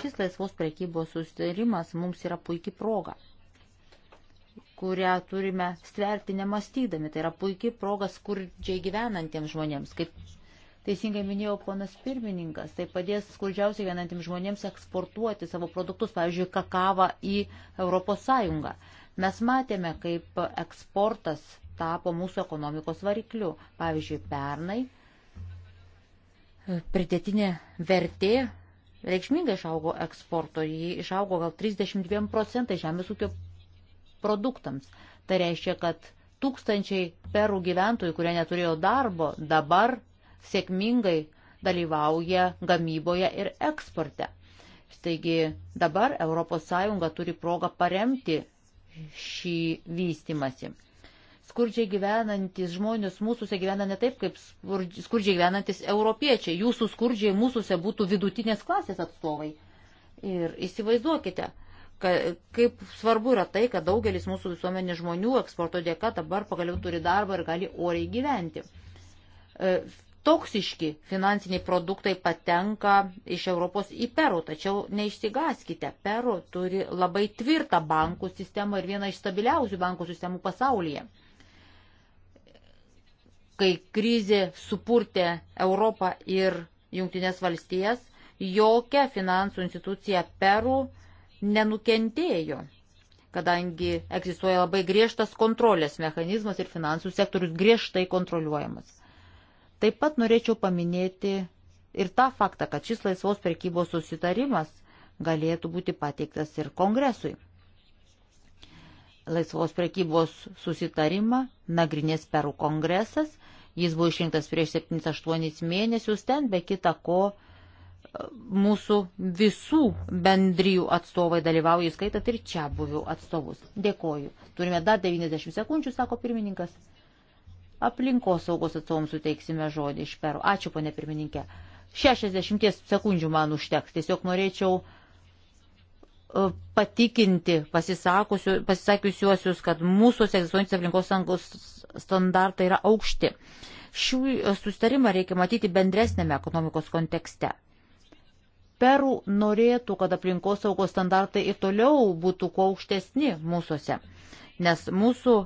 Šis laisvos prekybos susitarimas mums yra puikiai proga, kurią turime stverti nemastydami. Tai yra puikiai proga skurdžiai gyvenantiems žmonėms, kaip Teisingai minėjo ponas pirmininkas, tai padės skurdžiausiai vienantim žmonėms eksportuoti savo produktus, pavyzdžiui, kakavą į ES. Mes matėme, kaip eksportas tapo mūsų ekonomikos varikliu. Pavyzdžiui, pernai pridėtinė vertė reikšmingai išaugo eksporto, jį išaugo gal 32 procentai žemės ūkio produktams. Tai reiškia, kad tūkstančiai perų gyventojų, kurie neturėjo darbo, dabar sėkmingai dalyvauja gamyboje ir eksporte. Taigi dabar ES turi progą paremti šį vystimasi. Skurdžiai gyvenantis žmonės mūsųse gyvena ne taip, kaip skurdžiai gyvenantis europiečiai. Jūsų skurdžiai mūsųse būtų vidutinės klasės atstovai. Ir įsivaizduokite, ka, kaip svarbu yra tai, kad daugelis mūsų visuomenės žmonių eksporto dėka dabar pagaliau turi darbą ir gali oriai gyventi. E, toksiški finansiniai produktai patenka iš Europos į Peru, tačiau neišsigaskite, Peru turi labai tvirtą bankų sistemą ir vieną iš stabiliausių bankų sistemų pasaulyje. Kai krizė supurtė Europą ir Junktinės valstijas, jokia finansų institucija Peru nenukentėjo, kadangi egzistuoja labai griežtas kontrolės mechanizmas ir finansų sektorius griežtai kontroliuojamas. Taip pat norėčiau paminėti ir tą faktą, kad šis laisvos prekybos susitarimas galėtų būti pateiktas ir kongresui. Laisvos prekybos susitarimą nagrinės Perų kongresas, jis buvo išrinktas prieš 7-8 mėnesius, ten be kita ko mūsų visų bendrijų atstovai dalyvauja, skaitant ir čia buvių atstovus. Dėkoju. Turime dar 90 sekundžių, sako pirmininkas aplinkos saugos atsovams suteiksime žodį iš perų. Ačiū, ponė pirmininkė. 60 sekundžių man užteks. Tiesiog norėčiau e, patikinti pasisakiusiuosius, kad mūsų egzistuojantis aplinkos saugos standartai yra aukšti. Šių e, sustarimą reikia matyti bendresnėme ekonomikos kontekste. Peru norėtų, kad aplinkos saugos standartai ir toliau būtų kuo aukštesni mūsųse, nes mūsų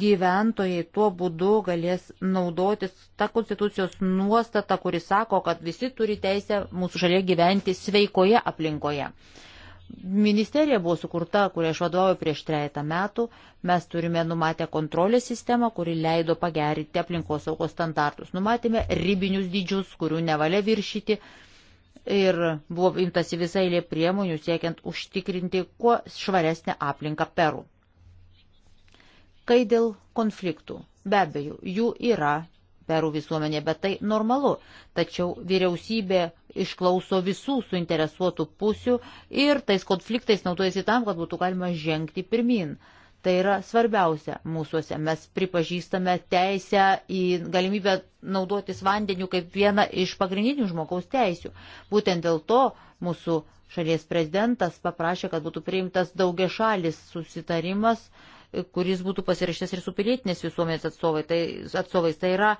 gyventojai tuo būdu galės naudotis tą konstitucijos nuostatą, kuri sako, kad visi turi teisę mūsų šalyje gyventi sveikoje aplinkoje. Ministerija buvo sukurta, kurią aš vadovauju prieš trejata metų. Mes turime numatę kontrolės sistemą, kuri leido pagerinti aplinkos saugos standartus. Numatėme ribinius dydžius, kurių nevalia viršyti. Ir buvo imtasi visai lė priemonių siekiant užtikrinti kuo švaresnę aplinką Peru. Kai dėl konfliktų, be abejo, jų yra perų visuomenė, bet tai normalu. Tačiau vyriausybė išklauso visų suinteresuotų pusių ir tais konfliktais naudojasi tam, kad būtų galima žengti pirmin. Tai yra svarbiausia mūsųse. Mes pripažįstame teisę į galimybę naudotis vandeniu kaip vieną iš pagrindinių žmogaus teisių. Būtent dėl to mūsų šalies prezidentas paprašė, kad būtų priimtas daugia šalis susitarimas, uh, kuris būtų pasirašytas ir su pilietinės visuomenės atstovai, tai, atstovais. Tai yra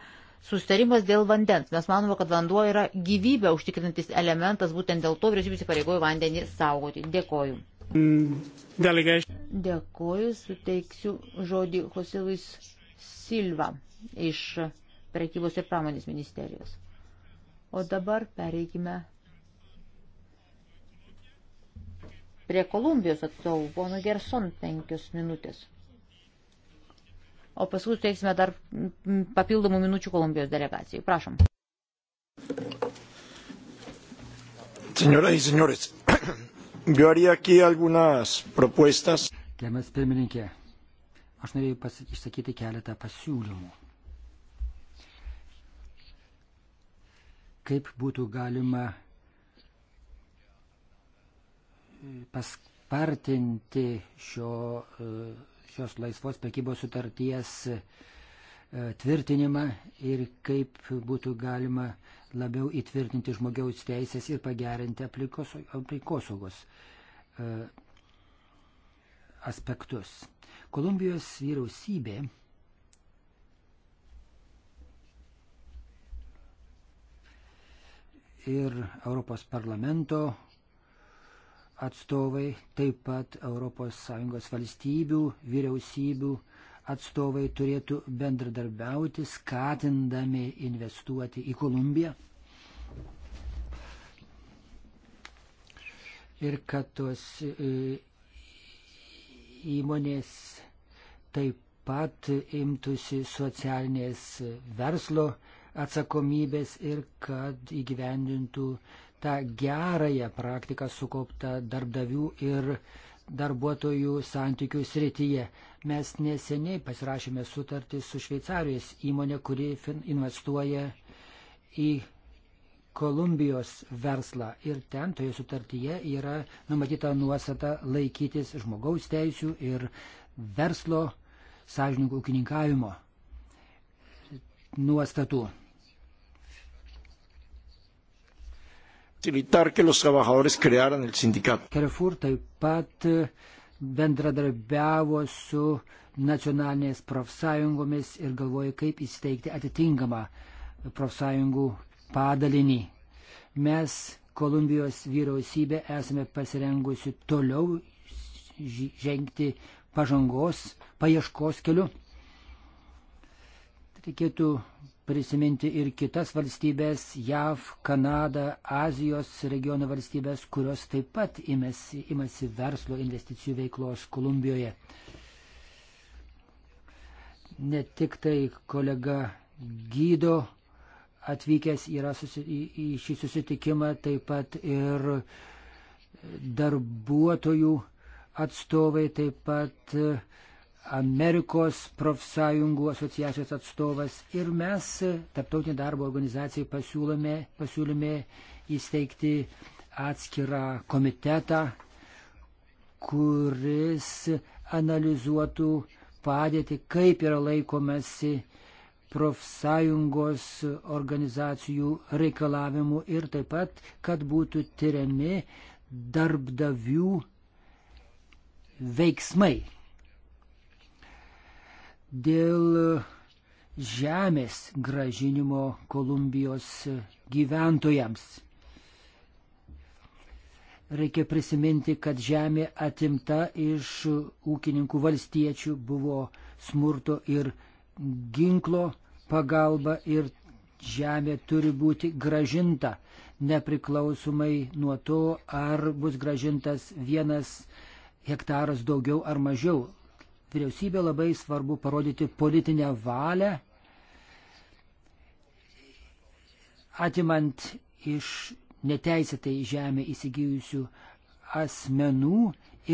sustarimas dėl vandens. Mes manome, kad vanduo yra gyvybę užtikrinantis elementas, būtent dėl to vyriausybės įpareigojo vandenį saugoti. Dėkoju. Mm, delegation. Dėkoju, suteiksiu žodį Joseluis Silva iš prekybos ir pramonės ministerijos. O dabar pereikime prie Kolumbijos atstovų, pono Gerson, penkios minutės o paskui teiksime dar papildomų minučių Kolumbijos delegacijai. Prašom. Señoras y señores, yo haría aquí algunas propuestas. Gerbiamas pirmininkė, aš norėjau pas, išsakyti keletą pasiūlymų. Kaip būtų galima e, paspartinti šio uh, šios laisvos prekybos sutarties e, tvirtinimą ir kaip būtų galima labiau įtvirtinti žmogaus teisės ir pagerinti aplinkosaugos e, aspektus. Kolumbijos vyriausybė ir Europos parlamento atstovai, taip pat ES valstybių, vyriausybių atstovai turėtų bendradarbiauti, skatindami investuoti į Kolumbiją. Ir kad tos e, įmonės taip pat imtųsi socialinės verslo atsakomybės ir kad įgyvendintų tą gerąją praktiką sukauptą darbdavių ir darbuotojų santykių srityje. Mes neseniai pasirašėme sutartį su Šveicarijos įmonė, kuri investuoja į Kolumbijos verslą. Ir ten toje sutartyje yra numatyta nuostata laikytis žmogaus teisų ir verslo sąžininkų ūkininkavimo nuostatų. facilitar que los trabajadores crearan el sindicato. Carrefour taip pat eh, bendradarbiavo su nacionalinės profsąjungomis ir galvoja, kaip įsteigti atitinkamą profsąjungų padalinį. Mes Kolumbijos vyriausybė esame pasirengusi toliau žengti pažangos, paieškos keliu. Reikėtų prisiminti ir kitas valstybės - JAV, Kanadą, Azijos regiono valstybės, kurios taip pat imasi, imasi verslo investicijų veiklos Kolumbijoje. Ne tik tai kolega Gydo atvykęs yra susi, į, į šį susitikimą, taip pat ir darbuotojų atstovai, taip pat uh, Amerikos profsąjungų asociacijos atstovas ir mes Taptautinė darbo organizacijai pasiūlėme, pasiūlėme įsteigti atskirą komitetą, kuris analizuotų padėti, kaip yra laikomasi profsąjungos organizacijų reikalavimų ir taip pat, kad būtų tyriami darbdavių veiksmai dėl žemės gražinimo Kolumbijos gyventojams. Reikia prisiminti, kad žemė atimta iš ūkininkų valstiečių buvo smurto ir ginklo pagalba ir žemė turi būti gražinta, nepriklausomai nuo to, ar bus gražintas vienas hektaras daugiau ar mažiau vyriausybė labai svarbu parodyti politinę valią, atimant iš neteisėtai žemę įsigijusių asmenų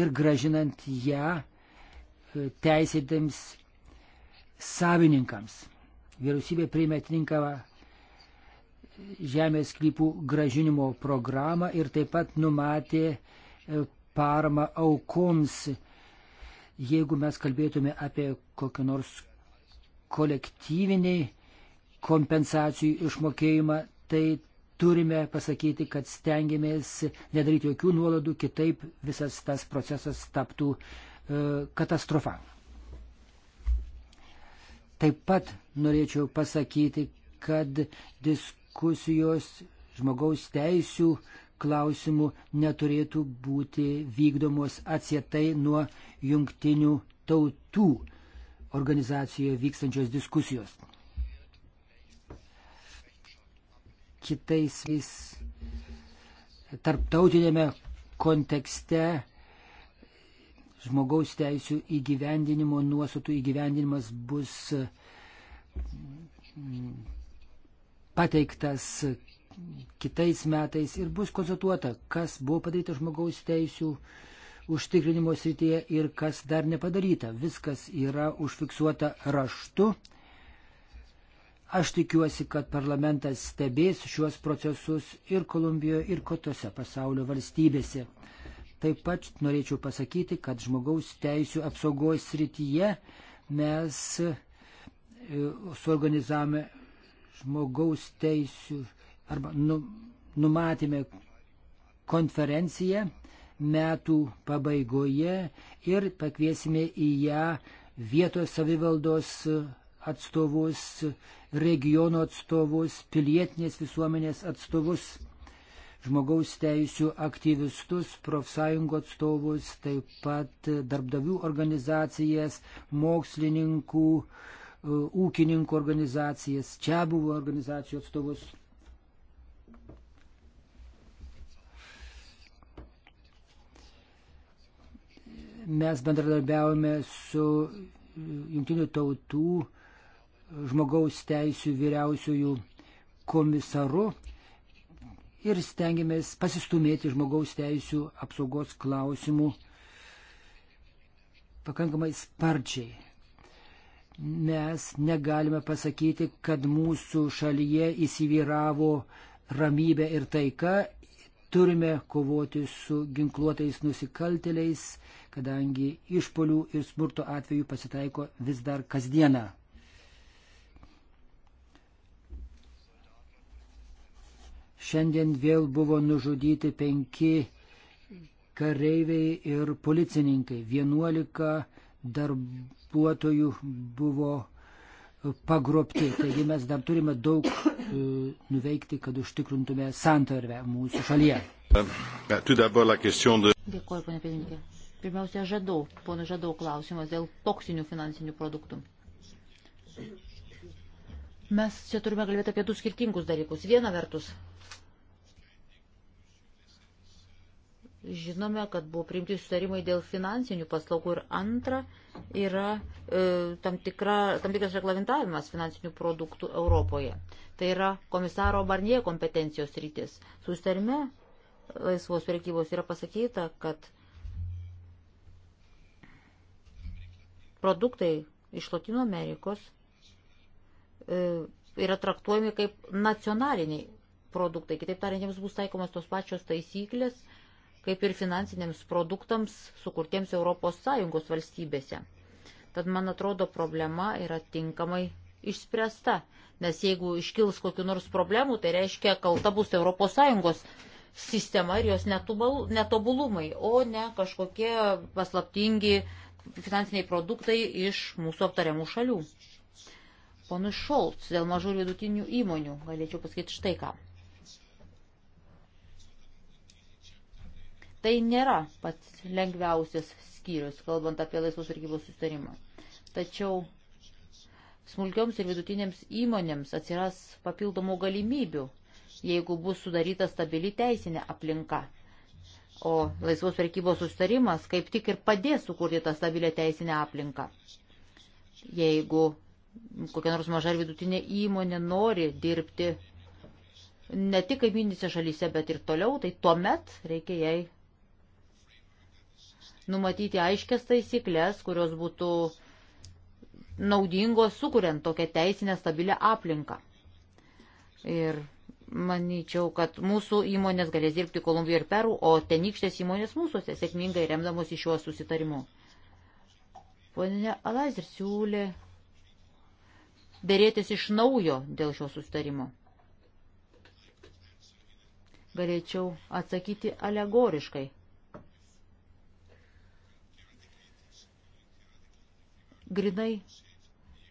ir gražinant ją e, teisėtėms savininkams. Vyriausybė priėmė atinkamą žemės sklypų gražinimo programą ir taip pat numatė e, paramą aukoms Jeigu mes kalbėtume apie kokį nors kolektyvinį kompensacijų išmokėjimą, tai turime pasakyti, kad stengiamės nedaryti jokių nuoladų, kitaip visas tas procesas taptų e, katastrofa. Taip pat norėčiau pasakyti, kad diskusijos žmogaus teisų e, klausimų neturėtų būti vykdomos atsietai nuo jungtinių tautų organizacijoje vykstančios diskusijos. Kitais vis tarptautinėme kontekste žmogaus teisų įgyvendinimo nuostatų įgyvendinimas bus pateiktas kitais metais ir bus konstatuota, kas buvo padaryta žmogaus teisų užtikrinimo srityje ir kas dar nepadaryta. Viskas yra užfiksuota raštu. Aš tikiuosi, kad parlamentas stebės šiuos procesus ir Kolumbijoje, ir kitose pasaulio valstybėse. Taip pat norėčiau pasakyti, kad žmogaus teisų apsaugos srityje mes e, suorganizavome žmogaus teisų arba nu, numatėme konferenciją metų pabaigoje ir pakviesime į ją vietos savivaldos atstovus, regiono atstovus, pilietinės visuomenės atstovus, žmogaus teisų aktyvistus, profsąjungų atstovus, taip pat darbdavių organizacijas, mokslininkų, ūkininkų organizacijas, čia buvo organizacijų atstovus. Mes bendradarbiavome su Junktinių tautų žmogaus teisų vyriausiųjų komisaru ir stengiamės pasistumėti žmogaus teisų apsaugos klausimų pakankamai sparčiai. Mes negalime pasakyti, kad mūsų šalyje įsivyravo ramybė ir taika, turime kovoti su ginkluotais nusikaltėliais, kadangi išpolių ir smurto atveju pasitaiko vis dar kasdieną. Šiandien vėl buvo nužudyti penki kareiviai ir policininkai. 11 darbuotojų buvo pagrobti. Taigi mes dar turime daug e, nuveikti, kad užtikrintume santarvę mūsų šalyje. Euh, Dėkuoju, ponė Pirinkė. Pirmiausia, žadau, pono žadau klausimas dėl toksinių finansinių produktų. Mes čia turime kalbėti apie du skirtingus dalykus. Viena vertus, žinome, kad buvo priimti sutarimai dėl finansinių paslaugų ir antra yra e, tam, tikra, tam tikras reglamentavimas finansinių produktų Europoje. Tai yra komisaro Barnie kompetencijos rytis. Sustarime laisvos prekybos yra pasakyta, kad produktai iš Latino Amerikos e, yra traktuojami kaip nacionaliniai produktai. Kitaip tariant, jiems bus taikomas tos pačios taisyklės, kaip ir finansiniams produktams sukurtiems ES valstybėse. Tad, man atrodo, problema yra tinkamai išspręsta, nes jeigu iškils kokiu nors problemų, tai reiškia, kalta bus ES sistema ir jos netobulumai, o ne kažkokie paslaptingi finansiniai produktai iš mūsų aptariamų šalių. Ponui Šolts, dėl mažų ir vidutinių įmonių, galėčiau pasakyti štai ką. Tai nėra pats lengviausias skyrius, kalbant apie laisvos varkybos sustarimą. Tačiau smulkioms ir vidutinėms įmonėms atsiras papildomų galimybių, jeigu bus sudaryta stabili teisinė aplinka O laisvos prekybos sustarimas kaip tik ir padės sukurti tą stabilę teisinę aplinką. Jeigu kokia nors maža ir vidutinė įmonė nori dirbti ne tik kaiminėse šalyse, bet ir toliau, tai tuomet reikia jai numatyti aiškias taisyklės, kurios būtų naudingos sukuriant tokią teisinę stabilę aplinką. Ir manyčiau, kad mūsų įmonės galės dirbti Kolumbijoje ir Peru, o tenykštės įmonės mūsųse sėkmingai remdamos į šiuo susitarimu. Pone Alazir siūlė dėrėtis iš naujo dėl šio susitarimo. Galėčiau atsakyti alegoriškai. Grinai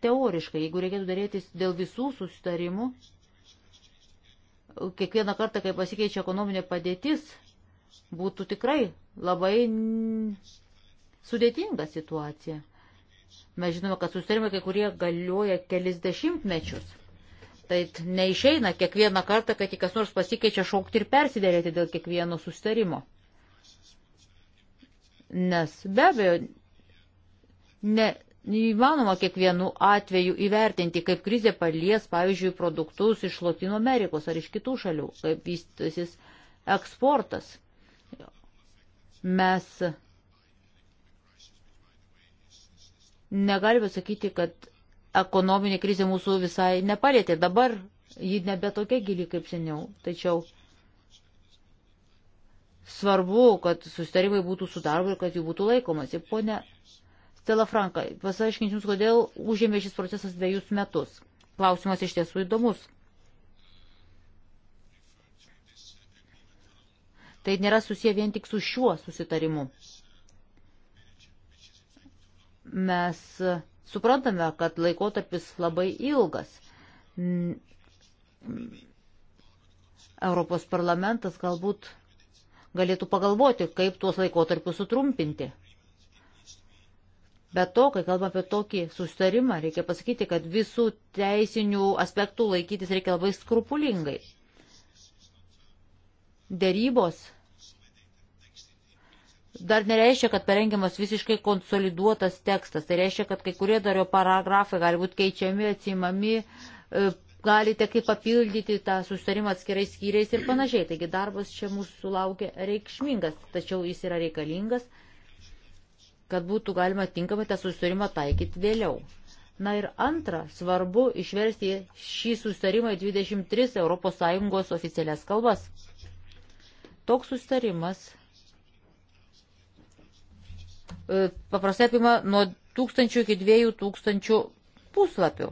teoriškai, jeigu reikėtų dėrėtis dėl visų susitarimų, kiekvieną kartą, kai pasikeičia ekonominė padėtis, būtų tikrai labai sudėtinga situacija. Mes žinome, kad susitarimai kai kurie galioja kelis dešimtmečius. Tai neišeina kiekvieną kartą, kad kas nors pasikeičia šaukti ir persidėrėti dėl kiekvieno susitarimo. Nes be abejo, ne, Neįmanoma kiekvienu atveju įvertinti, kaip krizė palies, pavyzdžiui, produktus iš Latino Amerikos ar iš kitų šalių, kaip vystysis eksportas. Mes negalime sakyti, kad ekonominė krizė mūsų visai nepalėtė. Dabar ji nebe tokia gili kaip seniau. Tačiau svarbu, kad sustarimai būtų sudarbo ir kad jų būtų laikomasi. Pone Stela Franka, pasaiškinsiu Jums, kodėl užėmė šis procesas dviejus metus. Klausimas iš tiesų įdomus. Tai nėra susiję vien tik su šiuo susitarimu. Mes suprantame, kad laikotarpis labai ilgas. Europos parlamentas galbūt galėtų pagalvoti, kaip tuos laikotarpius sutrumpinti. Be to, kai kalbame apie tokį sustarimą, reikia pasakyti, kad visų teisinių aspektų laikytis reikia labai skrupulingai. Dėrybos dar nereiškia, kad parengiamas visiškai konsoliduotas tekstas. Tai reiškia, kad kai kurie dar jo paragrafai gali būti keičiami, atsimami, e, galite kaip papildyti tą sustarimą atskirais skyriais ir panašiai. Taigi darbas čia mūsų laukia reikšmingas, tačiau jis yra reikalingas kad būtų galima tinkamai tą susitarimą taikyti vėliau. Na ir antra, svarbu išversti šį susitarimą į 23 ES oficialias kalbas. Toks susitarimas e, paprastai apima nuo 1000 iki 2000 puslapių.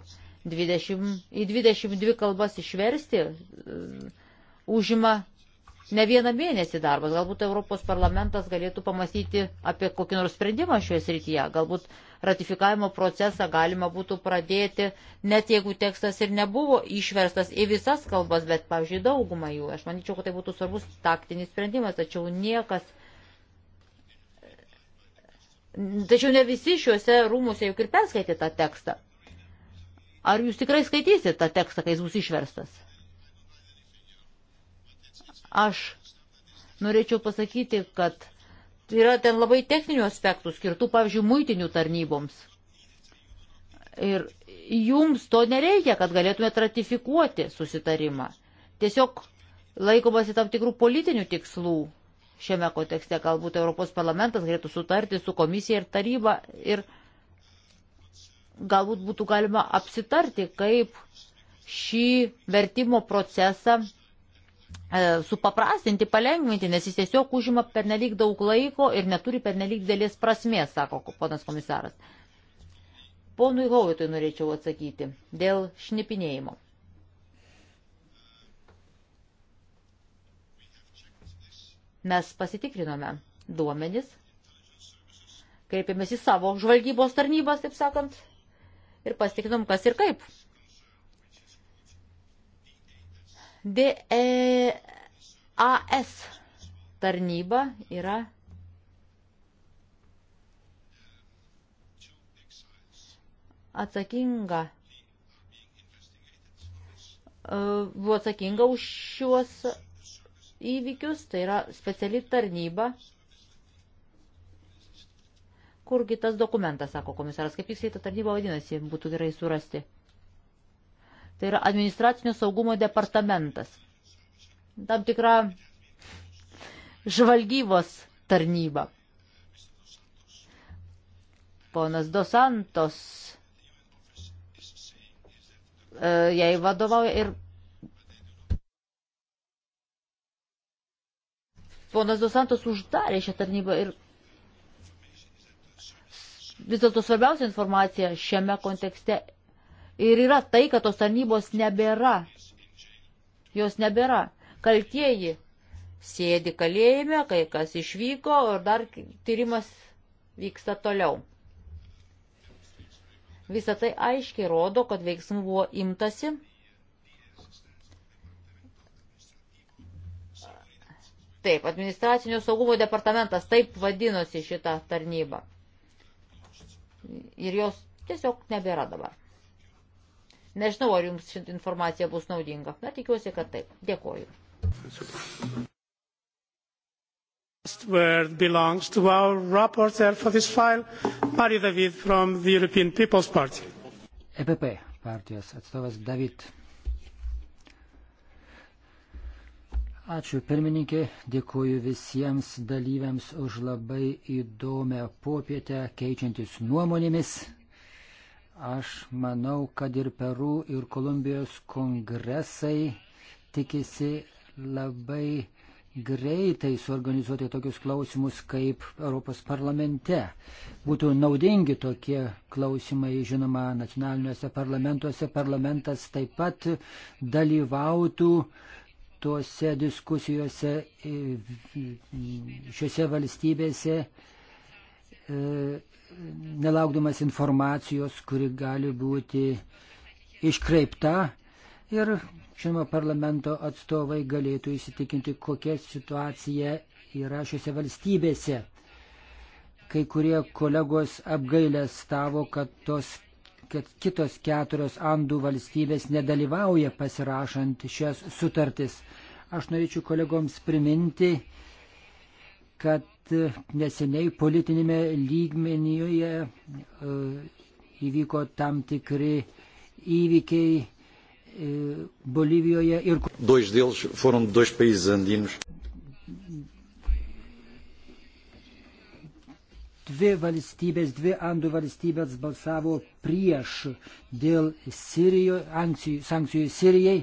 20, į 22 kalbas išversti e, užima ne vieną mėnesį darbas. Galbūt Europos parlamentas galėtų pamastyti apie kokį nors sprendimą šioje srityje. Galbūt ratifikavimo procesą galima būtų pradėti, net jeigu tekstas ir nebuvo išverstas į visas kalbas, bet, pavyzdžiui, daugumą jų. Aš manyčiau, kad tai būtų svarbus taktinis sprendimas, tačiau niekas. Tačiau ne visi šiuose rūmuse juk ir perskaitė tą tekstą. Ar jūs tikrai skaitysite tą tekstą, kai jis bus išverstas? Aš norėčiau pasakyti, kad yra ten labai techninių aspektų skirtų, pavyzdžiui, muitinių tarnyboms. Ir jums to nereikia, kad galėtumėt ratifikuoti susitarimą. Tiesiog laikomasi tam tikrų politinių tikslų šiame kontekste. Galbūt Europos parlamentas galėtų sutarti su komisija ir taryba ir galbūt būtų galima apsitarti, kaip šį vertimo procesą E, supaprastinti, palengvinti, nes jis tiesiog užima pernelyg daug laiko ir neturi pernelyg dėlės prasmės, sako ponas komisaras. Ponui Gauvitui norėčiau atsakyti dėl šnipinėjimo. Mes pasitikrinome duomenis, kreipėmės į savo žvalgybos tarnybas, taip sakant, ir pastikrinom, kas ir kaip. DEAS tarnyba yra atsakinga e, buvo atsakinga už šiuos įvykius, tai yra speciali tarnyba. Kurgi tas dokumentas, sako komisaras, kaip jis į tą tarnybą vadinasi, būtų gerai surasti. Tai yra administracinio saugumo departamentas. Tam tikra žvalgybos tarnyba. Ponas Dosantos e, jai vadovauja ir ponas Dosantos uždarė šią tarnybą ir vis dėlto svarbiausia informacija šiame kontekste ir yra tai, kad tos tarnybos nebėra. Jos nebėra. Kaltieji sėdi kalėjime, kai kas išvyko ir dar tyrimas vyksta toliau. Visą tai aiškiai rodo, kad veiksmų buvo imtasi. Taip, administracinio saugumo departamentas taip vadinosi šitą tarnybą. Ir jos tiesiog nebėra dabar. Nežinau, ar jums ši informacija bus naudinga. Na, tikiuosi, kad taip. Dėkoju. Word belongs to our rapporteur for this file, Mario David from the European People's Party. EPP partijos atstovas David. Ačiū pirmininkė, dėkuoju visiems dalyviams už labai įdomią popietę keičiantis nuomonėmis. Aš manau, kad ir Peru, ir Kolumbijos kongresai tikisi labai greitai suorganizuoti tokius klausimus kaip Europos parlamente. Būtų naudingi tokie klausimai, žinoma, nacionaliniuose parlamentuose. Parlamentas taip pat dalyvautų tuose diskusijose šiuose valstybėse nelaukdamas informacijos, kuri gali būti iškreipta. Ir, žinoma, parlamento atstovai galėtų įsitikinti, kokia situacija yra šiuose valstybėse. Kai kurie kolegos apgailę stavo, kad, tos, kad kitos keturios andų valstybės nedalyvauja pasirašant šias sutartis. Aš norėčiau kolegoms priminti, kad neseniai politinėme lygmenyje e, įvyko tam tikri įvykiai e, Bolivijoje ir. Dois deles foram de dois países andinos. Dvi valstybės, dvi andų valstybės balsavo prieš dėl Sirijo, sankcijų Sirijai.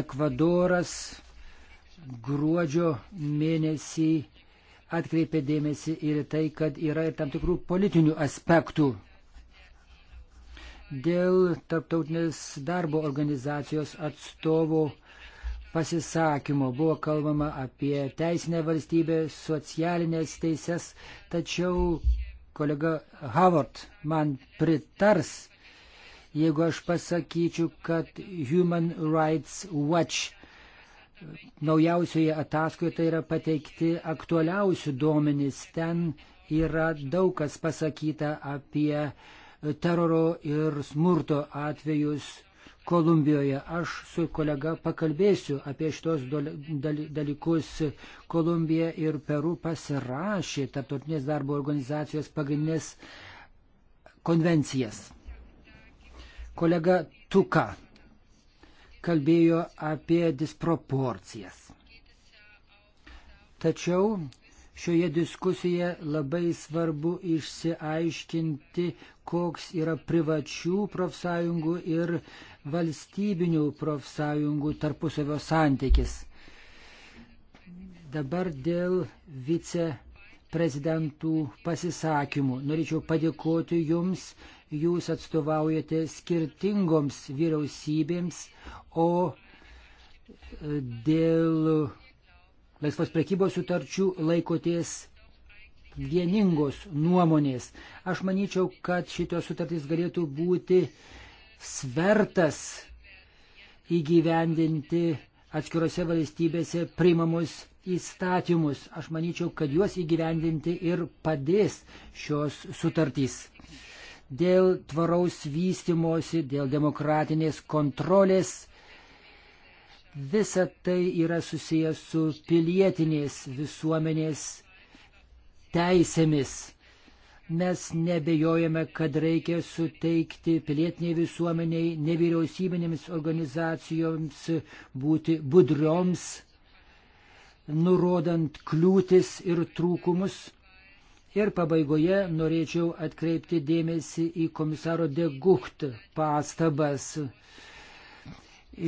Ekvadoras gruodžio mėnesį atkreipė dėmesį ir tai, kad yra ir tam tikrų politinių aspektų. Dėl Tarptautinės darbo organizacijos atstovo pasisakymo buvo kalbama apie teisinę valstybę, socialinės teises, tačiau kolega Howard man pritars, jeigu aš pasakyčiau, kad Human Rights Watch Naujausioje ataskaitoje yra pateikti aktualiausių duomenys. Ten yra daug kas pasakyta apie teroro ir smurto atvejus Kolumbijoje. Aš su kolega pakalbėsiu apie šitos dalykus. Kolumbija ir Peru pasirašė Tartutinės darbo organizacijos pagrindinės konvencijas. Kolega Tuka kalbėjo apie disproporcijas. Tačiau šioje diskusijoje labai svarbu išsiaiškinti, koks yra privačių profsąjungų ir valstybinių profsąjungų tarpusavio santykis. Dabar dėl viceprezidentų pasisakymų. Norėčiau padėkoti Jums jūs atstovaujate skirtingoms vyriausybėms, o e, dėl laisvos prekybos sutarčių laikoties vieningos nuomonės. Aš manyčiau, kad šitos sutartys galėtų būti svertas įgyvendinti atskirose valstybėse priimamus įstatymus. Aš manyčiau, kad juos įgyvendinti ir padės šios sutartys dėl tvaraus vystimosi, dėl demokratinės kontrolės. Visa tai yra susijęs su pilietinės visuomenės teisėmis. Mes nebejojame, kad reikia suteikti pilietiniai visuomeniai, nevyriausybinėms organizacijoms būti budrioms, nurodant kliūtis ir trūkumus Ir pabaigoje norėčiau atkreipti dėmesį į komisaro Degucht pastabas.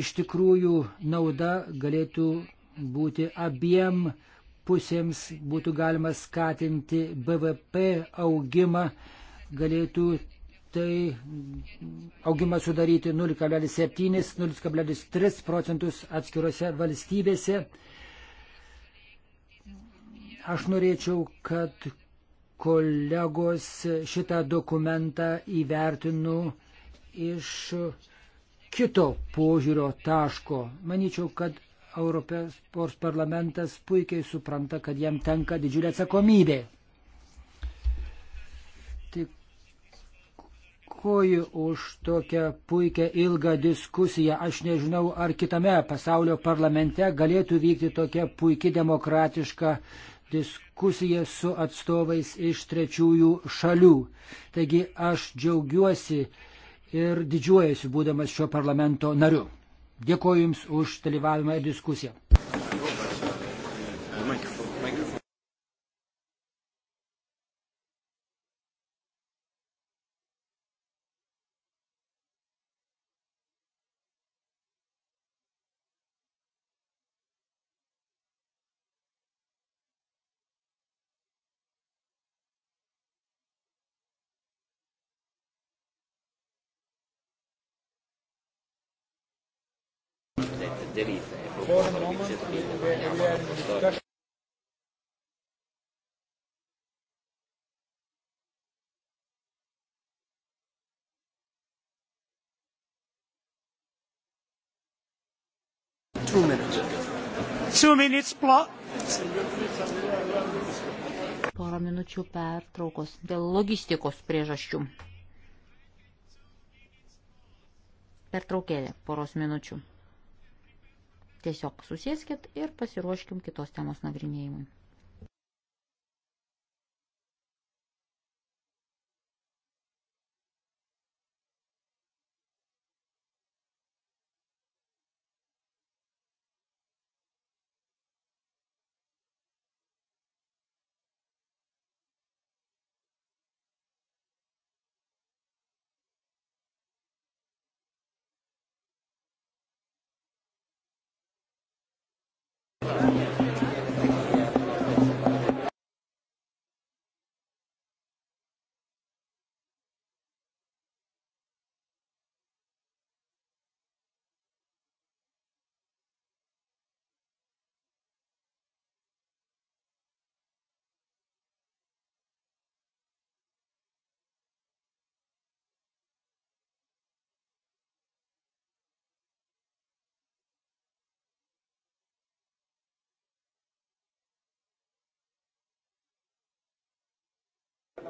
Iš tikrųjų, nauda galėtų būti abiem pusėms, būtų galima skatinti BVP augimą, galėtų tai augimą sudaryti 0,7-0,3 procentus atskiruose valstybėse. Aš norėčiau, kad kolegos šitą dokumentą įvertinu iš kito požiūrio taško. Manyčiau, kad Europos parlamentas puikiai supranta, kad jam tenka didžiulė atsakomybė. Dėkuoju už tokią puikią ilgą diskusiją. Aš nežinau, ar kitame pasaulio parlamente galėtų vykti tokia puikiai demokratiška diskusiją su atstovais iš trečiųjų šalių. Taigi aš džiaugiuosi ir didžiuojasi būdamas šio parlamento nariu. Dėkuoju Jums už dalyvavimą ir diskusiją. there is a proposal which has been in discussion. Two minutes. Two minutes plot. Porą minučių pertraukos dėl logistikos priežasčių. Pertraukėlė poros minučių. Tiesiog susėskit ir pasiruoškim kitos temos nagrinėjimui.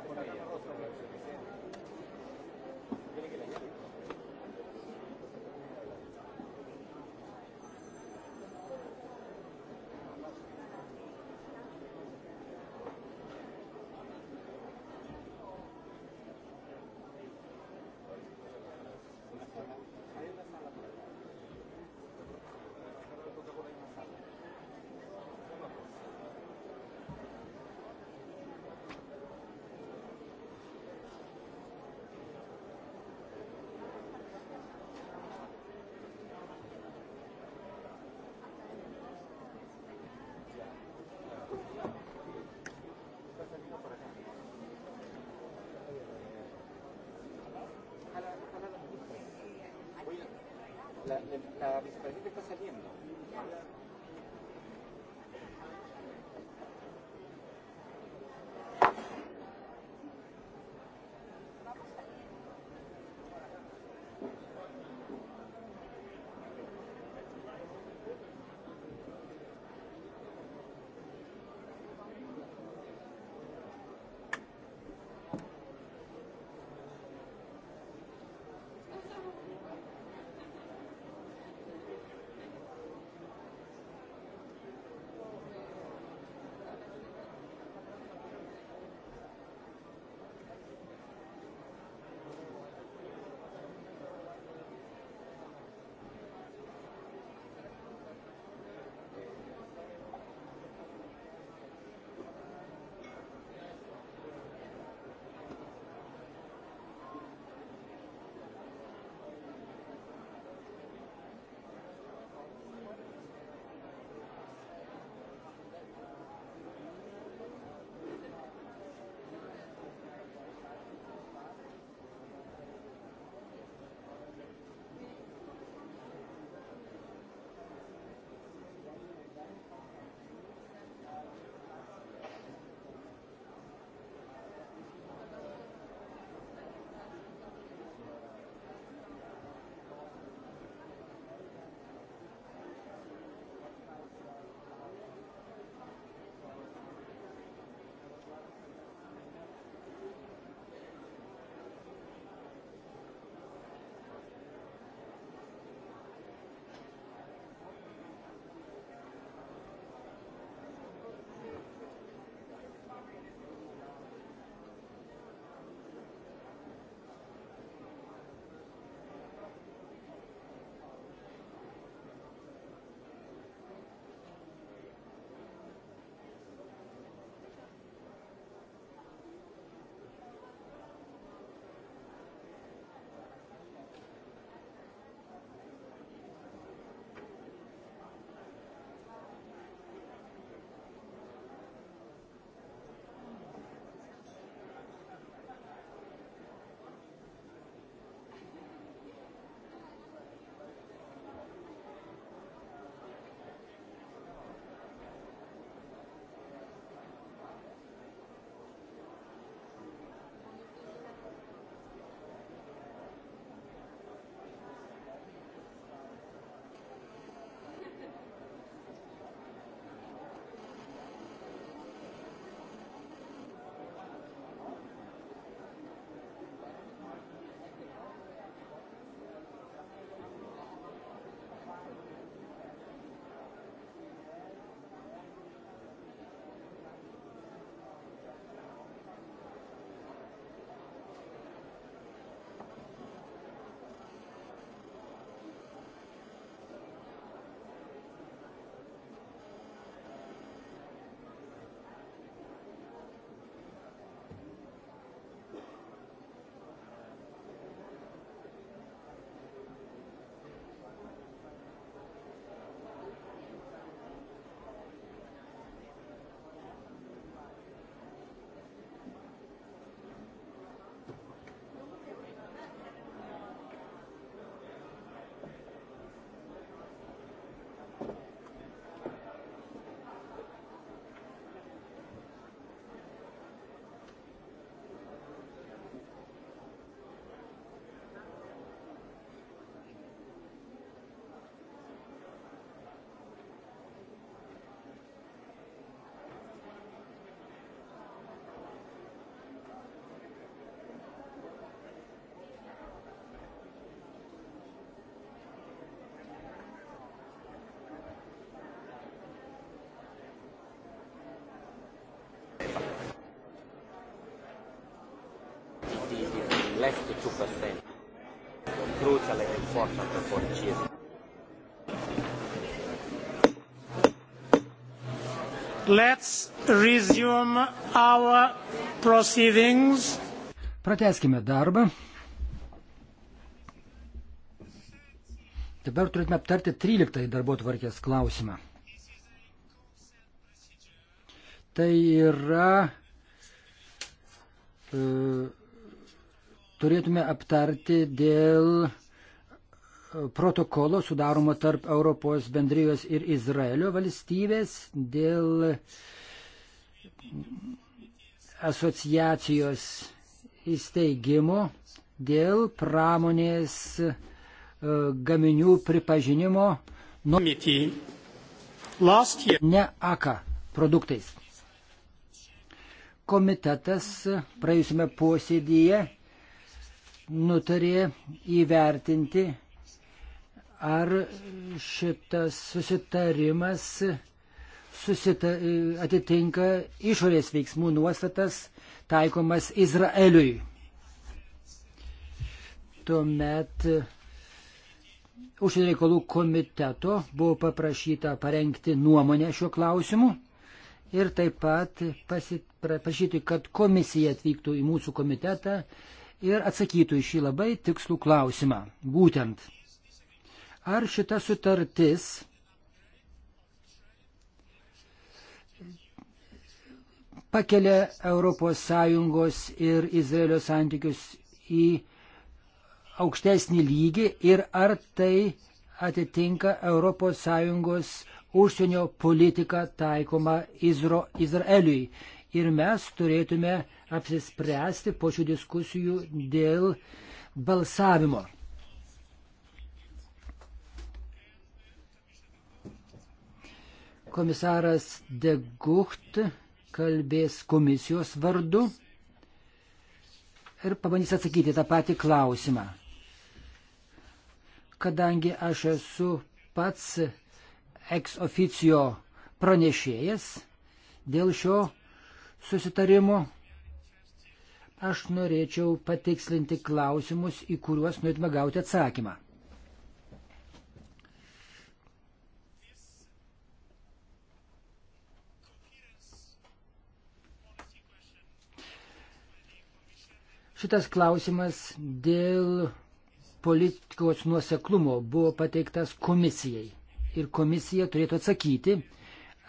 con ella. la, la vicepresidenta está saliendo. less to 2%. Crucial and important for GSP. Let's resume our proceedings. Prateskime darbą. Dabar turėtume aptarti 13 darbo tvarkės klausimą. Tai yra e, turėtume aptarti dėl e, protokolo sudaromo tarp Europos bendrijos ir Izraelio valstybės dėl asociacijos įsteigimo, dėl pramonės e, gaminių pripažinimo nu, ne AKA produktais. Komitetas praėjusiame posėdyje nutarė įvertinti, ar šitas susitarimas susita, atitinka išorės veiksmų nuostatas taikomas Izraeliui. Tuomet užsienio reikalų komiteto buvo paprašyta parengti nuomonę šiuo klausimu ir taip pat pasit, prašyti, kad komisija atvyktų į mūsų komitetą ir atsakytų į šį labai tikslų klausimą. Būtent, ar šita sutartis pakelia ES ir Izraelio santykius į aukštesnį lygį ir ar tai atitinka ES užsienio politiką taikomą Izro, Izraeliui. Ir mes turėtume apsispręsti po šių diskusijų dėl balsavimo. Komisaras Degucht kalbės komisijos vardu ir pabandys atsakyti tą patį klausimą. Kadangi aš esu pats ex oficio pranešėjas dėl šio susitarimo Aš norėčiau patikslinti klausimus, į kuriuos norėtume gauti atsakymą. Šitas klausimas dėl politikos nuoseklumo buvo pateiktas komisijai. Ir komisija turėtų atsakyti,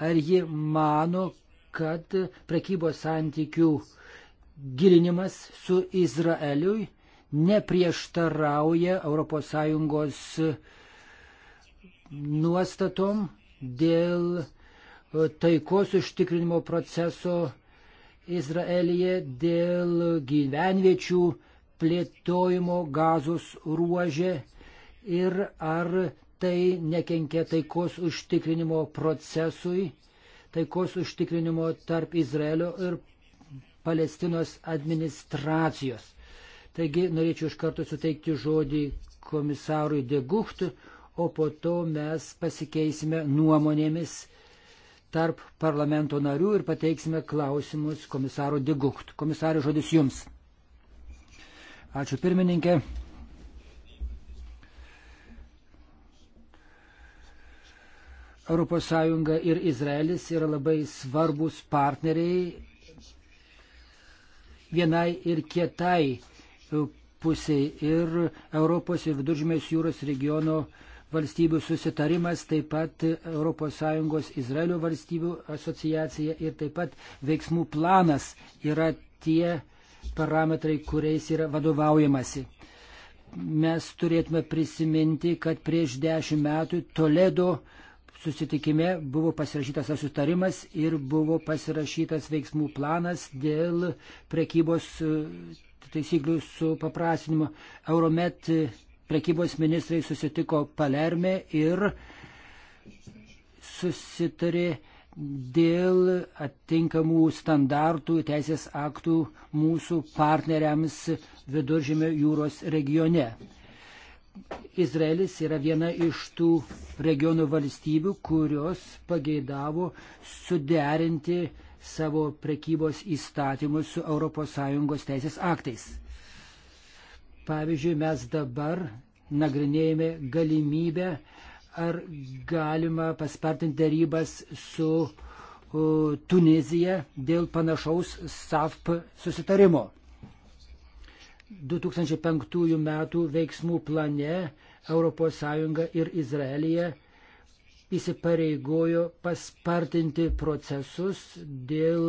ar ji mano, kad prekybos santykių uh, gilinimas su Izraeliui neprieštarauja ES nuostatom dėl e, taikos užtikrinimo proceso Izraelyje, dėl gyvenviečių plėtojimo gazos ruožė ir ar tai nekenkia taikos užtikrinimo procesui, taikos užtikrinimo tarp Izraelio ir Palestinos administracijos. Taigi norėčiau iš karto suteikti žodį komisarui Deguchtui, o po to mes pasikeisime nuomonėmis tarp parlamento narių ir pateiksime klausimus komisaro Degucht. Komisarė, žodis jums. Ačiū pirmininkė. ES ir Izraelis yra labai svarbus partneriai vienai ir kietai pusiai. Ir Europos ir Viduržmės jūros regiono valstybių susitarimas, taip pat ES Izraelio valstybių asociacija ir taip pat veiksmų planas yra tie parametrai, kuriais yra vadovaujamasi. Mes turėtume prisiminti, kad prieš dešimt metų Toledo susitikime buvo pasirašytas susitarimas ir buvo pasirašytas veiksmų planas dėl prekybos e, taisyklių supaprastinimo. Euromet prekybos ministrai susitiko Palerme ir susitarė dėl atitinkamų standartų teisės aktų mūsų partneriams viduržėmio jūros regione. Izraelis yra viena iš tų regionų valstybių, kurios pageidavo suderinti savo prekybos įstatymus su ES teisės aktais. Pavyzdžiui, mes dabar nagrinėjame galimybę, ar galima paspartinti darybas su Tunizija dėl panašaus SAFP susitarimo. 2005 metų veiksmų plane ES ir Izraelija įsipareigojo paspartinti procesus dėl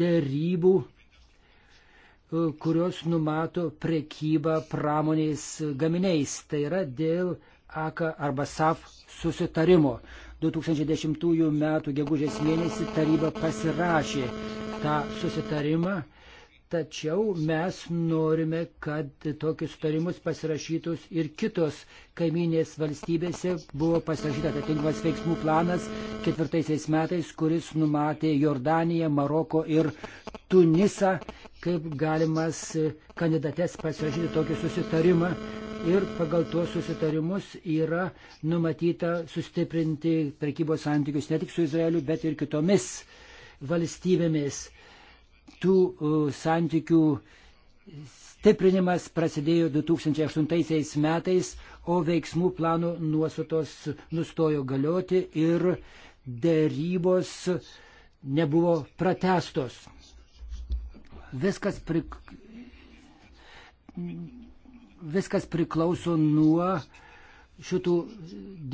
dėrybų, e, kurios numato prekybą pramonės gaminiais, tai yra dėl AKA arba SAF susitarimo. 2010 m. gegužės mėnesį taryba pasirašė tą susitarimą Tačiau mes norime, kad tokius sutarimus pasirašytus ir kitos kaiminės valstybėse buvo pasirašyta atitinkamas veiksmų planas ketvirtaisiais metais, kuris numatė Jordaniją, Maroko ir Tunisą, kaip galimas kandidates pasirašyti tokį susitarimą. Ir pagal tuos susitarimus yra numatyta sustiprinti prekybos santykius ne tik su Izraeliu, bet ir kitomis valstybėmis tų e, santykių stiprinimas prasidėjo 2008 metais, o veiksmų plano nuostatos nustojo galioti ir dėrybos nebuvo pratestos. Viskas, prik... Viskas priklauso nuo šitų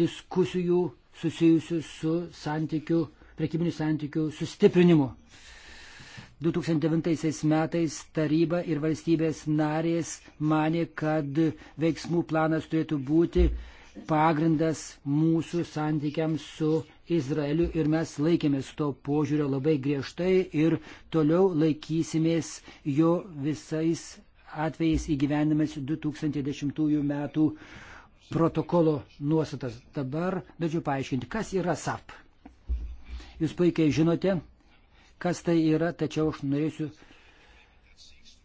diskusijų susijusių su santykių, prekybinių santykių sustiprinimu. 2009 metais taryba ir valstybės narės mane, kad veiksmų planas turėtų būti pagrindas mūsų santykiams su Izraeliu ir mes laikėmės to požiūrio labai griežtai ir toliau laikysimės jo visais atvejais įgyvendamės 2010 metų protokolo nuostatas. Dabar norėčiau paaiškinti, kas yra SAP. Jūs puikiai žinote, kas tai yra, tačiau aš norėsiu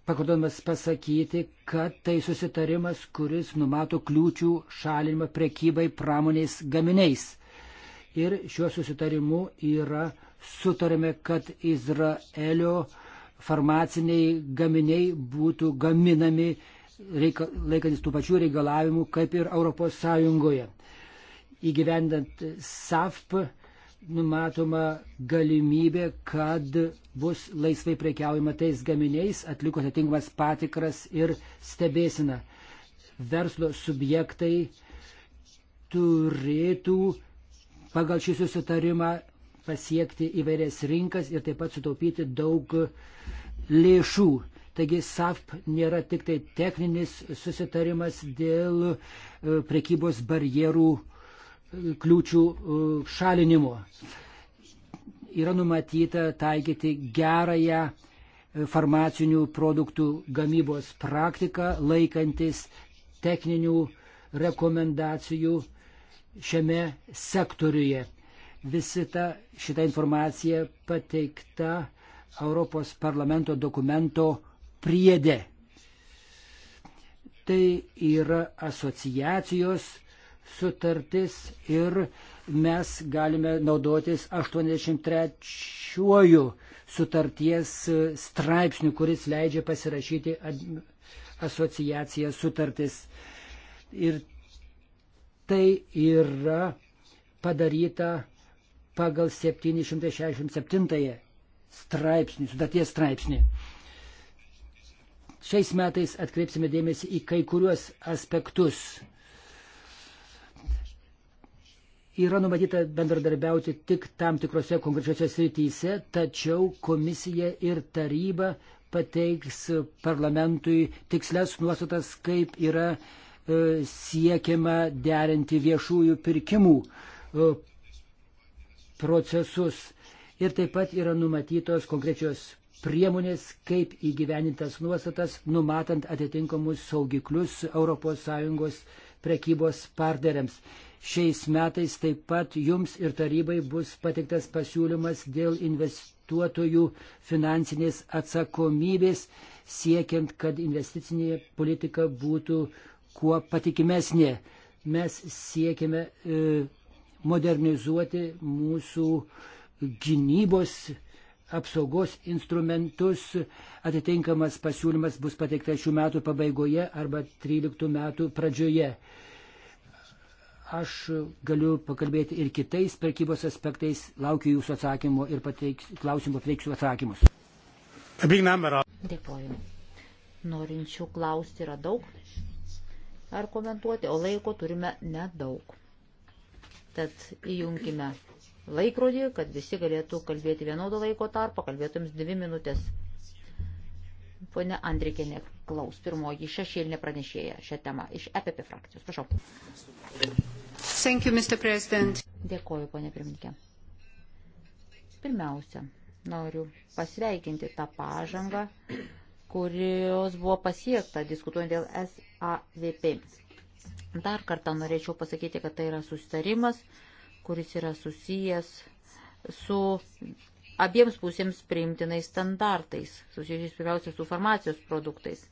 pakartodamas pasakyti, kad tai susitarimas, kuris numato kliūčių šalinimą prekybai pramoniais gaminiais. Ir šiuo susitarimu yra sutarime, kad Izraelio farmaciniai gaminiai būtų gaminami reika, laikantis tų pačių reikalavimų kaip ir ES. Įgyvendant SAFP numatoma galimybė, kad bus laisvai prekiaujama tais gaminiais, atliko atitinkamas patikras ir stebėsina. Verslo subjektai turėtų pagal šį susitarimą pasiekti įvairias rinkas ir taip pat sutaupyti daug lėšų. Taigi SAP nėra tik tai techninis susitarimas dėl e, prekybos barjerų kliūčių e, šalinimo. Yra numatyta taikyti gerąją e, farmacinių produktų gamybos praktiką, laikantis techninių rekomendacijų šiame sektoriuje. Visi ta, šita informacija pateikta Europos parlamento dokumento priedė. Tai yra asociacijos sutartis ir mes galime naudotis 83 sutarties e, straipsniu, kuris leidžia pasirašyti asociaciją sutartis. Ir tai yra padaryta pagal 767 straipsnį, sudaties straipsnį. Šiais metais atkreipsime dėmesį į kai kuriuos aspektus. yra numatyta bendradarbiauti tik tam tikrose konkrečiose srityse, tačiau komisija ir taryba pateiks parlamentui tikslias nuostatas, kaip yra e, siekiama derinti viešųjų pirkimų e, procesus. Ir taip pat yra numatytos konkrečios priemonės, kaip įgyvenintas nuostatas, numatant atitinkamus saugiklius ES prekybos partneriams. Šiais metais taip pat jums ir tarybai bus pateiktas pasiūlymas dėl investuotojų finansinės atsakomybės, siekiant, kad investicinė politika būtų kuo patikimesnė. Mes siekime e, modernizuoti mūsų gynybos apsaugos instrumentus. Atitinkamas pasiūlymas bus pateiktas šių metų pabaigoje arba 13 metų pradžioje. Aš galiu pakalbėti ir kitais prekybos aspektais, laukiu jūsų atsakymų ir pateiks, klausimų pateiksiu atsakymus. Dėkuoju. Norinčių klausti yra daug ar komentuoti, o laiko turime nedaug. Tad įjungime laikrodį, kad visi galėtų kalbėti vienodą laiko tarpą, kalbėtumės dvi minutės. Pone Andrikinė klaus pirmoji šešėlinė pranešėja šią temą iš EPP frakcijos. Prašau. Thank you, Mr. President. Dėkoju, ponė pirmininkė. Pirmiausia, noriu pasveikinti tą pažangą, kurios buvo pasiekta diskutuojant dėl SAVP. Dar kartą norėčiau pasakyti, kad tai yra susitarimas, kuris yra susijęs su abiems pusėms priimtinais standartais, susijusiais pirmiausia su farmacijos produktais.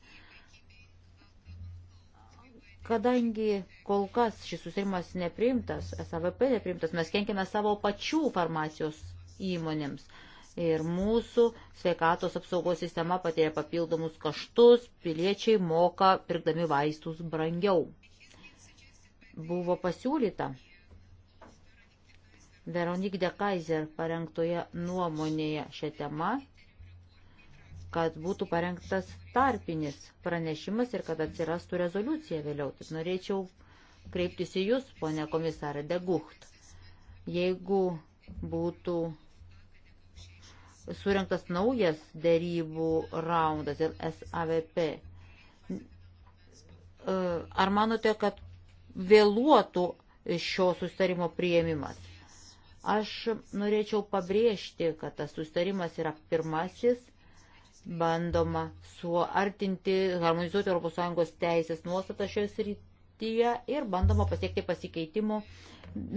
Kadangi kol kas šis susirimas nepriimtas, SAVP nepriimtas, mes kenkime savo pačių farmacijos įmonėms. Ir mūsų sveikatos apsaugos sistema patėja papildomus kaštus, piliečiai moka pirkdami vaistus brangiau. Buvo pasiūlyta Veronik de Kaiser parengtoje nuomonėje šią temą kad būtų parengtas tarpinis pranešimas ir kad atsirastų rezoliucija vėliau. Tad norėčiau kreiptis į Jūs, ponė komisarė Degucht. Jeigu būtų surinktas naujas dėrybų raundas dėl SAVP, e, ar manote, kad vėluotų šio sustarimo prieimimas? Aš norėčiau pabrėžti, kad tas sustarimas yra pirmasis bandoma suartinti, harmonizuoti ES teisės nuostatą šioje srityje ir bandoma pasiekti pasikeitimų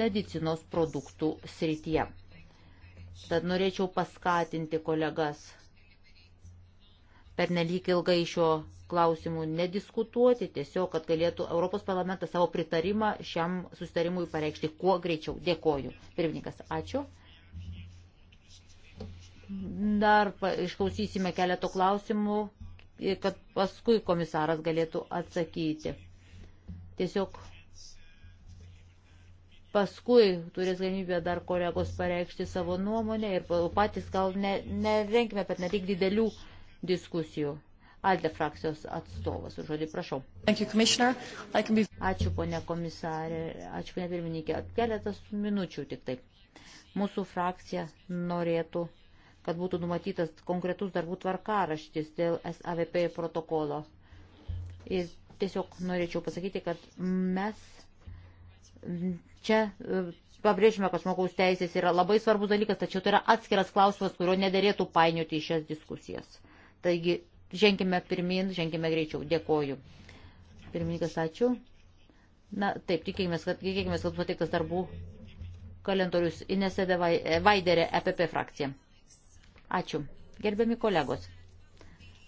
medicinos produktų srityje. Tad norėčiau paskatinti kolegas per nelik ilgai šio klausimų nediskutuoti, tiesiog, kad galėtų Europos parlamentas savo pritarimą šiam sustarimui pareikšti kuo greičiau. Dėkoju. Pirmininkas, ačiū. Dar išklausysime keletą klausimų, kad paskui komisaras galėtų atsakyti. Tiesiog paskui turės galimybę dar kolegos pareikšti savo nuomonę ir patys gal ne, nerenkime, bet netik didelių diskusijų. Alde frakcijos atstovas, žodį prašau. You, be... Ačiū, ponė komisarė, ačiū, ponė pirmininkė. Keletas minučių tik taip. Mūsų frakcija norėtų kad būtų numatytas konkretus darbų tvarkaraštis dėl SAVP protokolo. Ir tiesiog norėčiau pasakyti, kad mes čia e, pabrėžime, kad žmogaus teisės yra labai svarbus dalykas, tačiau tai yra atskiras klausimas, kurio nederėtų painioti į šias diskusijas. Taigi, ženkime pirmin, ženkime greičiau. Dėkoju. Pirmininkas, ačiū. Na, taip, tikėkime, kad, tikėkime, kad pateiktas darbų kalendorius Inesė Vaiderė EPP frakcija. Ačiū. Gerbiami kolegos,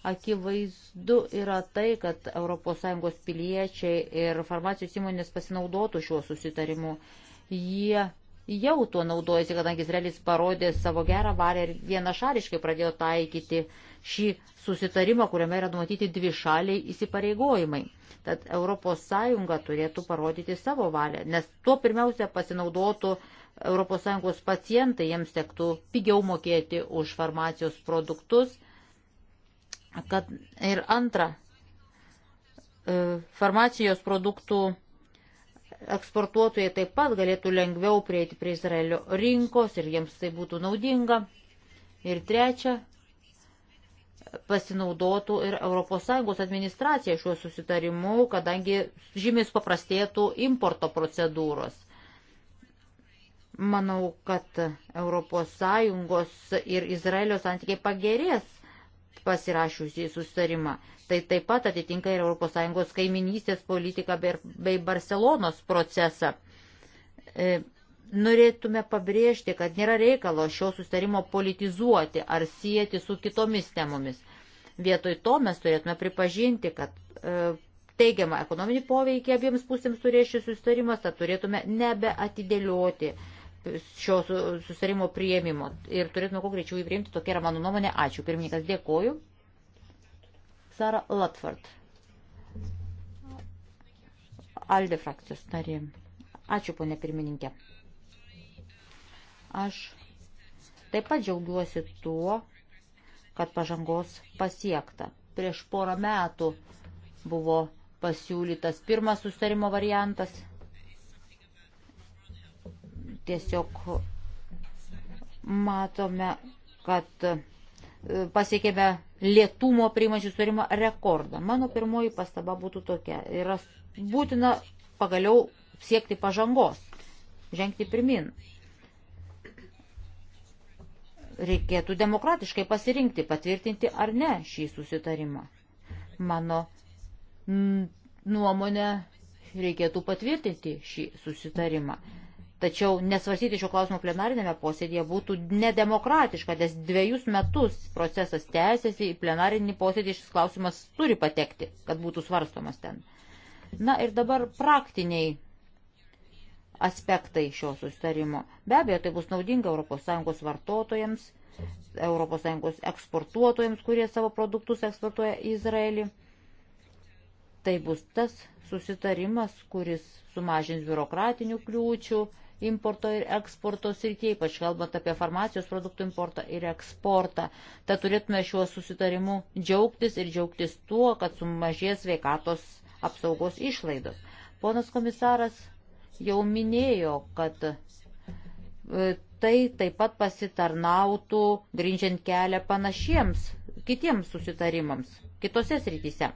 akivaizdu yra tai, kad ES piliečiai ir farmacijos įmonės pasinaudotų šiuo susitarimu. Jie jau tuo naudojasi, kadangi Izraelis parodė savo gerą varę ir vienašališkai pradėjo taikyti šį susitarimą, kuriame yra numatyti dvi šaliai įsipareigojimai. Tad ES turėtų parodyti savo valią, nes tuo pirmiausia pasinaudotų uh, ES pacientai, jiems tektų pigiau mokėti už farmacijos produktus. Kad, ir antra, e, farmacijos produktų eksportuotojai taip pat galėtų lengviau prieiti prie Izraelio rinkos ir jiems tai būtų naudinga. Ir trečia, pasinaudotų ir ES administracija šiuo susitarimu, kadangi žymiai paprastėtų importo procedūros. Manau, kad ES ir Izraelio santykiai pagerės pasirašiusi sustarimą. Tai taip pat atitinka ir ES kaiminystės politiką bei Barcelonos procesą. E, norėtume pabrėžti, kad nėra reikalo šio sustarimo politizuoti ar sieti su kitomis temomis. Vietoj to mes turėtume pripažinti, kad e, teigiamą ekonominį poveikį abiems pusėms turės šis sustarimas, tad turėtume nebeatidėlioti šio sustarimo prieimimo ir turėtume kuo greičiau jį priimti. Tokia yra mano nuomonė. Ačiū. Pirmininkas, dėkoju. Sara Latford. Alde frakcijos narė. Ačiū, ponė pirmininkė. Aš taip pat džiaugiuosi tuo, kad pažangos pasiekta. Prieš porą metų buvo pasiūlytas pirmas sustarimo variantas tiesiog matome, kad e, pasiekėme lietumo priimančių surimą rekordą. Mano pirmoji pastaba būtų tokia. Yra būtina pagaliau siekti pažangos, žengti pirmin. Reikėtų demokratiškai pasirinkti, patvirtinti ar ne šį susitarimą. Mano nuomonė reikėtų patvirtinti šį susitarimą. Tačiau nesvarsyti šio klausimo plenarinėme posėdėje būtų nedemokratiška, nes dviejus metus procesas tęsiasi, į plenarinį posėdį šis klausimas turi patekti, kad būtų svarstomas ten. Na ir dabar praktiniai aspektai šio sustarimo. Be abejo, tai bus naudinga ES vartotojams, ES eksportuotojams, kurie savo produktus eksportuoja į Izraelį. Tai bus tas susitarimas, kuris sumažins biurokratinių kliūčių importo ir eksporto srityje, ypač kalbant apie farmacijos produktų importą ir eksportą. Tad turėtume šiuo susitarimu džiaugtis ir džiaugtis tuo, kad sumažės veikatos apsaugos išlaidos. Ponas komisaras jau minėjo, kad e, tai taip pat pasitarnautų grindžiant kelią panašiems kitiems susitarimams kitose srityse.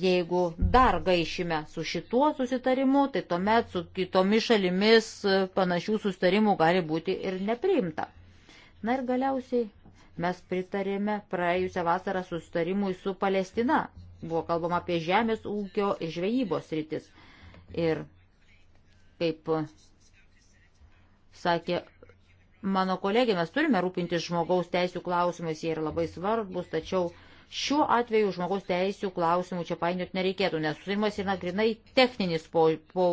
Jeigu dar gaišime su šituo susitarimu, tai tuomet su kitomis šalimis panašių susitarimų gali būti ir nepriimta. Na ir galiausiai mes pritarėme praėjusią vasarą susitarimui su Palestina. Buvo kalbama apie žemės ūkio ir žvejybos rytis. Ir kaip sakė mano kolegė, mes turime rūpintis žmogaus teisų klausimais, jie yra labai svarbus, tačiau Šiuo atveju žmogaus teisų klausimų čia painiot nereikėtų, nes susirimas yra grinai techninis po, po,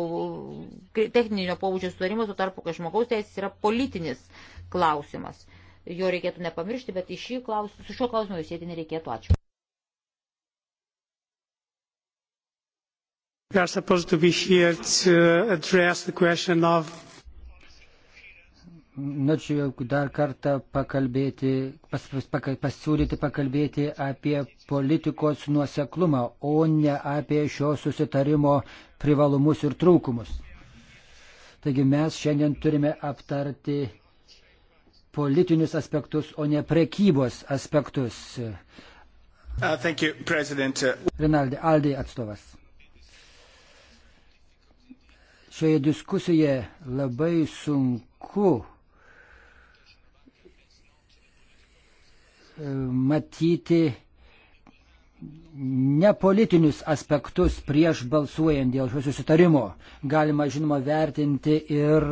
techninio pobūdžio susirimas, tuo tarpu, kad žmogaus teisės yra politinis klausimas. Jo reikėtų nepamiršti, bet klaus, su šiuo klausimu jūs sėdi nereikėtų. Ačiū. We are supposed to be here to address the question of norėčiau dar kartą pakalbėti, pas, pas, pasiūlyti pakalbėti apie politikos nuoseklumą, o ne apie šio susitarimo privalumus ir trūkumus. Taigi mes šiandien turime aptarti politinius aspektus, o ne prekybos aspektus. Uh, you, Rinaldi, Aldi atstovas šioje diskusijoje labai sunku matyti nepolitinius aspektus prieš balsuojant dėl šio susitarimo. Galima, žinoma, vertinti ir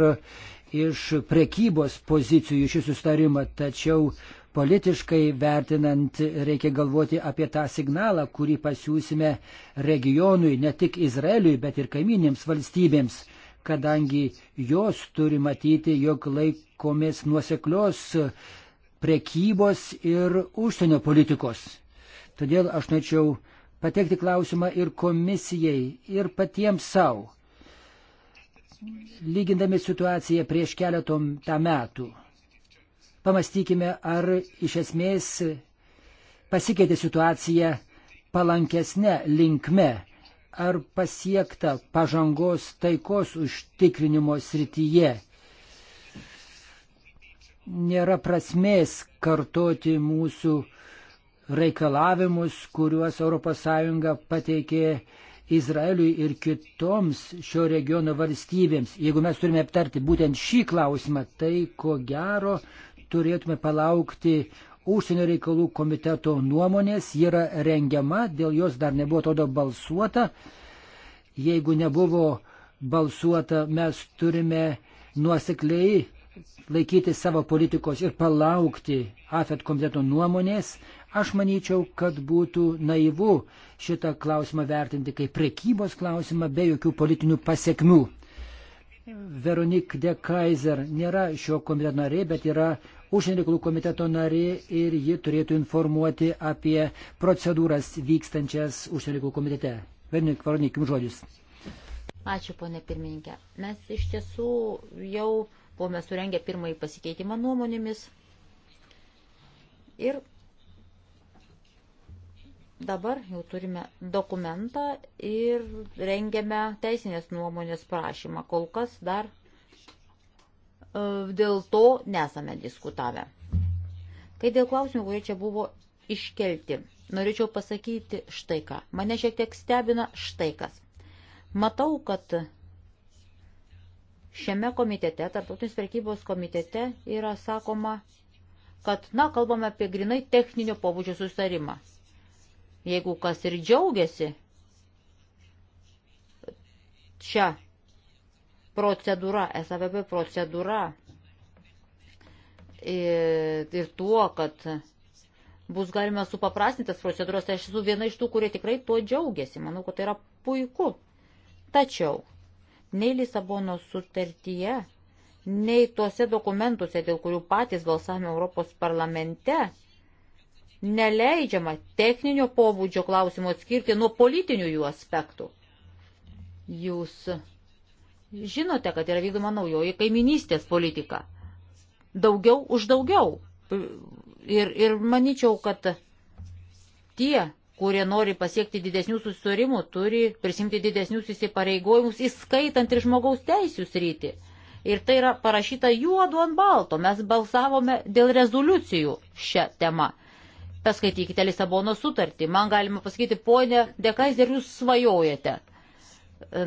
iš prekybos pozicijų šį susitarimą, tačiau politiškai vertinant reikia galvoti apie tą signalą, kurį pasiūsime regionui, ne tik Izraeliui, bet ir kaiminėms valstybėms, kadangi jos turi matyti, jog laikomės nuoseklios uh, prekybos ir užsienio politikos. Todėl aš norėčiau pateikti klausimą ir komisijai, ir patiems savo. Lygindami situaciją prieš keletom tą metų, pamastykime, ar iš esmės pasikeitė situacija palankesnė linkme, ar pasiekta pažangos taikos užtikrinimo srityje nėra prasmės kartoti mūsų reikalavimus, kuriuos ES pateikė Izraeliui ir kitoms šio regiono valstybėms. Jeigu mes turime aptarti būtent šį klausimą, tai ko gero turėtume palaukti užsienio reikalų komiteto nuomonės. Ji yra rengiama, dėl jos dar nebuvo todo balsuota. Jeigu nebuvo balsuota, mes turime nuosekliai laikyti savo politikos ir palaukti AFET komiteto nuomonės, aš manyčiau, kad būtų naivu šitą klausimą vertinti kaip prekybos klausimą be jokių politinių pasiekmių. Veronik de Kaiser nėra šio komiteto narė, bet yra užsienio reikalų komiteto narė ir ji turėtų informuoti apie procedūras vykstančias užsienio reikalų komitete. Veronik, Veronik, jums žodis. Ačiū, ponė pirmininkė. Mes iš tiesų jau buvome surengę pirmąjį pasikeitimą nuomonėmis. Ir dabar jau turime dokumentą ir rengiame teisinės nuomonės prašymą. Kol kas dar e, dėl to nesame diskutavę. Kai dėl klausimų, kurie čia buvo iškelti, norėčiau pasakyti štai ką. Mane šiek tiek stebina štai kas. Matau, kad šiame komitete, tarptautinės prekybos komitete, yra sakoma, kad, na, kalbame apie grinai techninio pobūdžio sustarimą. Jeigu kas ir džiaugiasi šią procedūrą, SAVB procedūrą ir, ir tuo, kad bus galima supaprastintas procedūras, tai aš esu viena iš tų, kurie tikrai tuo džiaugiasi. Manau, kad tai yra puiku. Tačiau nei Lisabono sutartyje, nei tuose dokumentuose, dėl kurių patys balsavome Europos parlamente, neleidžiama techninio pobūdžio klausimo atskirti nuo politinių jų aspektų. Jūs žinote, kad yra vykdoma naujoji kaiminystės politika. Daugiau už daugiau. Ir, ir manyčiau, kad tie kurie nori pasiekti didesnių susitarimų, turi prisimti didesnius įsipareigojimus, įskaitant ir žmogaus teisų sritį. Ir tai yra parašyta juodu ant balto. Mes balsavome dėl rezoliucijų šią temą. Paskaitykite Lisabono sutartį. Man galima pasakyti, ponė Dekaiser, jūs svajojate.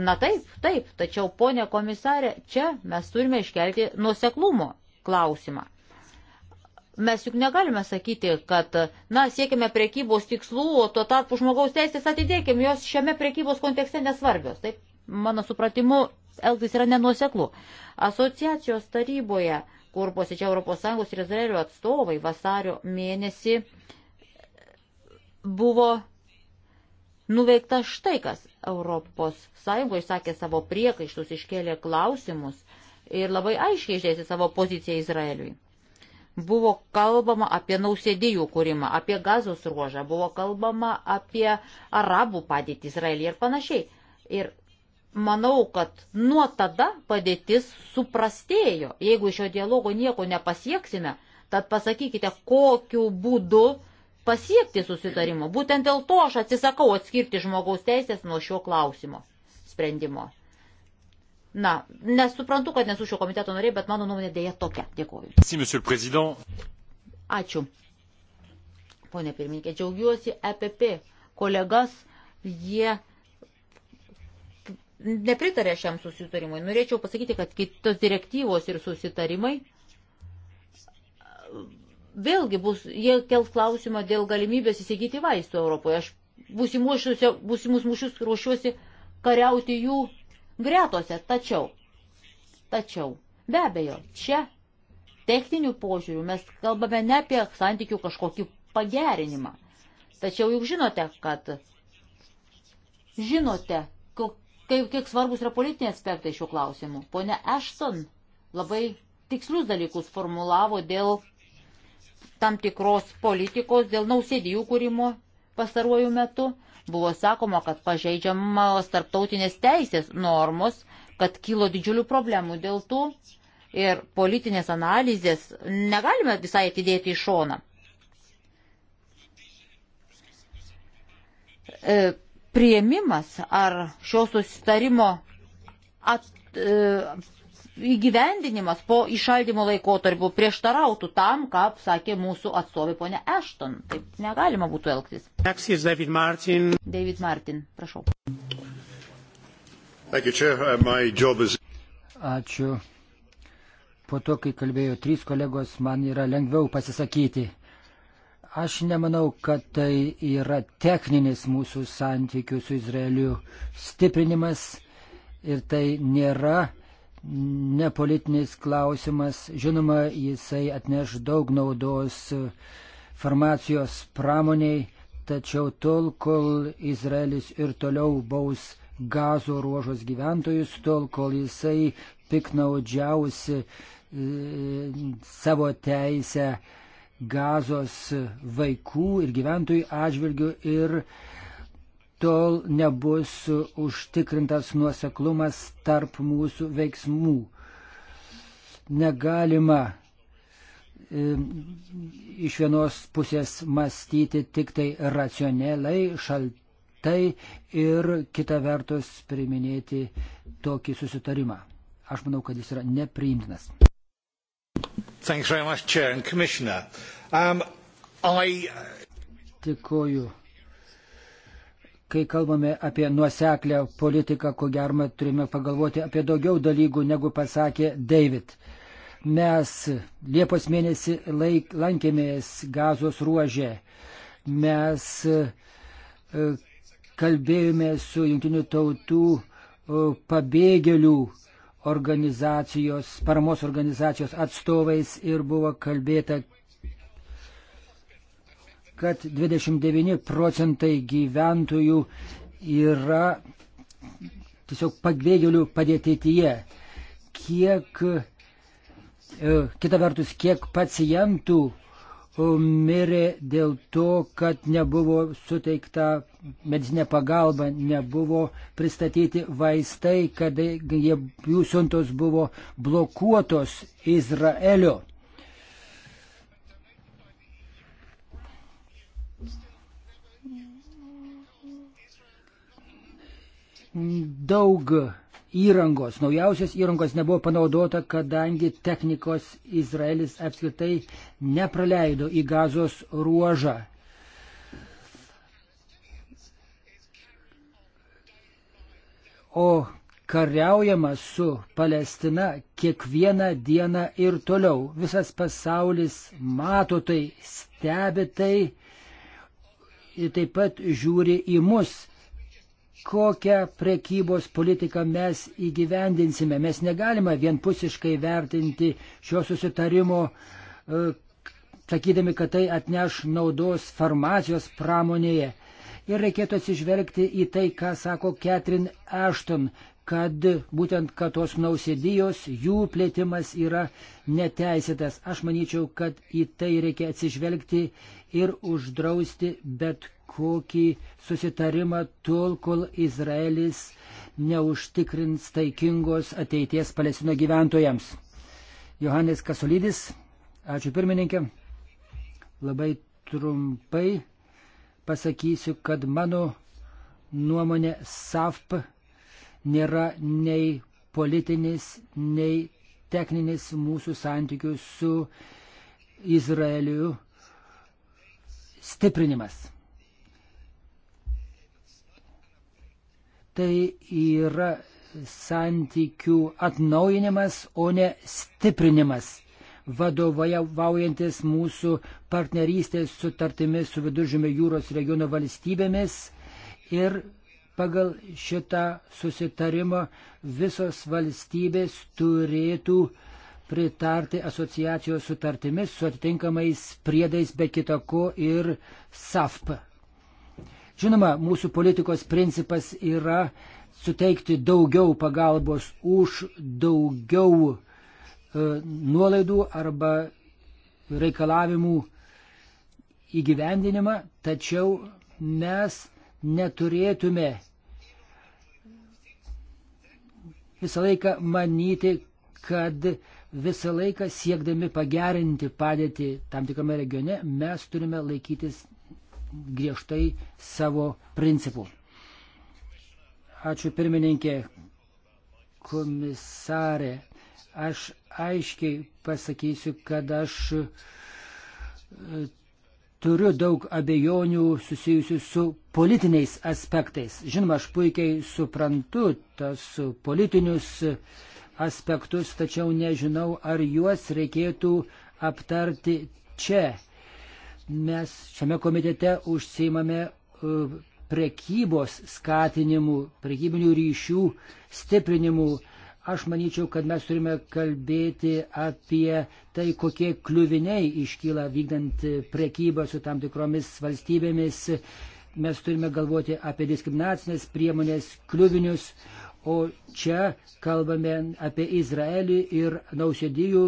Na taip, taip, tačiau ponė komisarė, čia mes turime iškelti nuoseklumo klausimą. Mes juk negalime sakyti, kad, na, siekime priekybos tikslų, o tuo tarpu žmogaus teisės atidėkime, jos šiame priekybos kontekste nesvarbios. Taip, mano supratimu, elgtis yra nenuoseklu. Asociacijos taryboje, kur posėdžia ES ir Izraelio atstovai vasario mėnesį, buvo nuveikta štai kas. ES išsakė savo priekaištus, iškėlė klausimus ir labai aiškiai išdėsi savo poziciją Izraeliui buvo kalbama apie nausėdijų kūrimą, apie gazos ruožą, buvo kalbama apie arabų padėtį Izraelį ir panašiai. Ir manau, kad nuo tada padėtis suprastėjo. Jeigu iš šio dialogo nieko nepasieksime, tad pasakykite, kokiu būdu pasiekti susitarimo. Būtent dėl to aš atsisakau atskirti žmogaus teisės nuo šio klausimo sprendimo. Na, nesuprantu, kad nesu šio komiteto norė, bet mano nuomonė dėja tokia. Dėkuoju. Si, Ačiū. Pone pirmininkė, džiaugiuosi EPP kolegas, jie nepritarė šiam susitarimui. Norėčiau pasakyti, kad kitos direktyvos ir susitarimai vėlgi bus, jie kels klausimą dėl galimybės įsigyti vaistų Europoje. Aš būsimus mūšius ruošiuosi kariauti jų gretose. Tačiau, tačiau, be abejo, čia techninių požiūrių mes kalbame ne apie santykių kažkokį pagerinimą. Tačiau juk žinote, kad žinote, kaip, kiek svarbus yra politiniai aspektai šiuo klausimu. Pone Ashton labai tikslius dalykus formulavo dėl tam tikros politikos, dėl nausėdijų kūrimo pastaruoju metu. Buvo sakoma, kad pažeidžiamos tarptautinės teisės normos, kad kilo didžiulių problemų dėl tų ir politinės analizės negalime visai atidėti į šoną. E, prieimimas ar šio susitarimo at, e, įgyvendinimas po išaldimo laikotarpiu prieštarautų tam, ką sakė mūsų atstovė ponia Ashton. Taip negalima būtų elgtis. David Martin. David Martin, prašau. Uh, Ačiū. Po to, kai kalbėjo trys kolegos, man yra lengviau pasisakyti. Aš nemanau, kad tai yra techninis mūsų santykių su Izraeliu stiprinimas ir tai nėra nepolitinis klausimas. Žinoma, jisai atneš daug naudos farmacijos pramoniai, tačiau tol, kol Izraelis ir toliau baus gazo ruožos gyventojus, tol, kol jisai piknaudžiausi e, savo teisę gazos vaikų ir gyventojų atžvilgių ir e, tol nebus užtikrintas nuoseklumas tarp mūsų veiksmų. Negalima e, iš vienos pusės mąstyti tik tai racionaliai, šaltai ir kita vertus priminėti tokį susitarimą. Aš manau, kad jis yra nepriimtinas. Much, Chair and Commissioner. Um, I... Dėkoju, kai kalbame apie nuoseklę politiką, ko germa turime pagalvoti apie daugiau dalykų, negu pasakė David. Mes Liepos mėnesį laik, lankėmės gazos ruožė. Mes e, kalbėjome su jungtinių tautų e, pabėgėlių organizacijos, paramos organizacijos atstovais ir buvo kalbėta, kad 29 procentai gyventojų yra tiesiog pabėgėlių padėtyje. Kiek, e, kita vertus, kiek pacientų e, mirė dėl to, kad nebuvo suteikta medicinė pagalba, nebuvo pristatyti vaistai, kad jų siuntos buvo blokuotos Izraelio. daug įrangos, naujausios įrangos nebuvo panaudota, kadangi technikos Izraelis apskritai nepraleido į gazos ruožą. O kariaujama su Palestina kiekvieną dieną ir toliau. Visas pasaulis mato tai, stebi tai ir taip pat žiūri į mus kokią prekybos politiką mes įgyvendinsime. Mes negalime vienpusiškai vertinti šio susitarimo, e, sakydami, kad tai atneš naudos farmacijos pramonėje. Ir reikėtų atsižvelgti į tai, ką sako Ketrin Ashton, kad būtent, kad tos nausėdijos, jų plėtimas yra neteisėtas. Aš manyčiau, kad į tai reikia atsižvelgti ir uždrausti bet kokį susitarimą tol, kol Izraelis neužtikrins taikingos ateities Palestino gyventojams. Johannes Kasolydis, ačiū pirmininkė, labai trumpai pasakysiu, kad mano nuomonė SAFP nėra nei politinis, nei techninis mūsų santykių su Izraeliu stiprinimas. tai yra santykių atnaujinimas, o ne stiprinimas, vadovaujantis mūsų partnerystės sutartimis su Viduržėmio jūros regiono valstybėmis ir pagal šitą susitarimą visos valstybės turėtų pritarti asociacijos sutartimis su atitinkamais priedais be kitako ir SAFP Žinoma, mūsų politikos principas yra suteikti daugiau pagalbos už daugiau e, nuolaidų arba reikalavimų įgyvendinimą, tačiau mes neturėtume visą laiką manyti, kad visą laiką siekdami pagerinti padėtį tam tikrame regione mes turime laikytis griežtai savo principų. Ačiū pirmininkė, komisarė. Aš aiškiai pasakysiu, kad aš e, turiu daug abejonių susijusių su politiniais aspektais. Žinoma, aš puikiai suprantu tas politinius aspektus, tačiau nežinau, ar juos reikėtų aptarti čia. Mes šiame komitete užsimame e, prekybos skatinimu, prekybinių ryšių stiprinimu. Aš manyčiau, kad mes turime kalbėti apie tai, kokie kliuviniai iškyla vykdant prekybą su tam tikromis valstybėmis. Mes turime galvoti apie diskriminacinės priemonės, kliuvinius, o čia kalbame apie Izraelį ir nausėdijų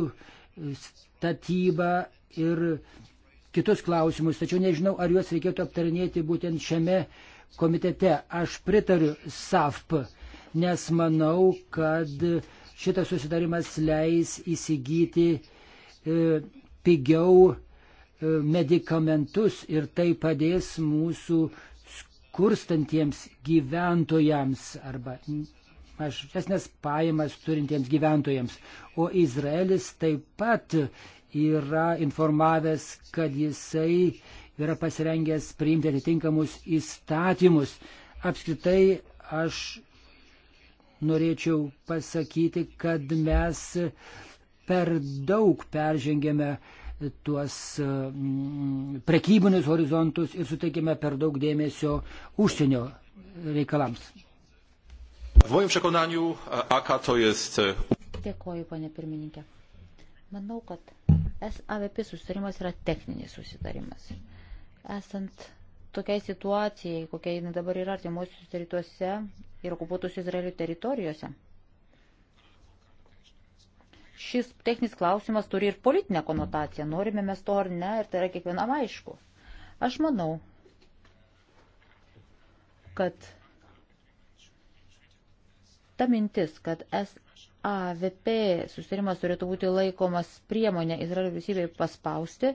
statybą ir kitus klausimus, tačiau nežinau, ar juos reikėtų aptarinėti būtent šiame komitete. Aš pritariu SAFP, nes manau, kad šitas susidarimas leis įsigyti e, pigiau e, medikamentus ir tai padės mūsų skurstantiems gyventojams arba mažesnės pajamas turintiems gyventojams. O Izraelis taip pat yra informavęs, kad jisai yra pasirengęs priimti atitinkamus įstatymus. Apskritai aš norėčiau pasakyti, kad mes per daug peržengėme tuos mm, prekybinius horizontus ir suteikėme per daug dėmesio užsienio reikalams. W moim przekonaniu AKA e, to jest. E, Dėkoju, panie pirmininkė. Manau, kad SAVP susitarimas yra techninis susitarimas. Esant tokiai situacijai, kokia jinai dabar yra artimuosiuose rytuose ir okupuotus Izraelio teritorijose, šis techninis klausimas turi ir politinę konotaciją, norime mes to ar ne, ir tai yra kiekvienam aišku. Aš manau, kad ta mintis, kad AVP susitarimas turėtų būti laikomas priemonė Izraelio vyriausybei paspausti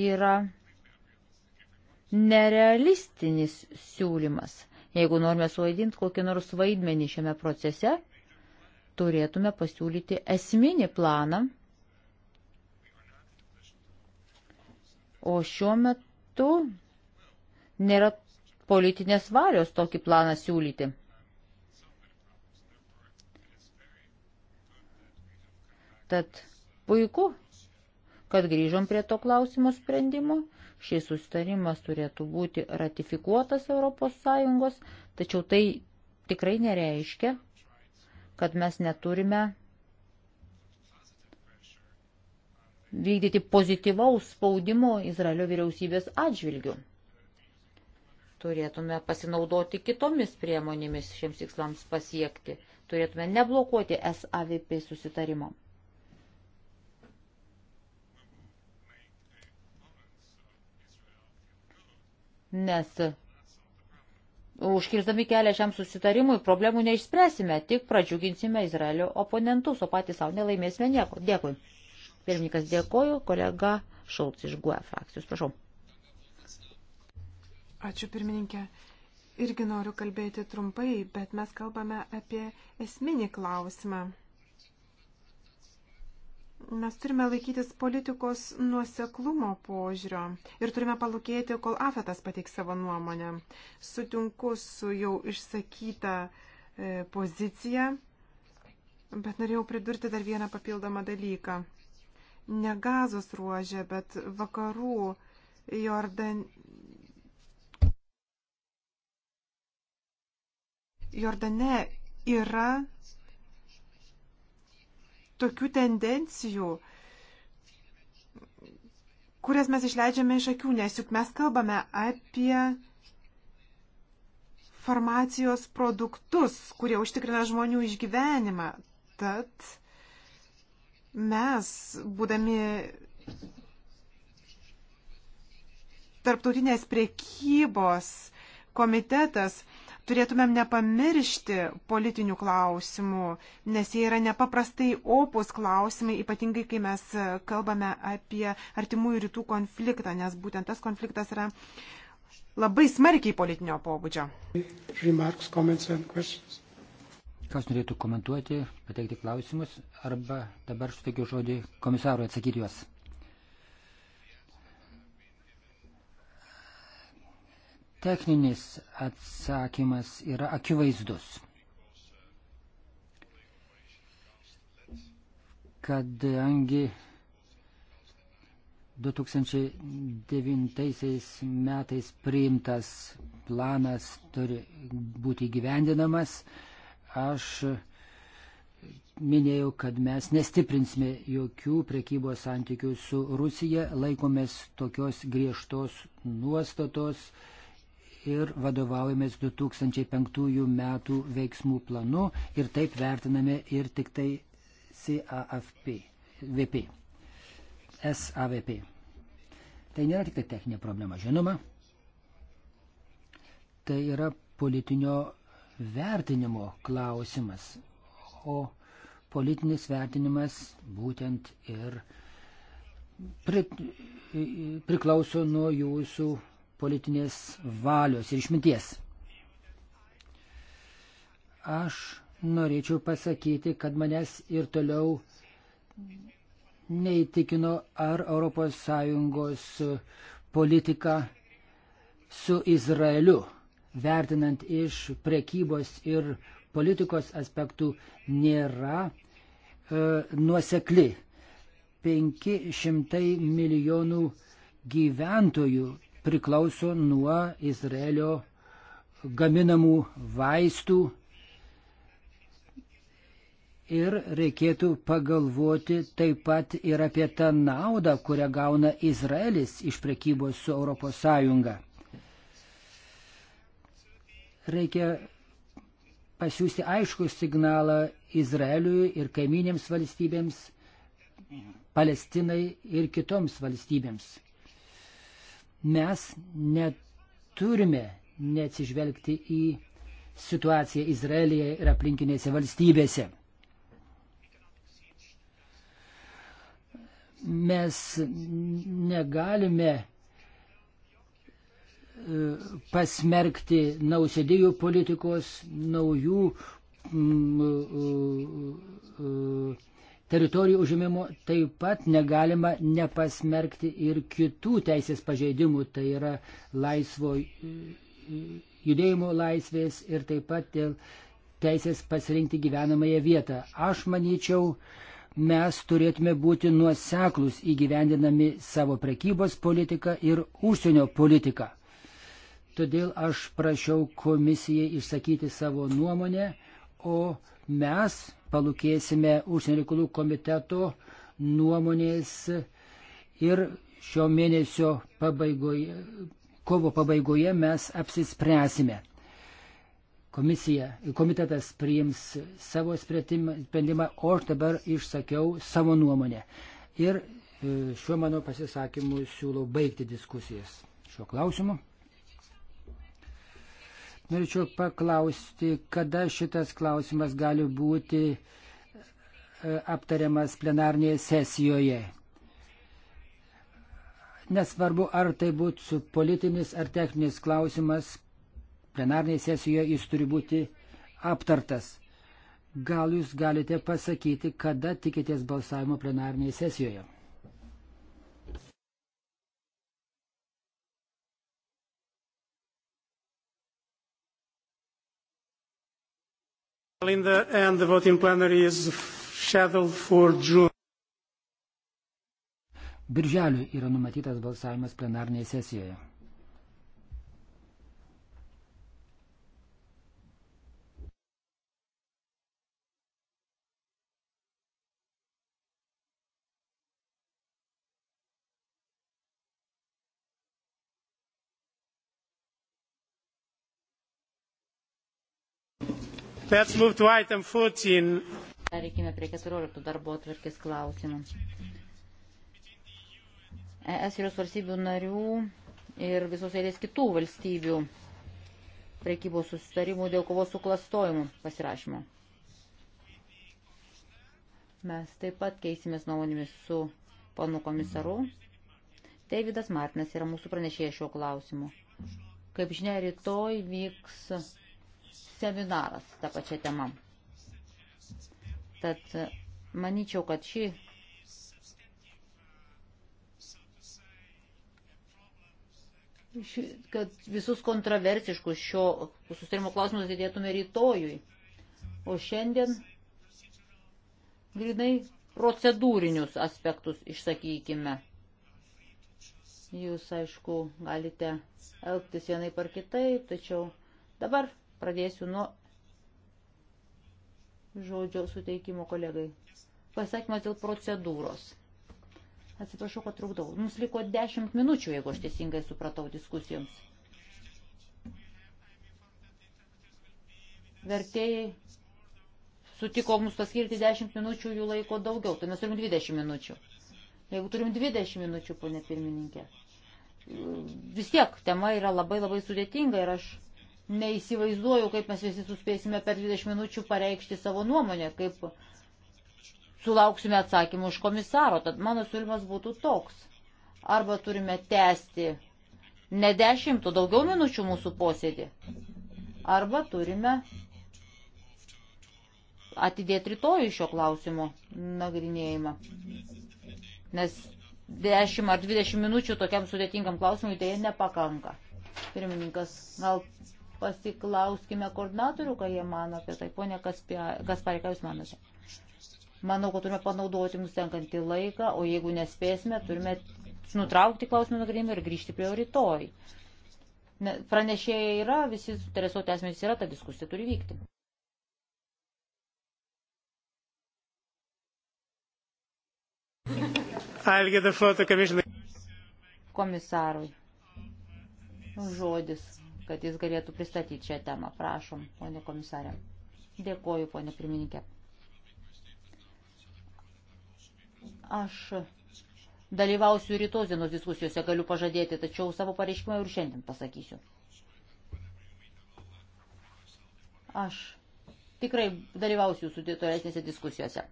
yra nerealistinis siūlymas. Jeigu norime suvaidinti kokį nors vaidmenį šiame procese, turėtume pasiūlyti esminį planą. O šiuo metu nėra politinės valios tokį planą siūlyti. Tad puiku, kad grįžom prie to klausimo sprendimo. Šis sustarimas turėtų būti ratifikuotas ES, tačiau tai tikrai nereiškia, kad mes neturime vykdyti pozityvaus spaudimo Izraelio vyriausybės atžvilgių. Turėtume pasinaudoti kitomis priemonėmis šiems tikslams pasiekti. Turėtume neblokuoti SAVP susitarimo. nes Užkirstami kelią šiam susitarimui problemų neišspręsime, tik pradžiuginsime Izraelio oponentus, o patys savo nelaimėsime nieko. Dėkui. Pirmininkas dėkoju, kolega Šulc iš GUE frakcijos. Prašau. Ačiū pirmininkė. Irgi noriu kalbėti trumpai, bet mes kalbame apie esminį klausimą. Mes turime laikytis politikos nuoseklumo požiūrio ir turime palūkėti, kol Afetas pateiks savo nuomonę. Sutinku su jau išsakyta e, pozicija, bet norėjau pridurti dar vieną papildomą dalyką. Ne gazos ruožė, bet vakarų Jordan... Jordane yra tokių tendencijų, kurias mes išleidžiame iš akių, nes juk mes kalbame apie farmacijos produktus, kurie užtikrina žmonių išgyvenimą. Tad mes, būdami tarptautinės priekybos komitetas, turėtumėm nepamiršti politinių klausimų, nes jie yra nepaprastai opus klausimai, ypatingai kai mes kalbame apie artimųjų rytų konfliktą, nes būtent tas konfliktas yra labai smarkiai politinio pobūdžio. Remarks, Kas norėtų komentuoti, pateikti klausimus, arba dabar suteikiu žodį komisarui atsakyti juos. Techninis atsakymas yra akivaizdus. Kadangi 2009 metais priimtas planas turi būti gyvendinamas. Aš minėjau, kad mes nestiprinsime jokių prekybos santykių su Rusija, laikomės tokios griežtos nuostatos, ir vadovaujamės 2005 metų veiksmų planu ir taip vertiname ir tik tai CAFP, VP, SAVP. Tai nėra tik tai techninė problema, žinoma. Tai yra politinio vertinimo klausimas, o politinis vertinimas būtent ir pri, priklauso nuo jūsų politinės valios ir išminties. Aš norėčiau pasakyti, kad manęs ir toliau neįtikino, ar ES politika su Izraeliu, vertinant iš prekybos ir politikos aspektų, nėra e, nuosekli. 500 milijonų gyventojų priklauso nuo Izraelio gaminamų vaistų ir reikėtų pagalvoti taip pat ir apie tą naudą, kurią gauna Izraelis iš prekybos su ES. Reikia pasiūsti aišku signalą Izraeliui ir kaiminėms valstybėms, Palestinai ir kitoms valstybėms mes neturime neatsižvelgti į situaciją Izraelyje ir aplinkinėse valstybėse. Mes negalime e, pasmerkti nausėdėjų politikos, naujų mm, mm, mm, teritorijų užimimo taip pat negalima nepasmerkti ir kitų teisės pažeidimų, tai yra laisvo judėjimo laisvės ir taip pat dėl teisės pasirinkti gyvenamąją vietą. Aš manyčiau, mes turėtume būti nuoseklus įgyvendinami savo prekybos politiką ir užsienio politiką. Todėl aš prašiau komisijai išsakyti savo nuomonę, o mes palūkėsime užsienio reikalų komiteto nuomonės ir šio mėnesio pabaigoje, kovo pabaigoje mes apsispręsime. Komisija, komitetas priims savo sprendimą, o aš dabar išsakiau savo nuomonę. Ir e, šiuo mano pasisakymu siūlau baigti diskusijas šiuo klausimu. Norėčiau paklausti, kada šitas klausimas gali būti e, aptariamas plenarnėje sesijoje. Nesvarbu, ar tai būtų politinis ar techninis klausimas, plenarnėje sesijoje jis turi būti aptartas. Gal jūs galite pasakyti, kada tikitės balsavimo plenarnėje sesijoje? Linda, and the vote in plenary is scheduled for June. Birželį yra numatytas balsavimas plenarnėje sesijoje. Let's move to item 14. Pereikime prie 14 darbo atvarkės klausimų. ES ir jos valstybių narių ir visos eilės kitų valstybių prekybos susitarimų dėl kovos su klastojimu pasirašymo. Mes taip pat keisimės nuomonėmis su panu komisaru. Davidas Martinas yra mūsų pranešėjas šiuo klausimu. Kaip žinia, rytoj vyks seminaras tą pačią temą. Tad manyčiau, kad ši kad visus kontroversiškus šio susitarimo klausimus atidėtume rytojui. O šiandien grinai procedūrinius aspektus išsakykime. Jūs, aišku, galite elgtis vienai par kitai, tačiau dabar Pradėsiu nuo žodžio suteikimo kolegai. Pasakymas dėl procedūros. Atsiprašau, kad trukdau. Mums liko 10 minučių, jeigu aš teisingai supratau diskusijoms. Vertėjai sutiko mums paskirti 10 minučių, jų laiko daugiau, tai mes turim 20 minučių. Jeigu turim 20 minučių, ponė pirmininkė, vis tiek tema yra labai labai sudėtinga ir aš neįsivaizduoju, kaip mes visi suspėsime per 20 minučių pareikšti savo nuomonę, kaip sulauksime atsakymų iš komisaro. Tad mano siūlymas būtų toks. Arba turime tęsti ne 10, o daugiau minučių mūsų posėdį. Arba turime atidėti rytoj šio klausimo nagrinėjimą. Nes 10 ar 20 minučių tokiam sudėtingam klausimui tai nepakanka. Pirmininkas, gal pasiklauskime koordinatorių, ką jie mano apie tai. Pone Kasparė, ką Jūs manote? Manau, kad turime panaudoti mums tenkantį laiką, o jeigu nespėsime, turime nutraukti klausimų nagrinimą ir grįžti prie jo rytoj. Pranešėjai yra, visi suinteresuoti asmenys yra, ta diskusija turi vykti. Komisarui. Žodis kad jis galėtų pristatyti šią temą. Prašom, ponė komisarė. Dėkoju, ponė pirmininkė. Aš dalyvausiu rytos dienos diskusijose, galiu pažadėti, tačiau savo pareiškimą ir šiandien pasakysiu. Aš tikrai dalyvausiu jūsų tolesnėse diskusijose.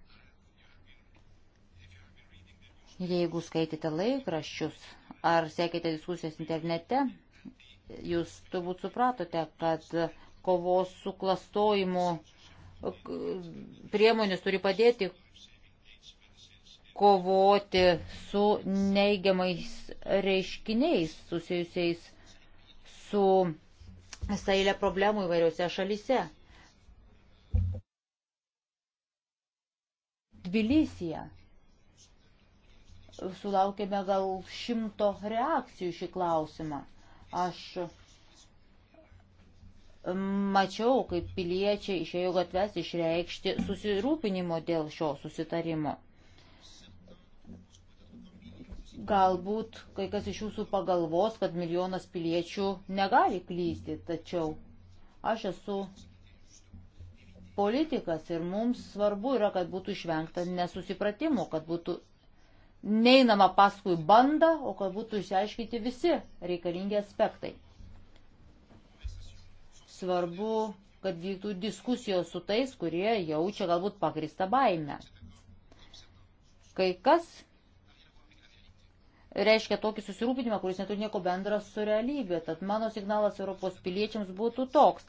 Jeigu skaitėte laikraščius ar sekėte diskusijas internete, Jūs turbūt supratote, kad kovos su klastojimu priemonės turi padėti kovoti su neigiamais reiškiniais susijusiais su visą eilę problemų įvairiose šalyse. Tbilisija. Sulaukėme gal šimto reakcijų šį klausimą. Aš mačiau, kaip piliečiai išėjo gatves išreikšti susirūpinimo dėl šio susitarimo. Galbūt kai kas iš jūsų pagalvos, kad milijonas piliečių negali klysti, tačiau aš esu politikas ir mums svarbu yra, kad būtų išvengta nesusipratimų, kad būtų neinama paskui bandą, o kad būtų išsiaiškinti visi reikalingi aspektai. Svarbu, kad vyktų diskusijos su tais, kurie jaučia galbūt pagristą baimę. Kai kas reiškia tokį susirūpinimą, kuris neturi nieko bendra su realybė. Tad mano signalas Europos piliečiams būtų toks.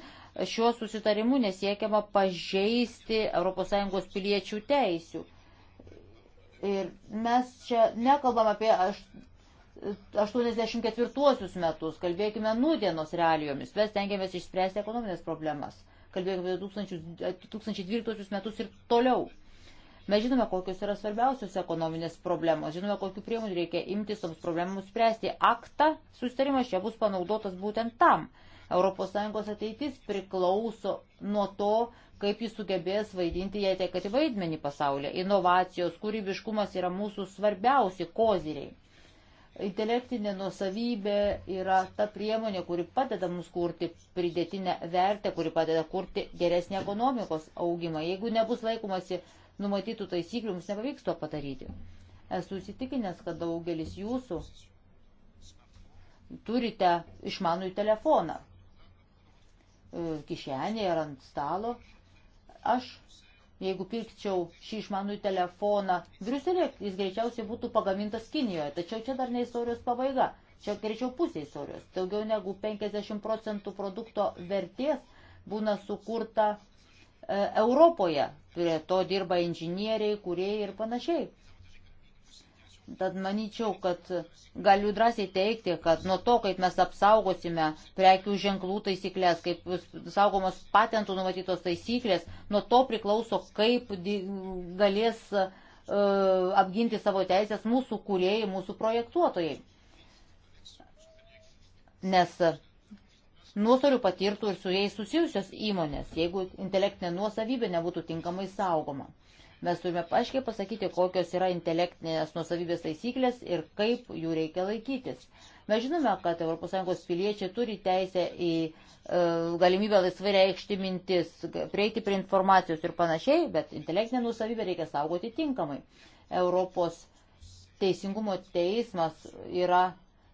Šiuo susitarimu nesiekiama pažeisti ES piliečių teisių. Ir mes čia nekalbam apie 84 metus, kalbėkime nudienos realijomis, mes tengiamės išspręsti ekonominės problemas, kalbėkime apie 2012 metus ir toliau. Mes žinome, kokios yra svarbiausios ekonominės problemos, žinome, kokiu priemonių reikia imtis toms problemams spręsti. Akta sustarimas čia bus panaudotas būtent tam. ES ateitis priklauso nuo to, kaip jis sugebės vaidinti jai tai, kad vaidmenį pasaulyje. Inovacijos, kūrybiškumas yra mūsų svarbiausi koziriai. Intelektinė nusavybė yra ta priemonė, kuri padeda mums kurti pridėtinę vertę, kuri padeda kurti geresnį ekonomikos augimą. Jeigu nebus laikomasi numatytų taisyklių, mums nepavyks to padaryti. Esu įsitikinęs, kad daugelis jūsų turite išmanųjį telefoną e, kišenėje ar ant stalo Aš, jeigu pirkčiau šį išmanųjį telefoną Briuselėje, jis greičiausiai būtų pagamintas Kinijoje. Tačiau čia dar ne istorijos pabaiga. Čia greičiau pusė istorijos. Daugiau negu 50 procentų produkto vertės būna sukurta e, Europoje. Prie to dirba inžinieriai, kurieji ir panašiai. Tad manyčiau, kad galiu drąsiai teikti, kad nuo to, kaip mes apsaugosime prekių ženklų taisyklės, kaip saugomos patentų numatytos taisyklės, nuo to priklauso, kaip galės uh, apginti savo teisės mūsų kūrėjai, mūsų projektuotojai. Nes nuostolių patirtų ir su jais susijusios įmonės, jeigu intelektinė nuosavybė nebūtų tinkamai saugoma. Mes turime aiškiai pasakyti, kokios yra intelektinės nusavybės taisyklės ir kaip jų reikia laikytis. Mes žinome, kad ES piliečiai turi teisę į e, galimybę laisvai reikšti mintis, prieiti prie informacijos ir panašiai, bet intelektinę nusavybę reikia saugoti tinkamai. Europos teisingumo teismas yra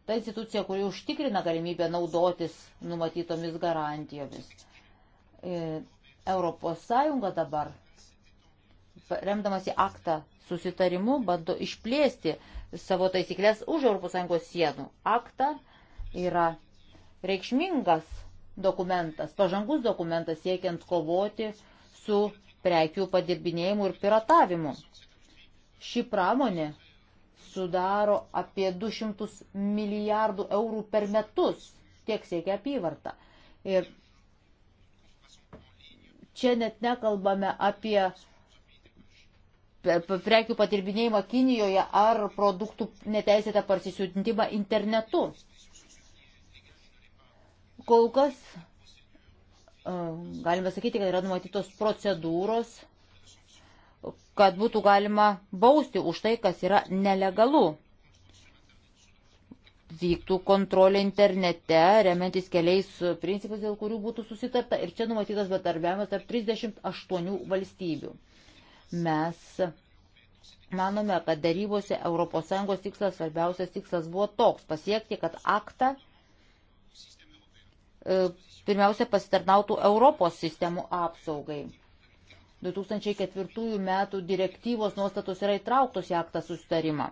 ta institucija, kuri užtikrina galimybę naudotis numatytomis garantijomis. E, Europos Sąjunga dabar remdamasi aktą susitarimu, bando išplėsti savo taisyklės už ES sienų. Akta yra reikšmingas dokumentas, pažangus dokumentas siekiant kovoti su prekių padirbinėjimu ir piratavimu. Ši pramonė sudaro apie 200 milijardų eurų per metus, tiek siekia apyvarta. Ir čia net nekalbame apie prekių padirbinėjimą Kinijoje ar produktų neteisėtą parsisiuntimą internetu. Kol kas e, galime sakyti, kad yra numatytos procedūros, kad būtų galima bausti už tai, kas yra nelegalu. Vyktų kontrolė internete, remiantis keliais principais, dėl kurių būtų susitarta. Ir čia numatytas betarbiavimas tarp 38 valstybių. Mes manome, kad darybose ES tikslas, svarbiausias tikslas buvo toks - pasiekti, kad aktą e, pirmiausia pasitarnautų Europos sistemų apsaugai. 2004 metų direktyvos nuostatos yra įtrauktos į aktą sustarimą.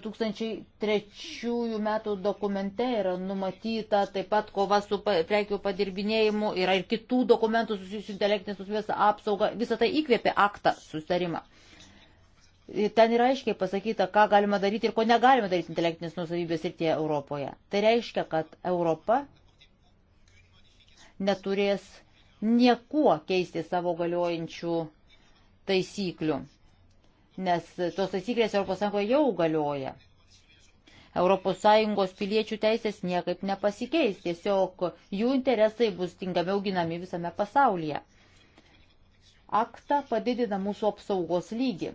2003 metų dokumente yra numatyta taip pat kova su prekių padirbinėjimu, yra ir kitų dokumentų susijusių intelektinės susijęs apsauga, visą tai įkvėpė aktą sustarimą. Ten yra aiškiai pasakyta, ką galima daryti ir ko negalima daryti intelektinės nusavybės rytėje Europoje. Tai reiškia, kad Europa neturės niekuo keisti savo galiojančių taisyklių nes tos taisyklės ES jau galioja. ES piliečių teisės niekaip nepasikeis, tiesiog jų interesai bus tinkamiau ginami visame pasaulyje. Akta padidina mūsų apsaugos lygį.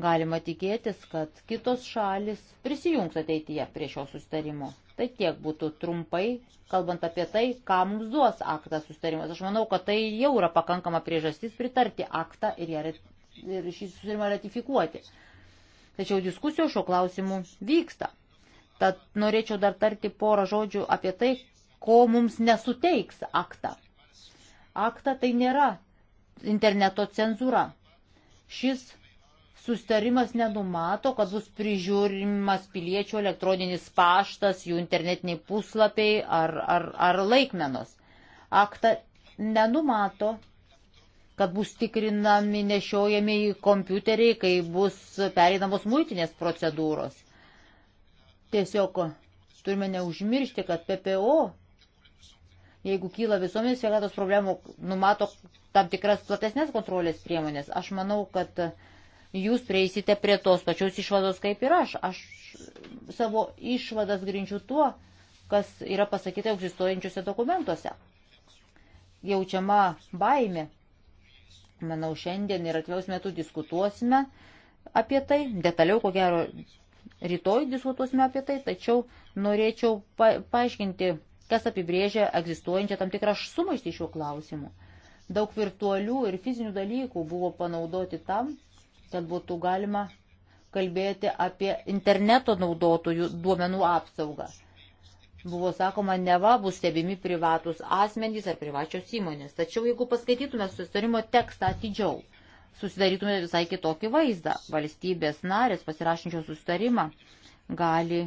Galima tikėtis, kad kitos šalis prisijungs ateityje prie šio sustarimo. Tai tiek būtų trumpai, kalbant apie tai, ką mums duos aktą sustarimas. Aš manau, kad tai jau yra pakankama priežastis pritarti aktą ir ją ir šį susitarimą ratifikuoti. Tačiau diskusijos šio klausimu vyksta. Tad norėčiau dar tarti porą žodžių apie tai, ko mums nesuteiks aktą. Akta tai nėra interneto cenzūra. Šis sustarimas nenumato, kad bus prižiūrimas piliečių elektroninis paštas, jų internetiniai puslapiai ar, ar, ar laikmenos. Akta nenumato kad bus tikrinami nešiojami į kompiuteriai, kai bus pereinamos muitinės procedūros. Tiesiog turime neužmiršti, kad PPO, jeigu kyla visuomenės sveikatos problemų, numato tam tikras platesnės kontrolės priemonės. Aš manau, kad jūs prieisite prie tos pačios išvados kaip ir aš. Aš savo išvadas grinčiu tuo, kas yra pasakyta egzistuojančiuose dokumentuose. Jaučiama baime Manau, šiandien ir atviaus metų diskutuosime apie tai, detaliau ko gero rytoj diskutuosime apie tai, tačiau norėčiau pa paaiškinti, kas apibrėžia egzistuojančią tam tikrą sumaištį šiuo klausimu. Daug virtualių ir fizinių dalykų buvo panaudoti tam, kad būtų galima kalbėti apie interneto naudotojų duomenų apsaugą buvo sakoma, neva bus stebimi privatus asmenys ar privačios įmonės. Tačiau jeigu paskaitytume susitarimo tekstą atidžiau, susidarytume visai kitokį vaizdą. Valstybės narės pasirašančios susitarimą gali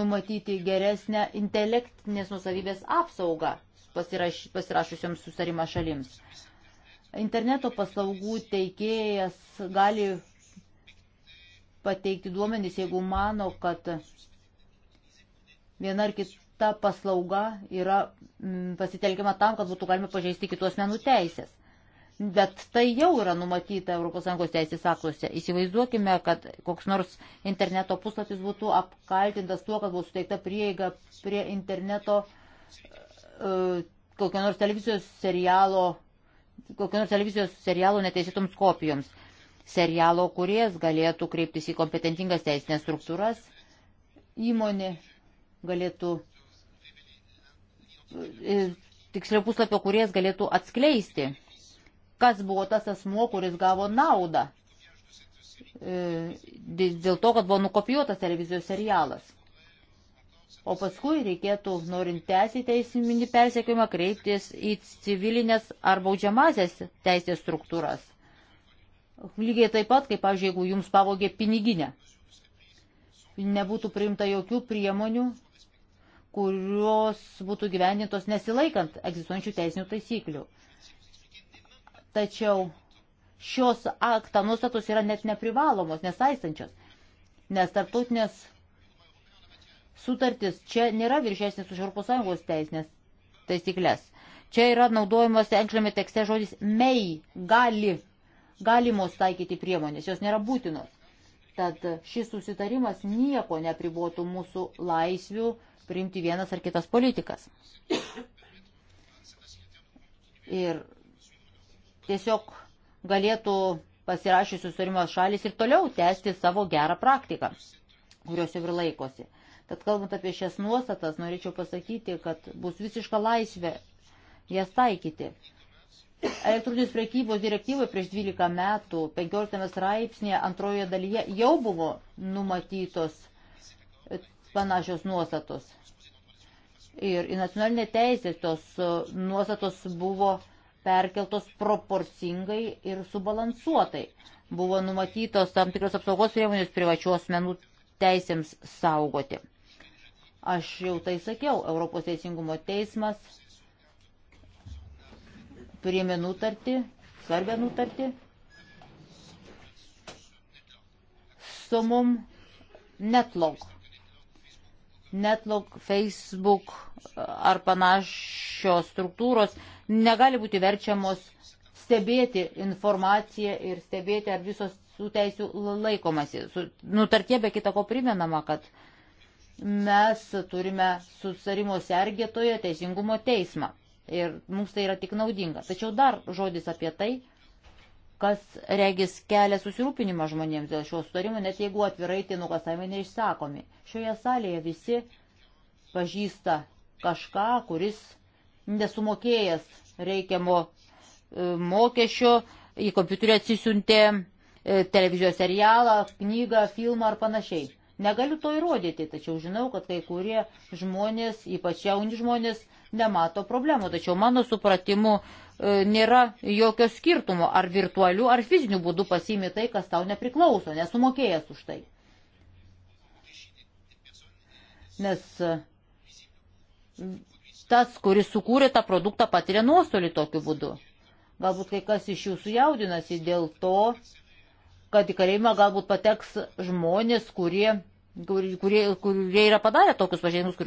numatyti geresnę intelektinės nusavybės apsaugą pasiraš, pasirašusioms susitarimą šalims. Interneto paslaugų teikėjas gali pateikti duomenys, jeigu mano, kad viena ar kita paslauga yra mm, pasitelkiama tam, kad būtų galima pažeisti kitos menų teisės. Bet tai jau yra numatyta ES teisės aktuose. Įsivaizduokime, kad koks nors interneto puslapis būtų apkaltintas tuo, kad buvo suteikta prieiga prie interneto e, kokio nors televizijos serialo, kokio nors televizijos serialo neteisėtoms kopijoms. Serialo kuriejas galėtų kreiptis į kompetentingas teisinės struktūras. Įmonė galėtų, e, tiksliau puslapio kuriejas galėtų atskleisti, kas buvo tas asmo, kuris gavo naudą e, dėl to, kad buvo nukopijuotas televizijos serialas. O paskui reikėtų, norint tęsti teisminį persekiojimą, kreiptis į civilinės ar baudžiamasias teisės struktūras. Lygiai taip pat, kaip, pavyzdžiui, jeigu jums pavogė piniginę, nebūtų priimta jokių priemonių, kurios būtų gyvenintos nesilaikant egzistuojančių teisinių taisyklių. Tačiau šios akta nustatos yra net neprivalomos, nesaistančios, nes tarptautinės sutartis čia nėra viršesnis už ES teisinės taisyklės. Čia yra naudojamas angliame tekste žodis mei, gali, galimos taikyti priemonės, jos nėra būtinos. Tad šis susitarimas nieko nepribotų mūsų laisvių priimti vienas ar kitas politikas. Ir tiesiog galėtų pasirašysius susirimas šalis ir toliau tęsti savo gerą praktiką, kurios jau ir laikosi. Tad kalbant apie šias nuostatas, norėčiau pasakyti, kad bus visiška laisvė jas taikyti. Elektroninės priekybos direktyvoje prieš 12 metų 15 straipsnėje antrojoje dalyje jau buvo numatytos panašios nuostatos. Ir į nacionalinę teisę tos e, nuostatos buvo perkeltos proporcingai ir subalansuotai. Buvo numatytos tam tikros apsaugos priemonės privačios menų teisėms saugoti. Aš jau tai sakiau, Europos Teisingumo teismas priėmė nutartį, svarbę nutartį, sumum netlauk Netlog, Facebook e, ar panašios struktūros negali būti verčiamos stebėti informaciją ir stebėti, ar visos tų teisių laikomasi. Nutartie be kita ko primenama, kad mes turime susarimo sergėtoje teisingumo teismą. Ir mums tai yra tik naudinga. Tačiau dar žodis apie tai, kas regis kelia susirūpinimą žmonėms dėl šio sutarimo, net jeigu atvirai tie nukastavimai neišsakomi. Šioje salėje visi pažįsta kažką, kuris nesumokėjęs reikiamo e, mokesčio, į kompiuterį atsisiuntė e, televizijos serialą, knygą, filmą ar panašiai. Negaliu to įrodyti, tačiau žinau, kad kai kurie žmonės, ypač jauni žmonės, nemato problemų. Tačiau mano supratimu E, nėra jokio skirtumo, ar virtualių, ar fizinių būdų pasiimi tai, kas tau nepriklauso, nesumokėjęs už tai. Nes e, tas, kuris sukūrė tą produktą, patiria nuostolį tokiu būdu. Galbūt kai kas iš jūsų jaudinasi dėl to, kad į kalėjimą galbūt pateks žmonės, kurie, kurie, kurie yra padarę tokius pažeidimus,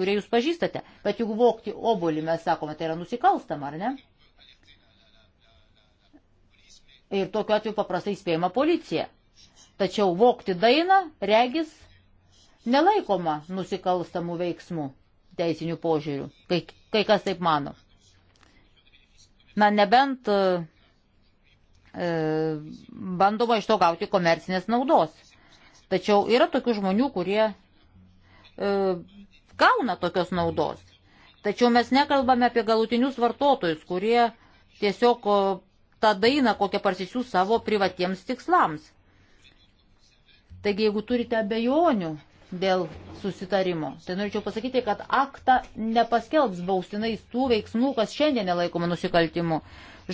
kurie jūs pažįstate. Bet juk vokti obolį, mes sakome, tai yra nusikalstama, ar ne? Ir tokiu atveju paprastai įspėjama policija. Tačiau vokti dainą, regis, nelaikoma nusikalstamų veiksmų teisinių požiūrių. Kai, kai kas taip mano. Na, nebent e, e, bandoma iš to gauti komercinės naudos. Tačiau yra tokių žmonių, kurie e, gauna tokios naudos. Tačiau mes nekalbame apie galutinius vartotojus, kurie tiesiog tą dainą, kokią parsisių savo privatiems tikslams. Taigi, jeigu turite abejonių dėl susitarimo, tai norėčiau pasakyti, kad aktą nepaskelbs baustinais tų veiksmų, kas šiandien nelaikoma nusikaltimu.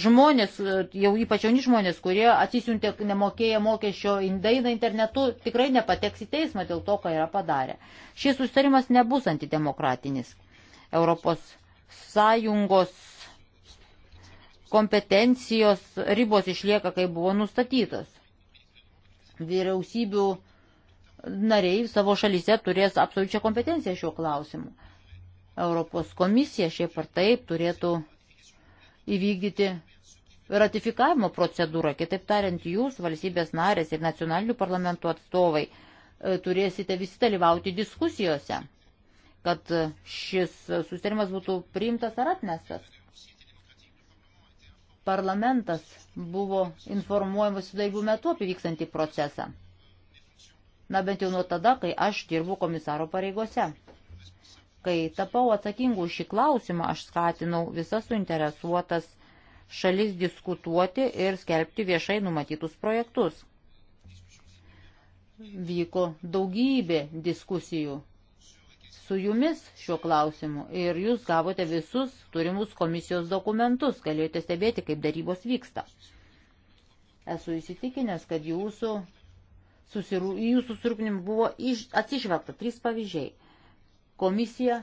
Žmonės, jau ypač jauni žmonės, kurie atsisiuntė nemokėję mokesčio indainą internetu, tikrai nepateks į teismą dėl to, ką yra padarę. Šis susitarimas nebus antidemokratinis. Europos Sąjungos kompetencijos ribos išlieka, kaip buvo nustatytos. Vyriausybių nariai savo šalyse turės absoliučią kompetenciją šiuo klausimu. Europos komisija šiaip ar taip turėtų įvykdyti ratifikavimo procedūrą. Kitaip tariant, jūs, valstybės narės ir nacionalinių parlamentų atstovai, e, turėsite visi dalyvauti diskusijose, kad šis susitarimas būtų priimtas ar atmestas parlamentas buvo informuojamas sudaigų metu apie vykstantį procesą. Na bent jau nuo tada, kai aš dirbu komisaro pareigose. Kai tapau atsakingu už šį klausimą, aš skatinau visas suinteresuotas šalis diskutuoti ir skelbti viešai numatytus projektus. Vyko daugybė diskusijų su jumis šiuo klausimu ir jūs gavote visus turimus komisijos dokumentus, galėjote stebėti, kaip darybos vyksta. Esu įsitikinęs, kad jūsų, susirū, jūsų susirūpinim buvo iš, atsižvelgta trys pavyzdžiai. Komisija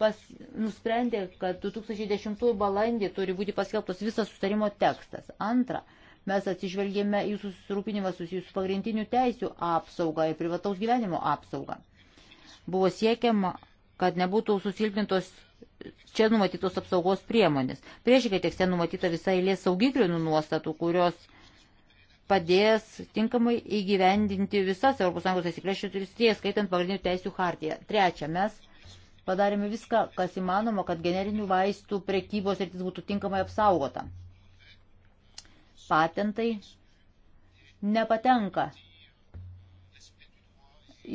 pas, nusprendė, kad 2010 balandį turi būti paskelbtas visas sustarimo tekstas. Antra, mes atsižvelgėme į susirūpinimą susijusių pagrindinių teisių apsaugą ir privataus gyvenimo apsaugą buvo siekiama, kad nebūtų susilpnintos čia numatytos apsaugos priemonės. Priešingai tekste numatyta visa eilė saugiklių nuostatų, kurios padės tinkamai įgyvendinti visas ES taisyklės šiuris ties, skaitant pagrindinių teisių hartiją. Trečia, mes padarėme viską, kas įmanoma, kad generinių vaistų prekybos rytis būtų tinkamai apsaugota. Patentai nepatenka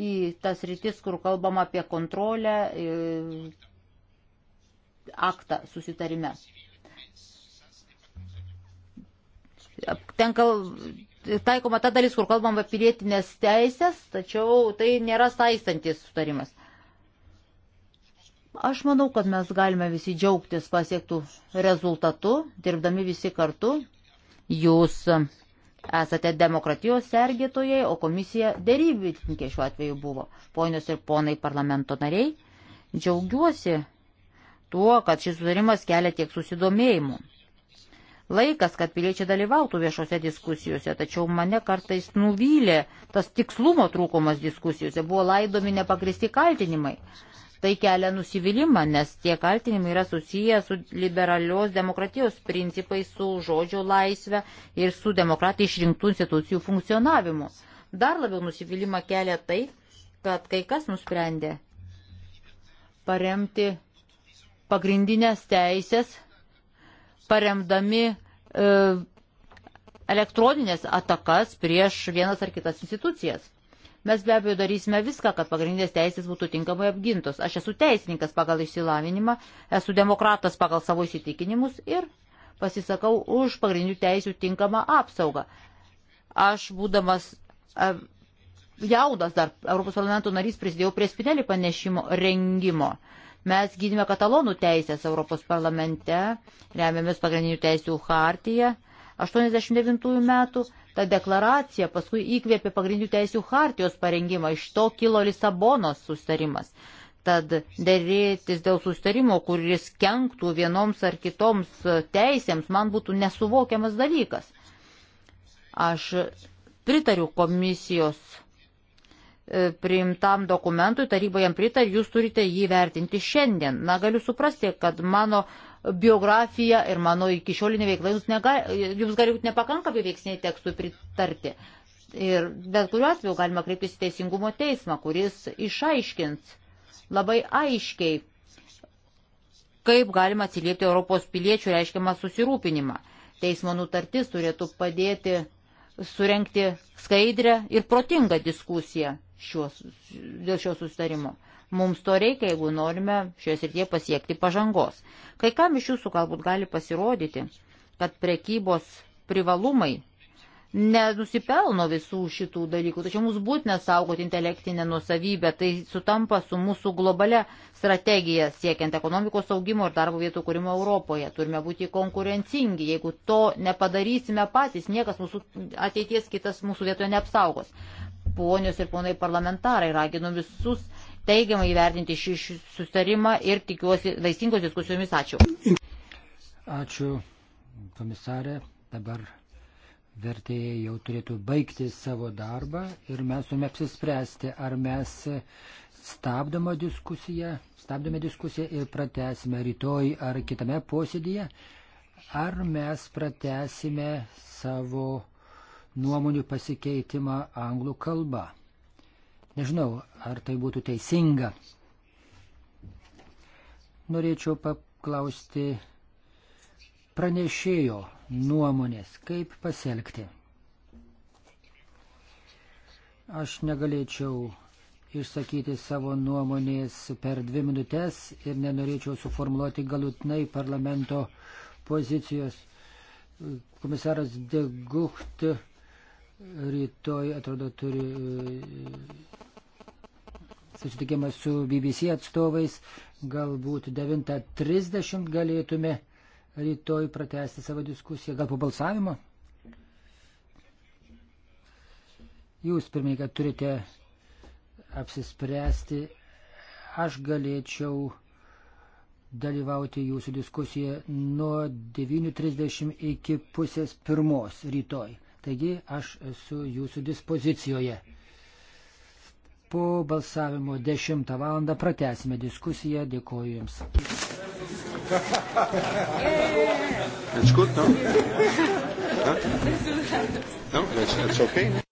į tas rytis, kur kalbam apie kontrolę e, aktą susitarime. Tenka taikoma ta dalis, kur kalbam apie pilietinės teisės, tačiau tai nėra saistantis sutarimas. Aš manau, kad mes galime visi džiaugtis pasiektų rezultatų, dirbdami visi kartu. Jūs Esate demokratijos sergėtojai, o komisija dėrybininkė šiuo atveju buvo. Ponios ir ponai parlamento nariai, džiaugiuosi tuo, kad šis sudarimas kelia tiek susidomėjimų. Laikas, kad piliečiai dalyvautų viešose diskusijose, tačiau mane kartais nuvylė tas tikslumo trūkumas diskusijose, buvo laidomi nepagristi kaltinimai tai kelia nusivylimą, nes tie kaltinimai yra susiję su liberalios demokratijos principais, su žodžio laisvė ir su demokratai išrinktų institucijų funkcionavimu. Dar labiau nusivylimą kelia tai, kad kai kas nusprendė paremti pagrindinės teisės, paremdami e, elektroninės atakas prieš vienas ar kitas institucijas. Mes be abejo darysime viską, kad pagrindinės teisės būtų tinkamai apgintos. Aš esu teisininkas pagal išsilavinimą, esu demokratas pagal savo įsitikinimus ir pasisakau už pagrindinių teisių tinkamą apsaugą. Aš būdamas jaunas dar Europos parlamento narys prisidėjau prie spinelį panešimo rengimo. Mes gydime katalonų teisės Europos parlamente, remiamės pagrindinių teisių hartiją 89 metų. Ta deklaracija paskui įkvėpė pagrindinių teisių hartijos parengimą, iš to kilo Lisabonos sustarimas. Tad dėrėtis dėl sustarimo, kuris kenktų vienoms ar kitoms teisėms, man būtų nesuvokiamas dalykas. Aš pritariu komisijos e, priimtam dokumentui, taryba jam pritarė, jūs turite jį vertinti šiandien. Na, galiu suprasti, kad mano biografija ir mano iki šiolinė veikla jums, nega, jums gali būti nepakanka beveiksniai tekstui pritarti. Ir bet kuriuo atveju galima kreiptis į Teisingumo teismą, kuris išaiškins labai aiškiai, kaip galima atsiliepti Europos piliečių reiškiamą susirūpinimą. Teismo nutartis turėtų padėti surenkti skaidrę ir protingą diskusiją šios, dėl šio susitarimo. Mums to reikia, jeigu norime šioje srityje pasiekti pažangos. Kai kam iš jūsų galbūt gali pasirodyti, kad prekybos privalumai nenusipelno visų šitų dalykų, tačiau mums būtina saugoti intelektinę nusavybę, tai sutampa su mūsų globale strategija siekiant ekonomikos augimo ir darbo vietų kūrimo Europoje. Turime būti konkurencingi, jeigu to nepadarysime patys, niekas mūsų ateities kitas mūsų vietoje neapsaugos. Ponios ir ponai parlamentarai, raginu visus teigiamai vertinti šį sustarimą ir tikiuosi vaisingos diskusijomis. Ačiū. Ačiū, komisarė. Dabar vertėjai jau turėtų baigti savo darbą ir mes turime apsispręsti, ar mes stabdome diskusiją, stabdome diskusiją ir pratesime rytoj ar kitame posėdėje, ar mes pratesime savo nuomonių pasikeitimą anglų kalbą. Nežinau, ar tai būtų teisinga. Norėčiau paklausti pranešėjo nuomonės, kaip pasielgti. Aš negalėčiau išsakyti savo nuomonės per dvi minutės ir nenorėčiau suformuoluoti galutinai parlamento pozicijos. Komisaras Degucht rytoj, atrodo, turi susitikimas su BBC atstovais, galbūt 9.30 galėtume rytoj pratesti savo diskusiją, gal po balsavimo. Jūs, pirmininkai, turite apsispręsti. Aš galėčiau dalyvauti jūsų diskusiją nuo 9.30 iki pusės pirmos rytoj. Taigi aš esu jūsų dispozicijoje. Po balsavimo 10 val. pratesime diskusiją. Dėkuoju Jums. It's good, no? huh? No, that's, that's okay.